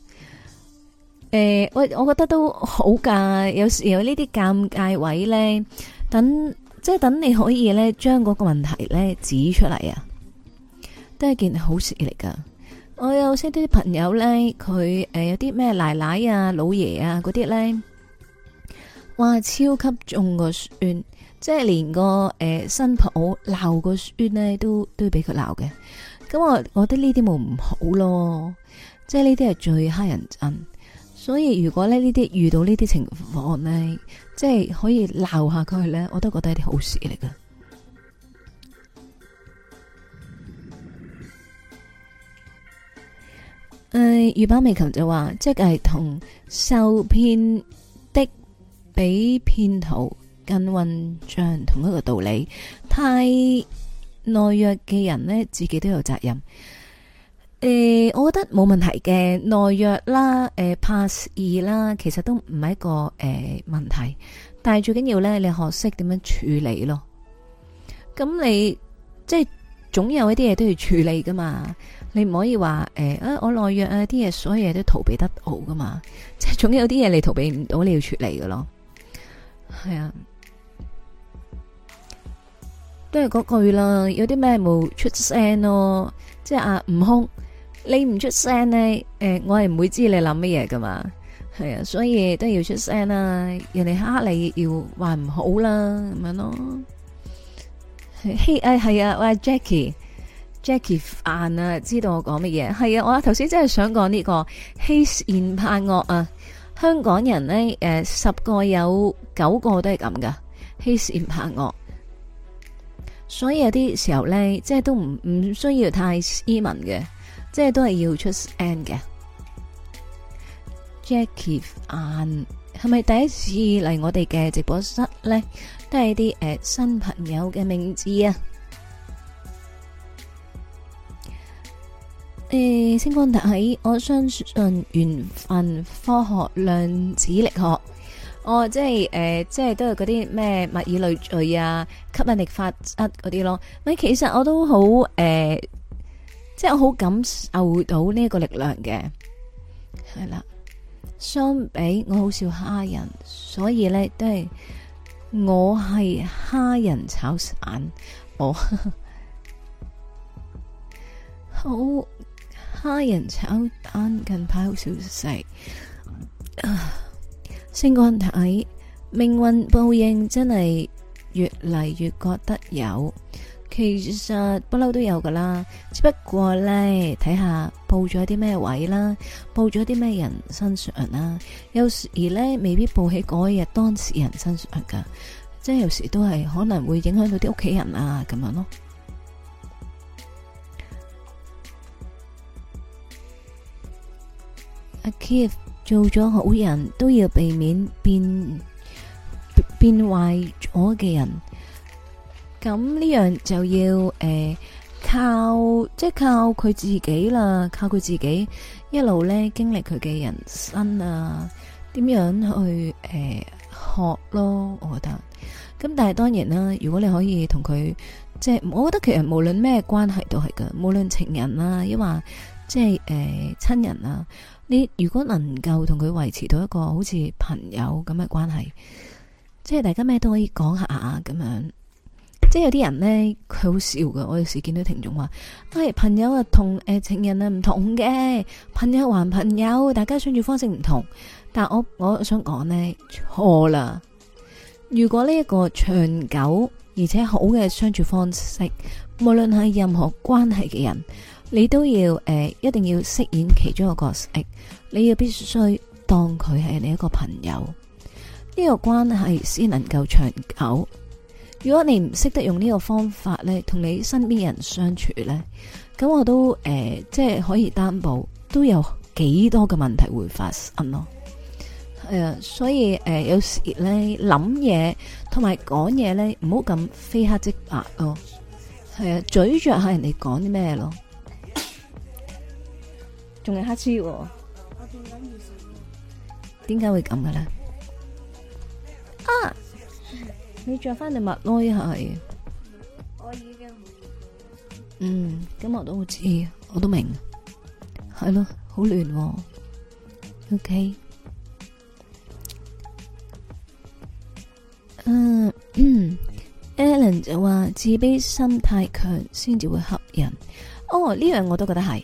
S1: 誒、欸，喂，我覺得都好噶。有時有呢啲尷尬位咧，等即係、就是、等你可以咧，將嗰個問題咧指出嚟啊，都係件好事嚟噶。我有識啲啲朋友咧，佢誒有啲咩奶奶啊、老爺啊嗰啲咧。哇，超級鍾個孫，即係連個誒新抱鬧個孫呢都都俾佢鬧嘅。咁我覺得呢啲冇唔好咯，即係呢啲係最乞人憎。所以如果咧呢啲遇到呢啲情況呢，即係可以鬧下佢咧，我都覺得係啲好事嚟嘅。誒、呃，魚板尾琴就話，即係同受騙。俾騙徒更混帳同一個道理，太懦弱嘅人呢，自己都有責任。誒，我覺得冇問題嘅懦弱啦，誒怕事啦，其實都唔係一個誒、呃、問題。但係最緊要呢，你學識點樣處理咯。咁你即係總有一啲嘢都要處理噶嘛。你唔可以話誒啊，我懦弱啊，啲嘢所有嘢都逃避得好噶嘛。即係總有啲嘢你逃避唔到，你要處理噶咯。係啊，都係嗰句啦，有啲咩冇出聲咯，即係阿悟空，你唔出聲呢？誒、呃，我係唔會知你諗乜嘢噶嘛，係啊，所以都要出聲啦、啊，人哋蝦你要話唔好啦，咁樣咯。希誒係啊，喂 Jackie，Jackie 範啊，知道我講乜嘢，係啊，我頭先真係想講呢、這個欺善怕惡啊。 香港人呢，誒、呃，十個有九個都係咁噶，欺善怕惡，所以有啲時候咧，即係都唔唔需要太斯文嘅，即係都係要出 N 嘅。Jackie Ann 係咪第一次嚟我哋嘅直播室咧？都係啲誒新朋友嘅名字啊。誒，星光塔喺我相信緣分、科學、量子力學，我即係誒，即係、呃、都係嗰啲咩物以類聚啊，吸引力法則嗰啲咯。咪其實我都好誒，即係我好感受到呢一個力量嘅，係啦。相比我好少蝦人，所以咧都係我係蝦人炒散，我 好。他人炒蛋近排好少食，升官睇命運報應，真係越嚟越覺得有，其實不嬲都有噶啦，只不過咧睇下報咗啲咩位啦，報咗啲咩人身上啦，有時咧未必報喺嗰一日當事人身上噶，即係有時都係可能會影響到啲屋企人啊咁樣咯。阿 Keith 做咗好人，都要避免變變壞咗嘅人。咁呢樣就要誒、呃、靠，即係靠佢自己啦，靠佢自己一路咧經歷佢嘅人生啊，點樣去誒、呃、學咯。我覺得。咁但係當然啦，如果你可以同佢，即係我覺得其實無論咩關係都係噶，無論情人啊，抑或即係誒親人啊。你如果能夠同佢維持到一個好似朋友咁嘅關係，即係大家咩都可以講下咁樣，即係有啲人呢，佢好笑㗎，我有時見到聽眾話：哎，朋友啊同誒情人啊唔同嘅，朋友還朋友，大家相處方式唔同。但我我想講呢，錯啦，如果呢一個長久而且好嘅相處方式，無論係任何關係嘅人。你都要誒、呃，一定要飾演其中一個角色，你要必須當佢係你一個朋友，呢、這個關係先能夠長久。如果你唔識得用呢個方法咧，同你身邊人相處咧，咁我都誒、呃，即係可以擔保都有幾多嘅問題會發生咯。係啊，所以誒、呃、有時咧諗嘢同埋講嘢咧，唔好咁非黑即白咯。係、哦、啊，咀嚼下人哋講啲咩咯。仲係黑超、啊，點解會咁噶咧？啊，你着翻條襪都係， 嗯，今我都好似我都明，係咯、啊，好亂、啊，OK、uh, 嗯。嗯 Ellen 就話自卑心太強先至會嚇人，哦，呢、這、樣、個、我都覺得係。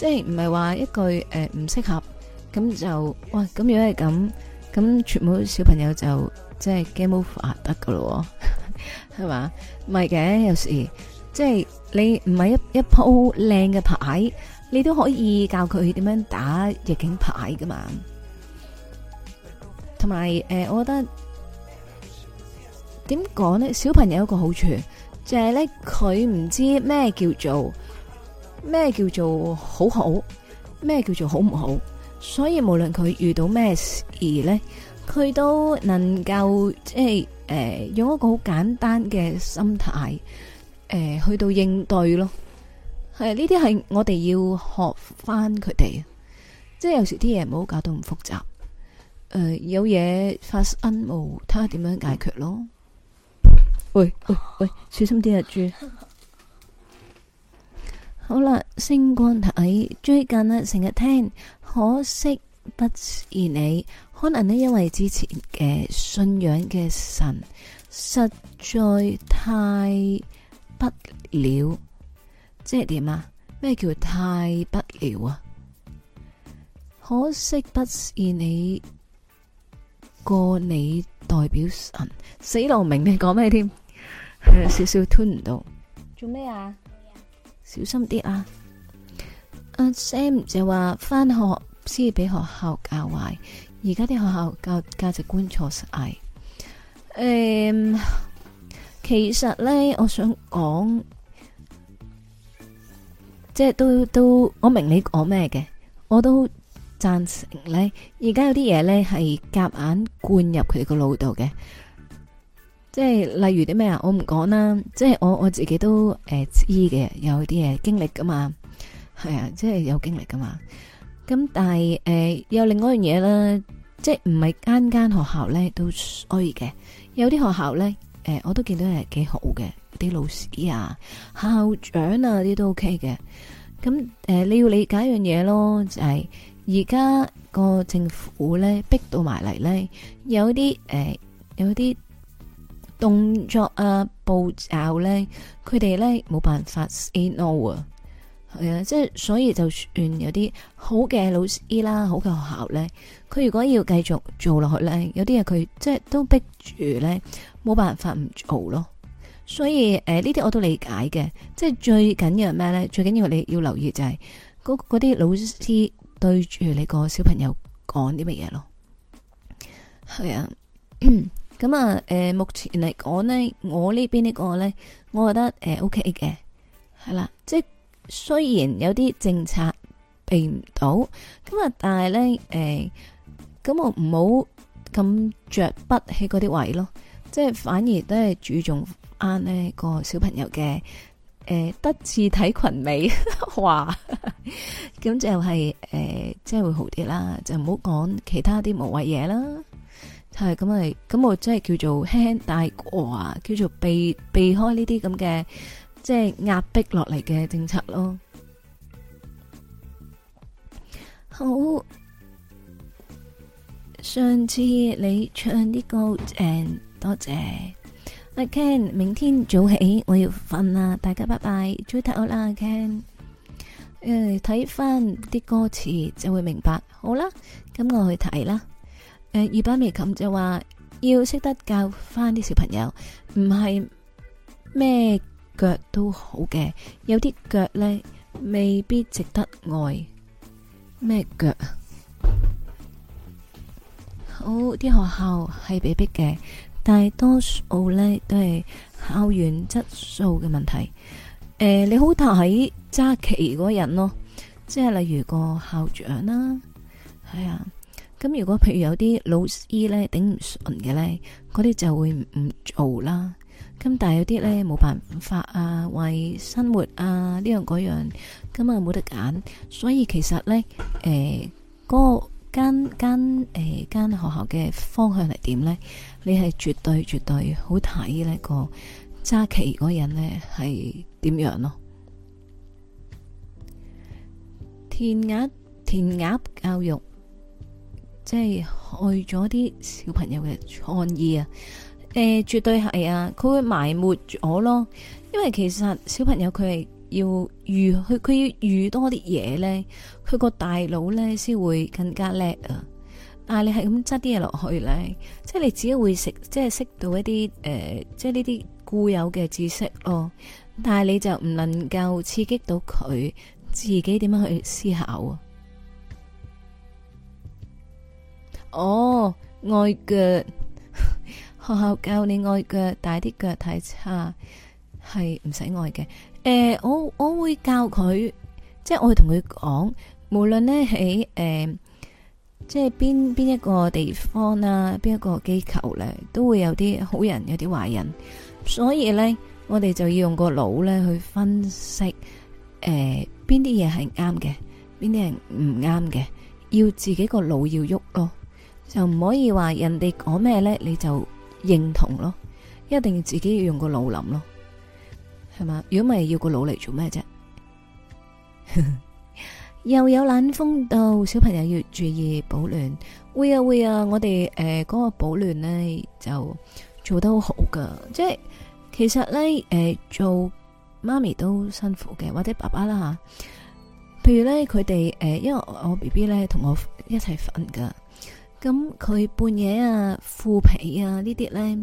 S1: 即係唔係話一句誒唔適合咁就哇咁如果係咁咁全部小朋友就即係 game over 得噶咯係嘛？唔係嘅有時即係你唔係一一鋪靚嘅牌，你都可以教佢點樣打逆境牌噶嘛。同埋誒，我覺得點講咧？小朋友有一個好處就係咧，佢唔知咩叫做。咩叫做好好？咩叫做好唔好？所以無論佢遇到咩事咧，佢都能夠即係誒、呃，用一個好簡單嘅心態誒、呃、去到應對咯。係呢啲係我哋要學翻佢哋，即係有時啲嘢唔好搞到咁複雜。誒、呃，有嘢發生冇，睇下點樣解決咯。喂喂喂，小心啲呀，豬。好啦，星光睇。最近呢、啊，成日聽可惜不是你，可能呢，因為之前嘅信仰嘅神實在太不了，即係點啊？咩叫太不了啊？可惜不是你，過你代表神死咯，明你講咩添？有 少少吞唔到，做咩啊？小心啲啊！阿、啊、Sam 就話翻學先俾學校教壞，而家啲學校教價值觀錯，實係。誒、嗯，其實咧，我想講，即、就、係、是、都都，我明你講咩嘅，我都讚成咧。而家有啲嘢咧係夾硬灌入佢哋個腦度嘅。即係例如啲咩啊，我唔講啦。即係我我自己都誒、呃、知嘅，有啲嘢經歷㗎嘛，係啊，即係有經歷㗎嘛。咁但係誒、呃、有另外一樣嘢啦，即係唔係間間學校咧都衰嘅，有啲學校咧誒、呃、我都見到係幾好嘅，啲老師啊、校長啊啲都 OK 嘅。咁誒、呃、你要理解一樣嘢咯，就係而家個政府咧逼到埋嚟咧，有啲誒、呃、有啲，動作啊，步驟咧，佢哋咧冇辦法 say no 啊，係啊，即係所以就算有啲好嘅老師啦，好嘅學校咧，佢如果要繼續做落去咧，有啲嘢佢即係都逼住咧，冇辦法唔做咯。所以誒，呢、呃、啲我都理解嘅，即係最緊要係咩咧？最緊要你要留意就係嗰啲老師對住你個小朋友講啲乜嘢咯。係啊。 咁啊，誒、嗯，目前嚟講呢，我呢邊呢個呢，我覺得誒、嗯、OK 嘅，係啦，即係雖然有啲政策避唔到，咁啊，但係呢，誒、嗯，咁、嗯嗯嗯、我唔好咁着不起嗰啲位咯，即係反而都係注重啱呢個小朋友嘅誒，德、嗯、智體群美， 哇，咁 就係、是、誒，即、嗯、係會好啲啦，就唔好講其他啲無謂嘢啦。係咁咪，咁我真係叫做輕輕帶過啊，叫做避避開呢啲咁嘅，即係壓迫落嚟嘅政策咯。好，上次你唱啲歌，誒，多謝阿 Ken。明天早起我要瞓啦，大家拜拜，早唞啦，阿 Ken。誒，睇翻啲歌詞就會明白。好啦，咁我去睇啦。誒，葉板未冚就話要識得教返啲小朋友，唔係咩腳都好嘅，有啲腳呢未必值得愛。咩腳好，啲學校係被逼嘅，大多數呢都係校園質素嘅問題。誒、呃，你好睇揸旗嗰人咯，即係例如個校長啦，係啊。咁如果譬如有啲老師咧，頂唔順嘅咧，嗰啲就會唔做啦。咁但係有啲咧冇辦法啊，為生活啊，呢樣嗰樣，咁啊冇得揀。所以其實咧，誒、呃、嗰、那個間間誒間學校嘅方向係點咧？你係絕對絕對好睇呢個揸旗嗰人咧，係點樣咯？填鴨填鴨教育。即係害咗啲小朋友嘅創意啊！誒，絕對係啊，佢會埋沒咗咯。因為其實小朋友佢係要遇佢，佢要遇多啲嘢咧，佢個大腦咧先會更加叻啊！但係你係咁執啲嘢落去咧，即係你只會食，即係識到一啲誒、呃，即係呢啲固有嘅知識咯。但係你就唔能夠刺激到佢自己點樣去思考啊！哦，愛腳 學校教你愛腳，但係啲腳太差係唔使愛嘅。誒、呃，我我會教佢，即、就、係、是、我會同佢講，無論呢喺誒，即係邊邊一個地方啊，邊一個機構呢、啊，都會有啲好人，有啲壞人，所以呢，我哋就要用個腦呢去分析，誒、呃，邊啲嘢係啱嘅，邊啲係唔啱嘅，要自己個腦要喐咯、哦。就唔可以話人哋講咩咧，你就認同咯，一定要自己要用個腦諗咯，係嘛？如果唔係，要，要個腦嚟做咩啫？ 又有冷風到，小朋友要注意保暖。會啊會啊，我哋誒嗰個保暖咧就做得好好噶。即係其實咧誒、呃、做媽咪都辛苦嘅，或者爸爸啦吓，譬如咧佢哋誒，因為我 B B 咧同我一齊瞓噶。咁佢半夜啊，腐皮啊呢啲咧，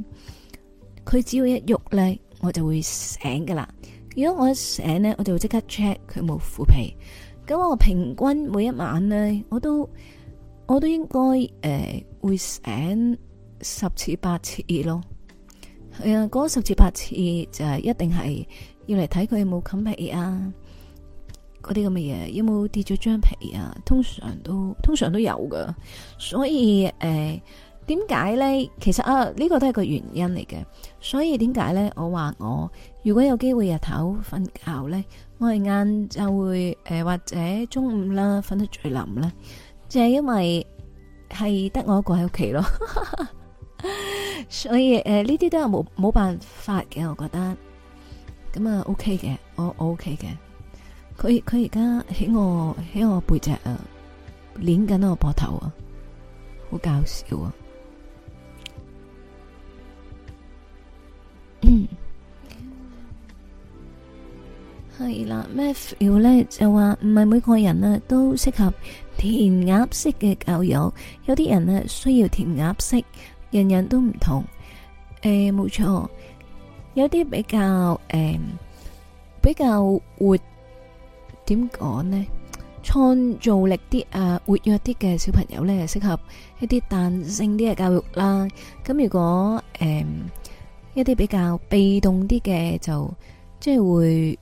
S1: 佢只要一喐咧，我就會醒噶啦。如果我一醒咧，我就即刻 check 佢冇腐皮。咁我平均每一晚咧，我都我都應該誒、呃、會醒十次八次咯。係、嗯、啊，嗰十次八次就係一定係要嚟睇佢冇冚皮啊。嗰啲咁嘅嘢，有冇跌咗張被啊？通常都通常都有噶，所以誒，點解咧？其實啊，呢、這個都係個原因嚟嘅。所以點解咧？我話我如果有機會日頭瞓覺咧，我係晏晝會誒、呃，或者中午啦瞓得最冧啦，就係因為係得我一個喺屋企咯。 所以誒，呢、呃、啲都係冇冇辦法嘅，我覺得咁啊，OK 嘅，我我 OK 嘅。佢佢而家喺我喺我背脊啊，捻緊我膊頭啊，好搞笑啊！係啦，咩 feel 呢？就話唔係每個人呢都適合填鴨式嘅教育，有啲人呢需要填鴨式，人人都唔同。誒，冇錯，有啲比較誒，比較活。點講呢？創造力啲啊，活躍啲嘅小朋友呢，適合一啲彈性啲嘅教育啦。咁如果誒、嗯、一啲比較被動啲嘅，就即係會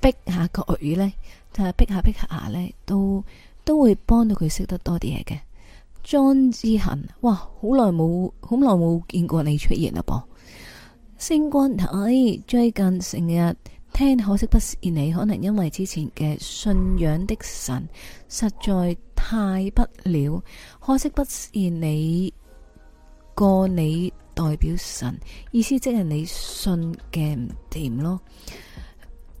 S1: 逼下個女咧，就係逼下逼下呢都都會幫到佢識得多啲嘢嘅。莊之恒，哇，好耐冇好耐冇見過你出現啦，噃。星光體最近成日。聽可惜不是你，可能因為之前嘅信仰的神實在太不了，可惜不是你個你代表神意思，即係你信嘅唔掂咯。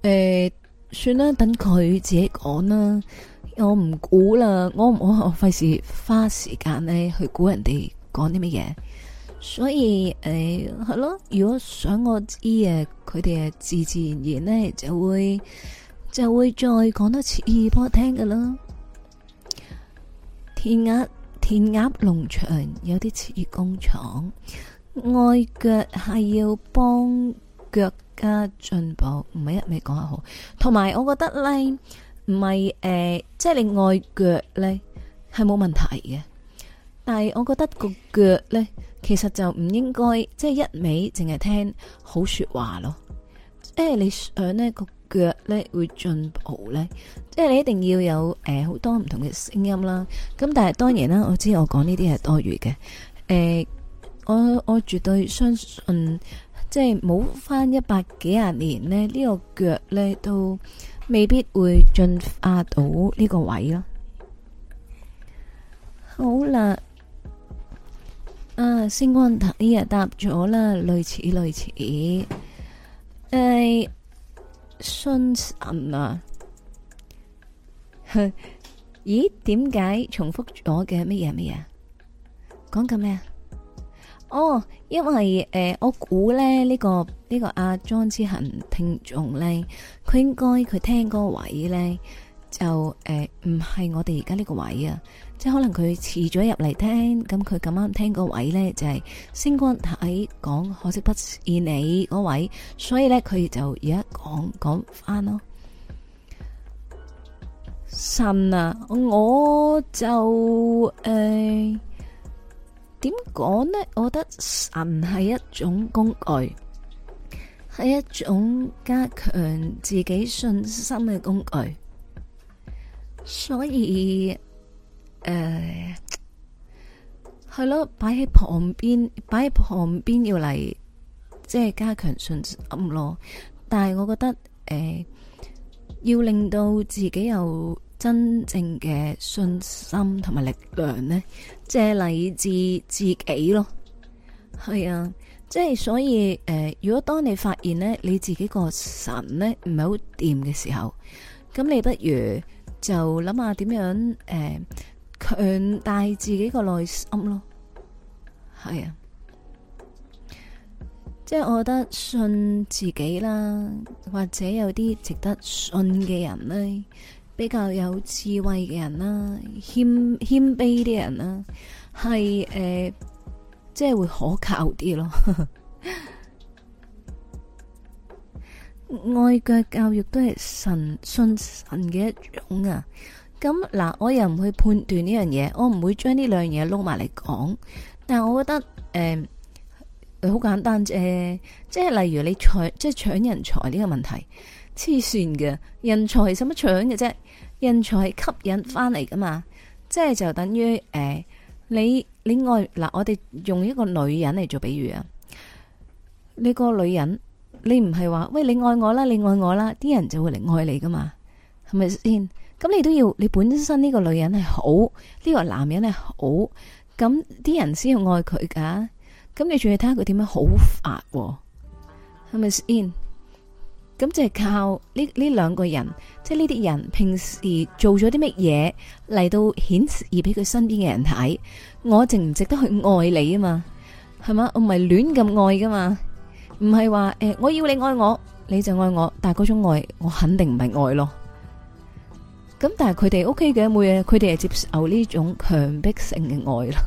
S1: 誒、呃，算啦，等佢自己講啦，我唔估啦，我唔好我費事花時間呢去估人哋講啲乜嘢。所以誒係、哎、咯，如果想我知誒，佢哋自自然然咧就會就會再講多次俾我聽噶啦。填鴨填鴨農場有啲設業工廠，外腳係要幫腳家進步，唔係一味講下好。同埋我覺得咧，唔係誒，即、呃、係、就是、你外腳咧係冇問題嘅。但係我覺得個腳呢，其實就唔應該即係一味淨係聽好說話咯。誒、欸，你想呢個腳呢會進步呢？即係你一定要有誒好、呃、多唔同嘅聲音啦。咁但係當然啦，我知我講呢啲係多餘嘅。誒、呃，我我絕對相信，即係冇返一百幾廿年呢，這個、腳呢個腳呢都未必會進化到呢個位咯。好啦。啊！星光塔呢？日答咗啦，類似類似。誒、哎，信神啊？ 咦？點解重複咗嘅乜嘢乜嘢？講緊咩啊？哦，因為誒、呃，我估咧呢、這個、這個啊、呢個阿莊之行聽眾咧，佢應該佢聽個位咧就誒唔係我哋而家呢個位啊。即係可能佢遲咗入嚟聽，咁佢咁啱聽嗰位呢就係星光睇講，可惜不見你嗰位，所以呢佢就而家講講返咯。神啊，我就誒點講呢？我覺得神係一種工具，係一種加強自己信心嘅工具，所以，誒，係咯、uh，擺喺旁邊，擺喺旁邊要嚟，即係加強信心咯。但係我覺得誒，要令到自己有真正嘅信心同埋力量呢，即係嚟自自己咯。係啊、right，即係所以誒，如果當你發現咧你自己個神呢唔係好掂嘅時候，咁你不如就諗下點樣誒。強大自己個內心咯，係啊，即係我覺得信自己啦，或者有啲值得信嘅人呢，比較有智慧嘅人啦，謙謙卑啲人啦，係誒、呃，即係會可靠啲咯。外國 嘅教育都係神信神嘅一種啊。咁嗱，我又唔去判斷呢樣嘢，我唔會將呢兩樣嘢撈埋嚟講。但係我覺得，誒、呃，好簡單啫、呃，即係例如你搶，即係搶人才呢個問題，黐線嘅人才係使乜搶嘅啫？人才係吸引翻嚟噶嘛？即係就等於誒、呃，你你愛嗱、呃，我哋用一個女人嚟做比喻啊。你個女人，你唔係話喂你愛我啦，你愛我啦，啲人就會嚟愛你噶嘛？係咪先？咁你都要，你本身呢個女人係好，呢、呢個男人係好，咁啲人先要愛佢噶。咁你仲要睇下佢點樣好法，哦，係咪先？咁就係靠呢呢兩個人，即係呢啲人平時做咗啲乜嘢嚟到顯示而俾佢身邊嘅人睇，我值唔值得去愛你啊？嘛，係嘛？唔係亂咁愛噶嘛？唔係話誒，我要你愛我，你就愛我，但係嗰種愛，我肯定唔係愛咯。咁但係佢哋 O K 嘅，每嘢，佢哋係接受呢種強迫性嘅愛啦，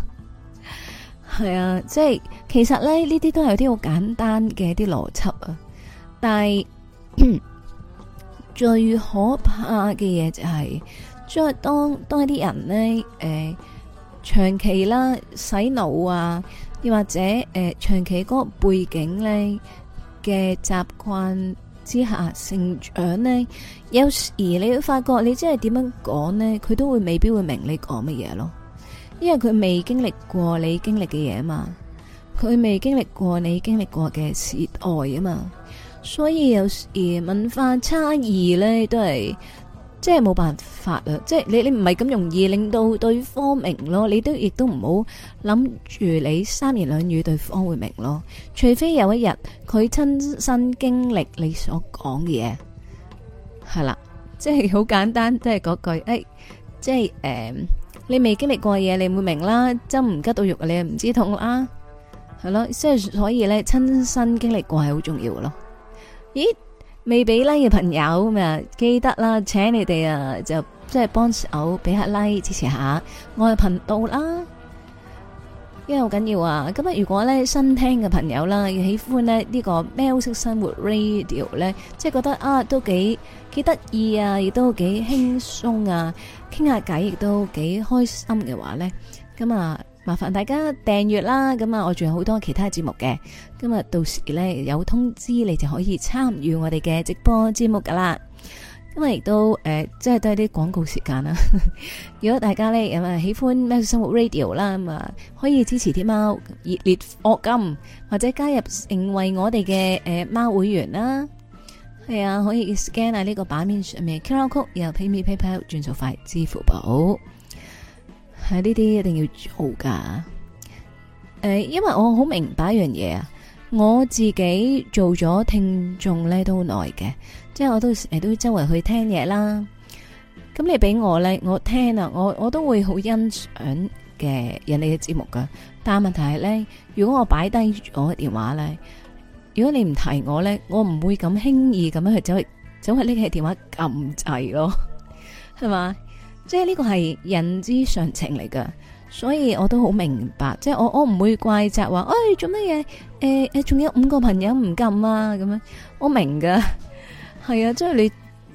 S1: 係啊，即係其實咧呢啲都係有啲好簡單嘅一啲邏輯啊，但係最可怕嘅嘢就係，即係當當一啲人咧，誒長期啦洗腦啊，又或者誒長期嗰個背景咧嘅習慣。之下成長呢，有時你會發覺，你真係點樣講呢？佢都會未必會明你講乜嘢咯。因為佢未經歷過你經歷嘅嘢啊嘛，佢未經歷過你經歷過嘅時代啊嘛，所以有時文化差異呢，都係。即係冇辦法啦！即係你你唔係咁容易令到對方明咯，你都亦都唔好諗住你三言兩語對方會明咯。除非有一日佢親身經歷你所講嘅嘢，係啦，即係好簡單，都係嗰句，誒、欸，即係誒、呃，你未經歷過嘢，你唔會明啦。針唔吉到肉你又唔知痛啦，係咯。所以所以咧，親身經歷過係好重要嘅咯。咦？未俾 like 嘅朋友，咪記得啦，請你哋啊，就即係幫手俾下 like 支持下我嘅頻道啦，因為好緊要啊。咁啊，如果咧新聽嘅朋友啦，要喜歡咧呢個喵式生活 radio 咧，即係覺得啊，都幾幾得意啊，亦都幾輕鬆啊，傾下偈亦都幾開心嘅話咧，咁啊。麻煩大家訂閱啦，咁啊，我仲有好多其他節目嘅，今日到時咧有通知你就可以參與我哋嘅直播節目噶啦。因為亦都誒，即係都係啲廣告時間啦。如果大家咧有啊，喜歡咩生活 radio 啦咁啊，可以支持天喵熱烈課金，或者加入成為我哋嘅誒貓會員啦。係啊，可以 scan 啊呢個版面上面 QR code，然後 PayMe PayPal 轉數快支付寶。睇呢啲一定要做噶，誒、哎，因為我好明白一樣嘢啊，我自己做咗聽眾咧都好耐嘅，即係我都誒都周圍去聽嘢啦。咁你俾我咧，我聽啊，我我都會好欣賞嘅人哋嘅節目噶。但係問題係咧，如果我擺低我嘅電話咧，如果你唔提我咧，我唔會咁輕易咁樣去走去走去拎起電話撳掣咯，係嘛？即係呢個係人之常情嚟噶，所以我都好明白。即係我我唔會怪責話，誒、哎、做乜嘢？誒、欸、誒，仲有五個朋友唔撳啊咁樣，我明噶。係啊，即係你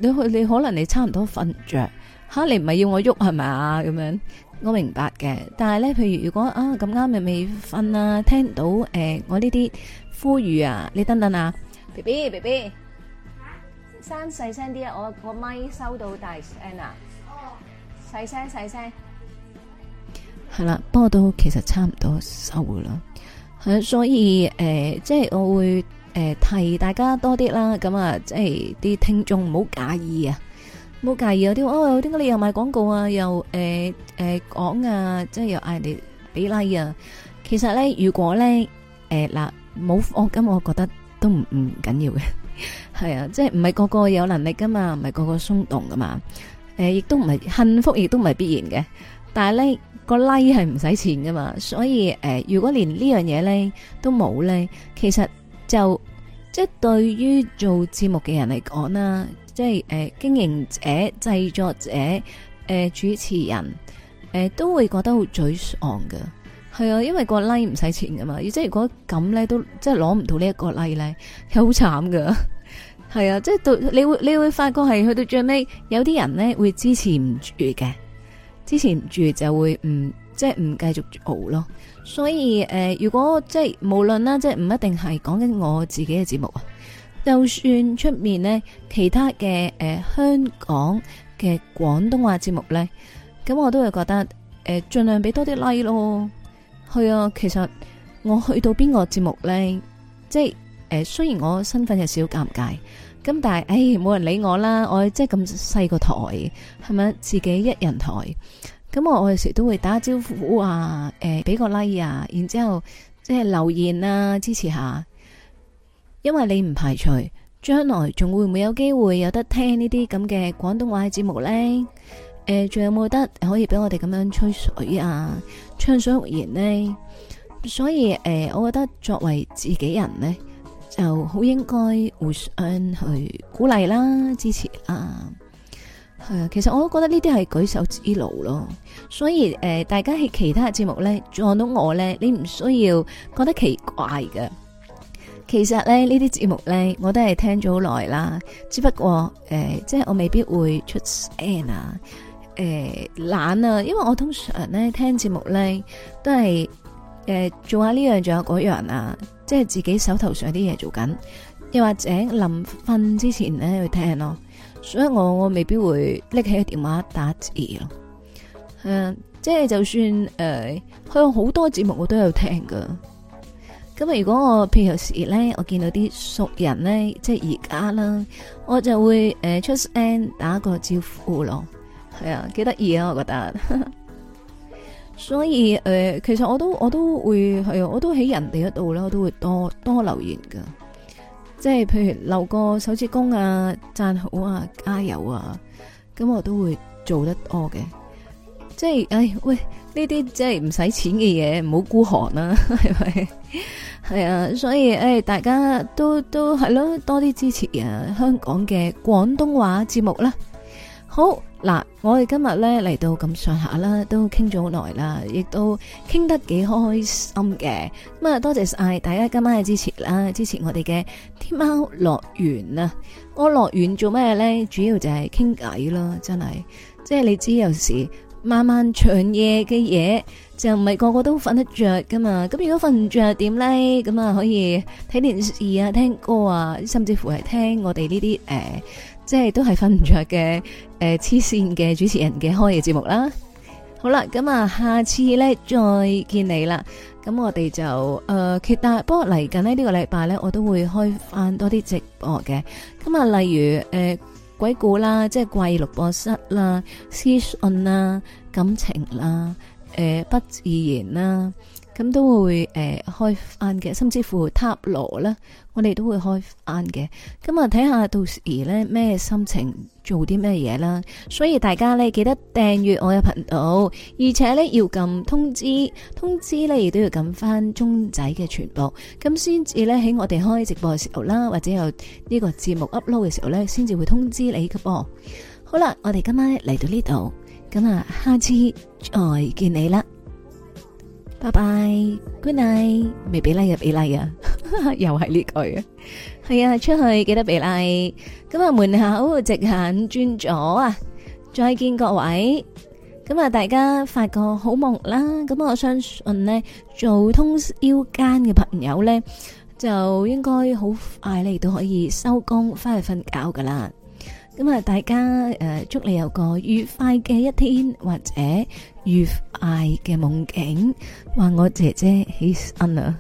S1: 你去你可能你差唔多瞓着吓，你唔係要我喐係咪咁樣，我明白嘅。但係咧，譬如如果啊咁啱未未瞓啊，聽到誒、欸、我呢啲呼籲啊，你等等啊 BB BB 細細聲啲啊，我個咪收到大聲啊。細聲細聲，係啦，不過 都其實差唔多收啦。係、嗯、所以誒、呃，即係我會誒、呃、提大家多啲啦。咁啊，即係啲聽眾唔好介意啊，唔好介意有啲哦，點解你又賣廣告啊？又誒誒、呃呃、講啊，即係又嗌人哋俾 like 啊。其實咧，如果咧誒嗱，冇我咁，我覺得都唔唔緊要嘅。係、 嗯、啊，即係唔係個個有能力噶嘛，唔係個個鬆動噶嘛。誒，亦都唔係幸福，亦都唔係必然嘅。但係咧，個 like 係唔使錢噶嘛，所以誒、呃，如果連呢樣嘢咧都冇咧，其實就即係對於做節目嘅人嚟講啦，即係誒、呃，經營者、製作者、誒、呃、主持人，誒、呃、都會覺得好沮喪噶。係啊，因為個 like 唔使錢噶嘛，而即係如果咁咧都即係攞唔到呢一個 like 咧，係好慘噶。 係啊，即係到你會你會發覺係去到最尾，有啲人呢會支持唔住嘅，支持唔住就會唔即係唔繼續做咯。所以誒、呃，如果即係無論啦，即係唔一定係講緊我自己嘅節目啊，就算出面呢，其他嘅誒、呃、香港嘅廣東話節目呢，咁我都會覺得誒盡、呃、量俾多啲 like 咯。係啊，其實我去到邊個節目呢？即係誒、呃、雖然我身份有少尷尬。咁但係，誒、哎，冇人理我啦。我即係咁細個台，係咪自己一人台？咁我有時都會打招呼，啊，話、呃、誒，俾個 like 啊，然之後即係、呃、留言啊，支持下。因為你唔排除將來仲會唔會有機會有得聽呢啲咁嘅廣東話節目呢？誒、呃，仲有冇得可以俾我哋咁樣吹水啊？暢所欲言呢。所以誒、呃，我覺得作為自己人呢。就好應該互相去鼓勵啦、支持啦，係啊！其實我都覺得呢啲係舉手之勞咯，所以誒、呃，大家喺其他節目咧撞到我咧，你唔需要覺得奇怪嘅。其實咧呢啲節目咧，我都係聽咗好耐啦，只不過誒、呃，即係我未必會出聲啊，誒、呃、懶啊，因為我通常咧聽節目咧都係誒做下呢樣，做下嗰樣啊。即係自己手頭上啲嘢做緊，又或者臨瞓之前咧去聽咯，所以我我未必會拎起個電話打字咯。誒、嗯，即係就算誒，佢、呃、有好多節目我都有聽噶。咁、嗯、啊，如果我譬如有時咧，我見到啲熟人咧，即係而家啦，我就會誒出聲打個招呼咯。係、嗯、啊，幾得意啊，我覺得。 所以誒、呃，其實我都我都會係，我都喺人哋度咧，我都會多多留言㗎。即係譬如留個手指公啊、讚好啊、加油啊，咁我都會做得多嘅。即係，哎喂，呢啲即係唔使錢嘅嘢，唔好孤寒啦、啊，係咪？係 啊，所以誒、哎，大家都都係咯，多啲支持啊，香港嘅廣東話節目啦，好。嗱，我哋今日咧嚟到咁上下啦，都傾咗好耐啦，亦都傾得幾開心嘅。咁啊，多謝晒大家今晚嘅支持啦，支持我哋嘅天喵樂園啊！我樂園做咩咧？主要就係傾偈咯，真係。即係你知，有時漫漫長夜嘅嘢，就唔係個個都瞓得着噶嘛。咁如果瞓唔着點咧？咁啊，可以睇電視啊、聽歌啊，甚至乎係聽我哋呢啲誒。呃即係都係瞓唔着嘅誒，黐線嘅主持人嘅開嘅節目啦。好啦，咁、嗯、啊，下次咧再見你啦。咁、嗯、我哋就誒，其實不過嚟緊咧呢、這個禮拜咧，我都會開翻多啲直播嘅。咁、嗯、啊，例如誒、呃、鬼故啦，即係怪異錄播室啦，屍訊啦，感情啦，誒、呃、不自然啦。咁都會誒、呃、開翻嘅，甚至乎塔羅啦，我哋都會開翻嘅。咁、嗯、啊，睇下到時咧咩心情做啲咩嘢啦。所以大家咧記得訂閱我嘅頻道，而且咧要撳通知，通知咧亦都要撳翻鐘仔嘅全部，咁先至咧喺我哋開直播嘅時候啦，或者有呢個節目 upload 嘅時候咧，先至會通知你嘅噃。好啦，我哋今晚嚟到呢度，咁、嗯、啊，下次再見你啦。拜拜，Good night，未俾禮啊，俾禮啊，又係呢句啊，係啊，出去記得俾禮，咁啊門口直行轉左啊，再見各位，咁啊，大家發個好夢啦，咁我相信咧，做通宵更嘅朋友咧就應該好快咧都可以收工翻去瞓覺噶啦。咁啊！大家誒，祝你有個愉快嘅一天，或者愉快嘅夢境。話我姐姐起身啦，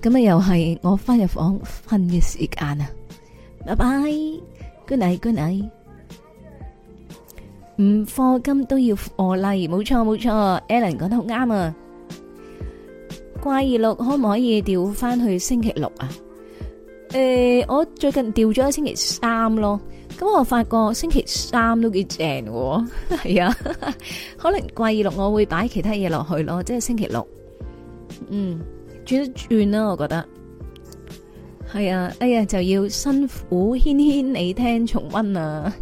S1: 咁啊，又係我翻入房瞓嘅時間啦。拜拜，Good night，Good night，唔課金都要賀禮，冇錯冇錯。Alan 講得好啱啊！怪異錄可唔可以調翻去星期六啊？誒，我最近調咗星期三咯。咁我發覺星期三都幾正喎，係啊，可能季六我會擺其他嘢落去咯，即係星期六，嗯，轉一轉啦，我覺得係啊，哎呀就要辛苦軒軒你聽重溫啊，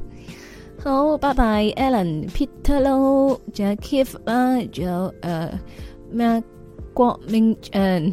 S1: 好，拜拜，Alan、Peter、Keith 啊，仲有誒咩郭明誒。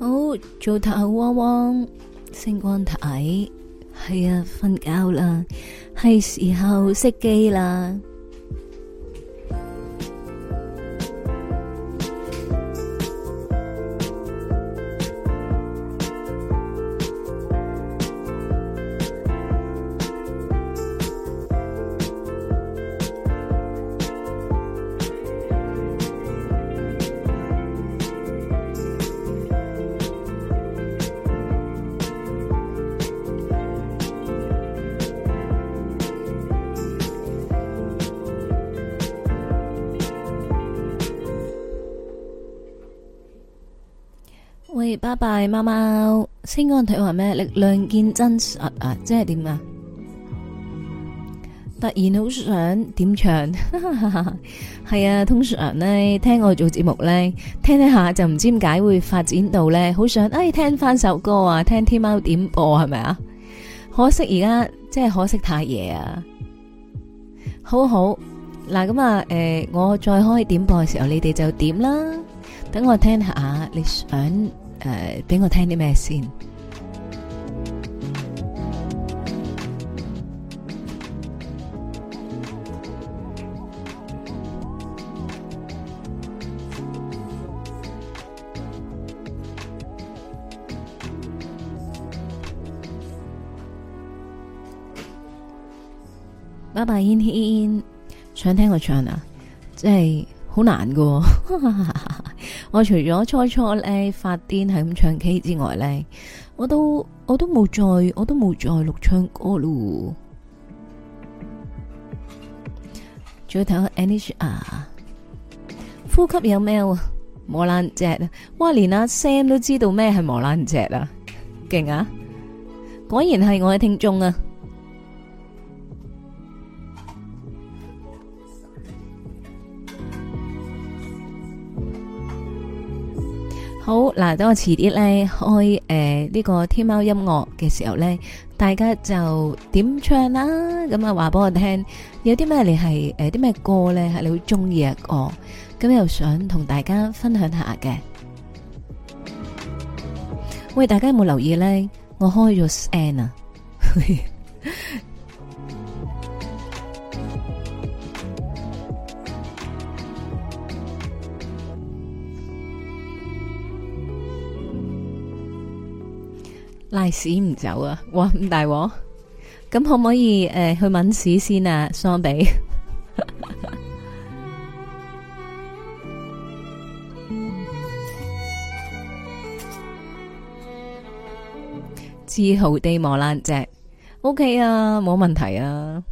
S1: 好，做頭汪汪星光體，係啊，瞓覺啦，係時候熄機啦。拜貓貓，新安睇話咩？力量見真實啊，即係點啊？突然好想點唱，係 啊！通常呢，聽我做節目咧，聽一下就唔知點解會發展到咧，好想哎聽翻首歌啊！聽天喵點播係咪啊？可惜而家即係可惜太夜啊！好好嗱咁啊，誒、呃，我再開點播嘅時候，你哋就點啦，等我聽下你想。誒，俾、呃、我聽啲咩先？拜拜煙煙煙，想聽我唱啊，真係好難噶、哦。 我除咗初初咧，發癲係咁唱 K 之外咧，我都我都冇再我都冇再錄唱歌咯，仲要睇下 Anish 啊，R, 呼吸有咩啊？磨爛只，哇連阿 Sam 都知道咩係磨爛只啊！勁啊！果然係我嘅聽眾啊！好嗱，等我遲啲咧開誒呢個天貓音樂嘅時候咧，大家就點唱啦？咁啊話俾我聽，有啲咩你係誒啲咩歌咧係你好中意嘅歌，咁又想同大家分享下嘅。喂，大家有冇留意咧？我開咗 Anna。瀨屎唔走啊！哇咁大鑊，咁可唔可以誒、呃、去揾屎先啊？雙比自豪地磨爛只 O K 啊，冇問題啊。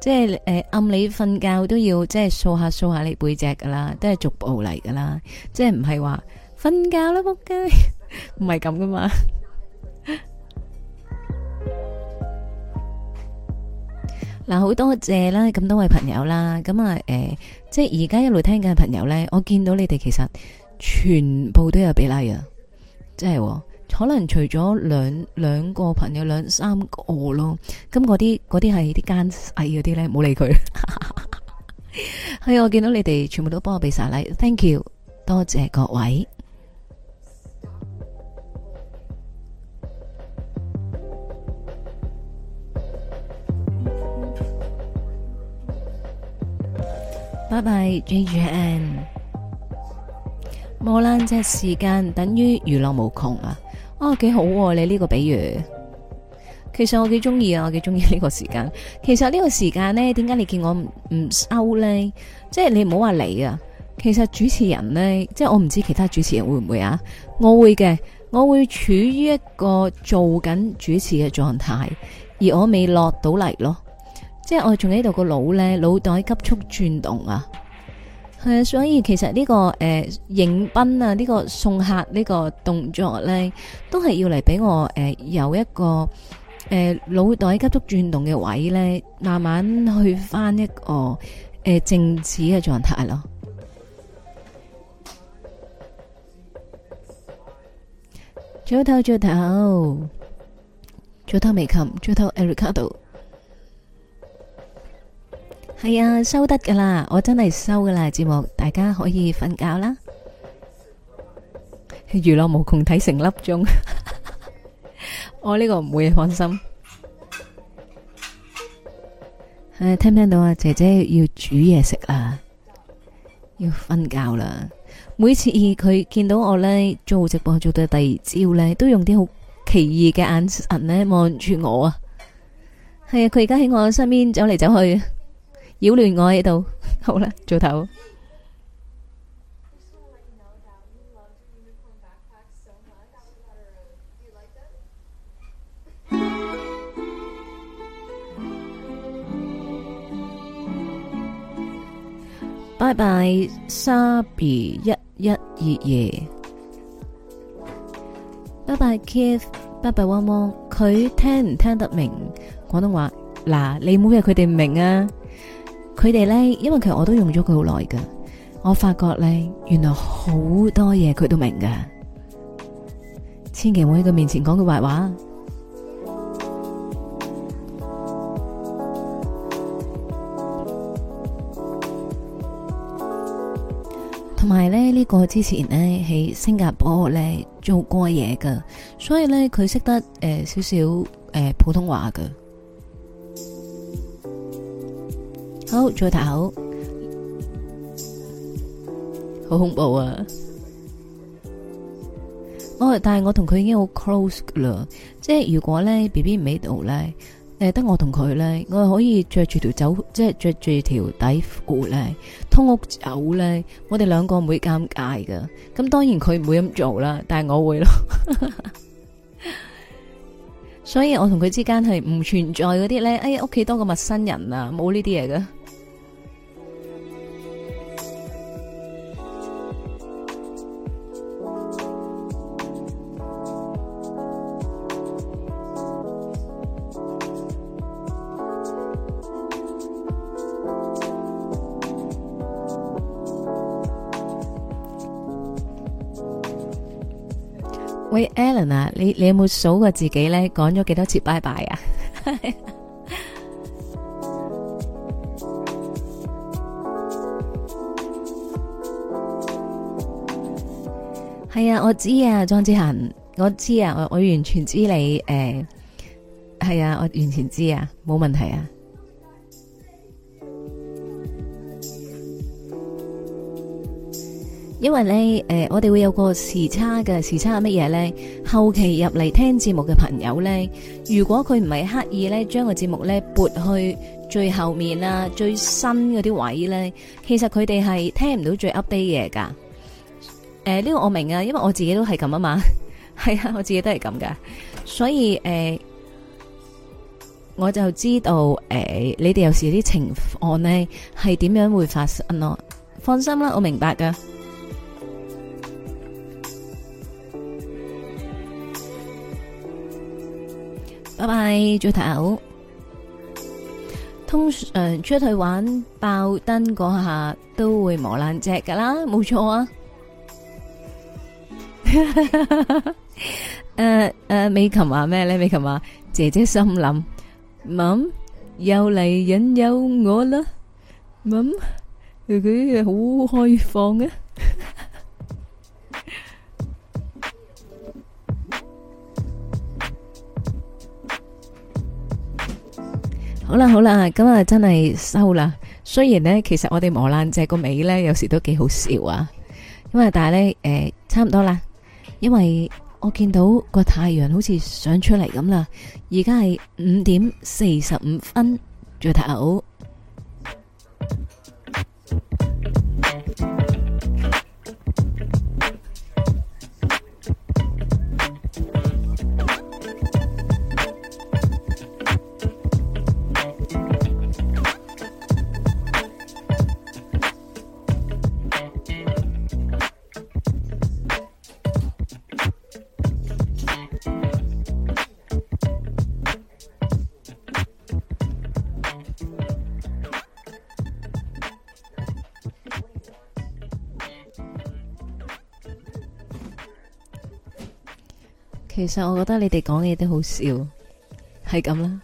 S1: 即係誒、呃、暗你瞓覺都要，即係掃下掃下你背脊噶啦，都係逐步嚟噶啦。即係唔係話瞓覺啦仆街，唔係咁噶嘛。嗱好、啊、多謝啦，咁多位朋友啦，咁啊，誒、呃，即係而家一路聽緊嘅朋友呢，我見到你哋其實全部都有俾 like 啊，即、就、係、是，可能除咗兩兩個朋友兩三個咯，咁嗰啲嗰啲係啲奸細嗰啲呢，唔好理佢，係我見到你哋全部都幫我俾晒 like，thank you，多謝各位。拜拜，J J。冇爛只時間等於娛樂無窮啊！哦，幾好啊，你呢個比喻，其實我幾中意啊，我幾中意呢個時間。其實呢個時間呢，點解你見我唔收呢？即係你唔好話你啊，其實主持人呢，即係我唔知其他主持人會唔會啊？我會嘅，我會處於一個做緊主持嘅狀態，而我未落到嚟咯。即係我仲喺度個腦咧，腦袋急速轉動啊！係、嗯、所以其實呢、這個誒、呃、迎賓啊，呢、這個送客呢個動作咧，都係要嚟俾我誒、呃、有一個誒腦、呃、袋急速轉動嘅位咧，慢慢去翻一個誒靜、呃、止嘅狀態咯。早唞早唞，早唞美琴，早唞 Erica 度係啊，收得噶啦，我真係收噶啦。節目大家可以瞓覺啦，娛樂無窮，睇成粒鐘。我呢個唔會放心。誒，聽唔聽到啊？姐姐要煮嘢食啦，要瞓覺啦。每次佢見到我呢，做直播做到第二朝呢，都用啲好奇異嘅眼神呢望住我啊。係啊，佢而家喺我身邊走嚟走去。擾亂我喺度，好啦，早唞。拜拜，沙貝一一二二。拜拜，Keith。拜拜，汪汪。佢聽唔聽得明廣東話？嗱，你每日佢哋唔明啊？佢哋咧，因為其實我都用咗佢好耐噶，我發覺咧，原來好多嘢佢都明噶，千祈唔好喺佢面前講佢壞話。同埋咧，呢個之前咧喺新加坡咧做過嘢噶，所以咧佢識得誒、呃、少少誒、呃、普通話噶。好，再睇口。好恐怖啊！哦、但我但係我同佢已經好 close 噶啦，即係如果咧 B B 未到咧，誒得我同佢咧，我係可以着住條走，即係着住條底褲咧，通屋走咧，我哋兩個唔會尷尬噶。咁當然佢唔會咁做啦，但係我會咯。 所以我同佢之間係唔存在嗰啲咧，哎屋企多個陌生人啊，冇呢啲嘢噶。Allen 啊，你你有冇數過自己咧，講咗幾多次拜拜啊？係啊，我知啊，莊子恒，我知啊，我我完全知你誒，係啊，我完全知啊，冇問題啊。因為咧，誒、呃，我哋會有個時差嘅。時差係乜嘢咧？後期入嚟聽節目嘅朋友咧，如果佢唔係刻意咧，將個節目咧撥去最後面啊，最新嗰啲位咧，其實佢哋係聽唔到最 update 嘢噶。誒、呃，呢、這個我明啊，因為我自己都係咁啊嘛，係 啊，我自己都係咁噶，所以誒、呃，我就知道誒、呃，你哋有時啲情況咧係點樣會發生咯、啊。放心啦，我明白噶。拜拜，早唞好。通常出去玩爆燈嗰下都會磨爛只噶啦，冇錯啊。誒誒，美琴話咩咧？美琴話姐姐心諗諗又嚟引誘我啦，諗佢佢係好開放嘅。好啦好啦，今日真係收啦。雖然呢，其實我哋磨爛只個尾呢，有時都幾好笑啊。因為，但係呢，誒、呃，差唔多啦。因為我見到個太陽好似想出嚟，咁啦。而家係五點四十五分，再睇其實我覺得你哋講嘢都好笑，係咁啦。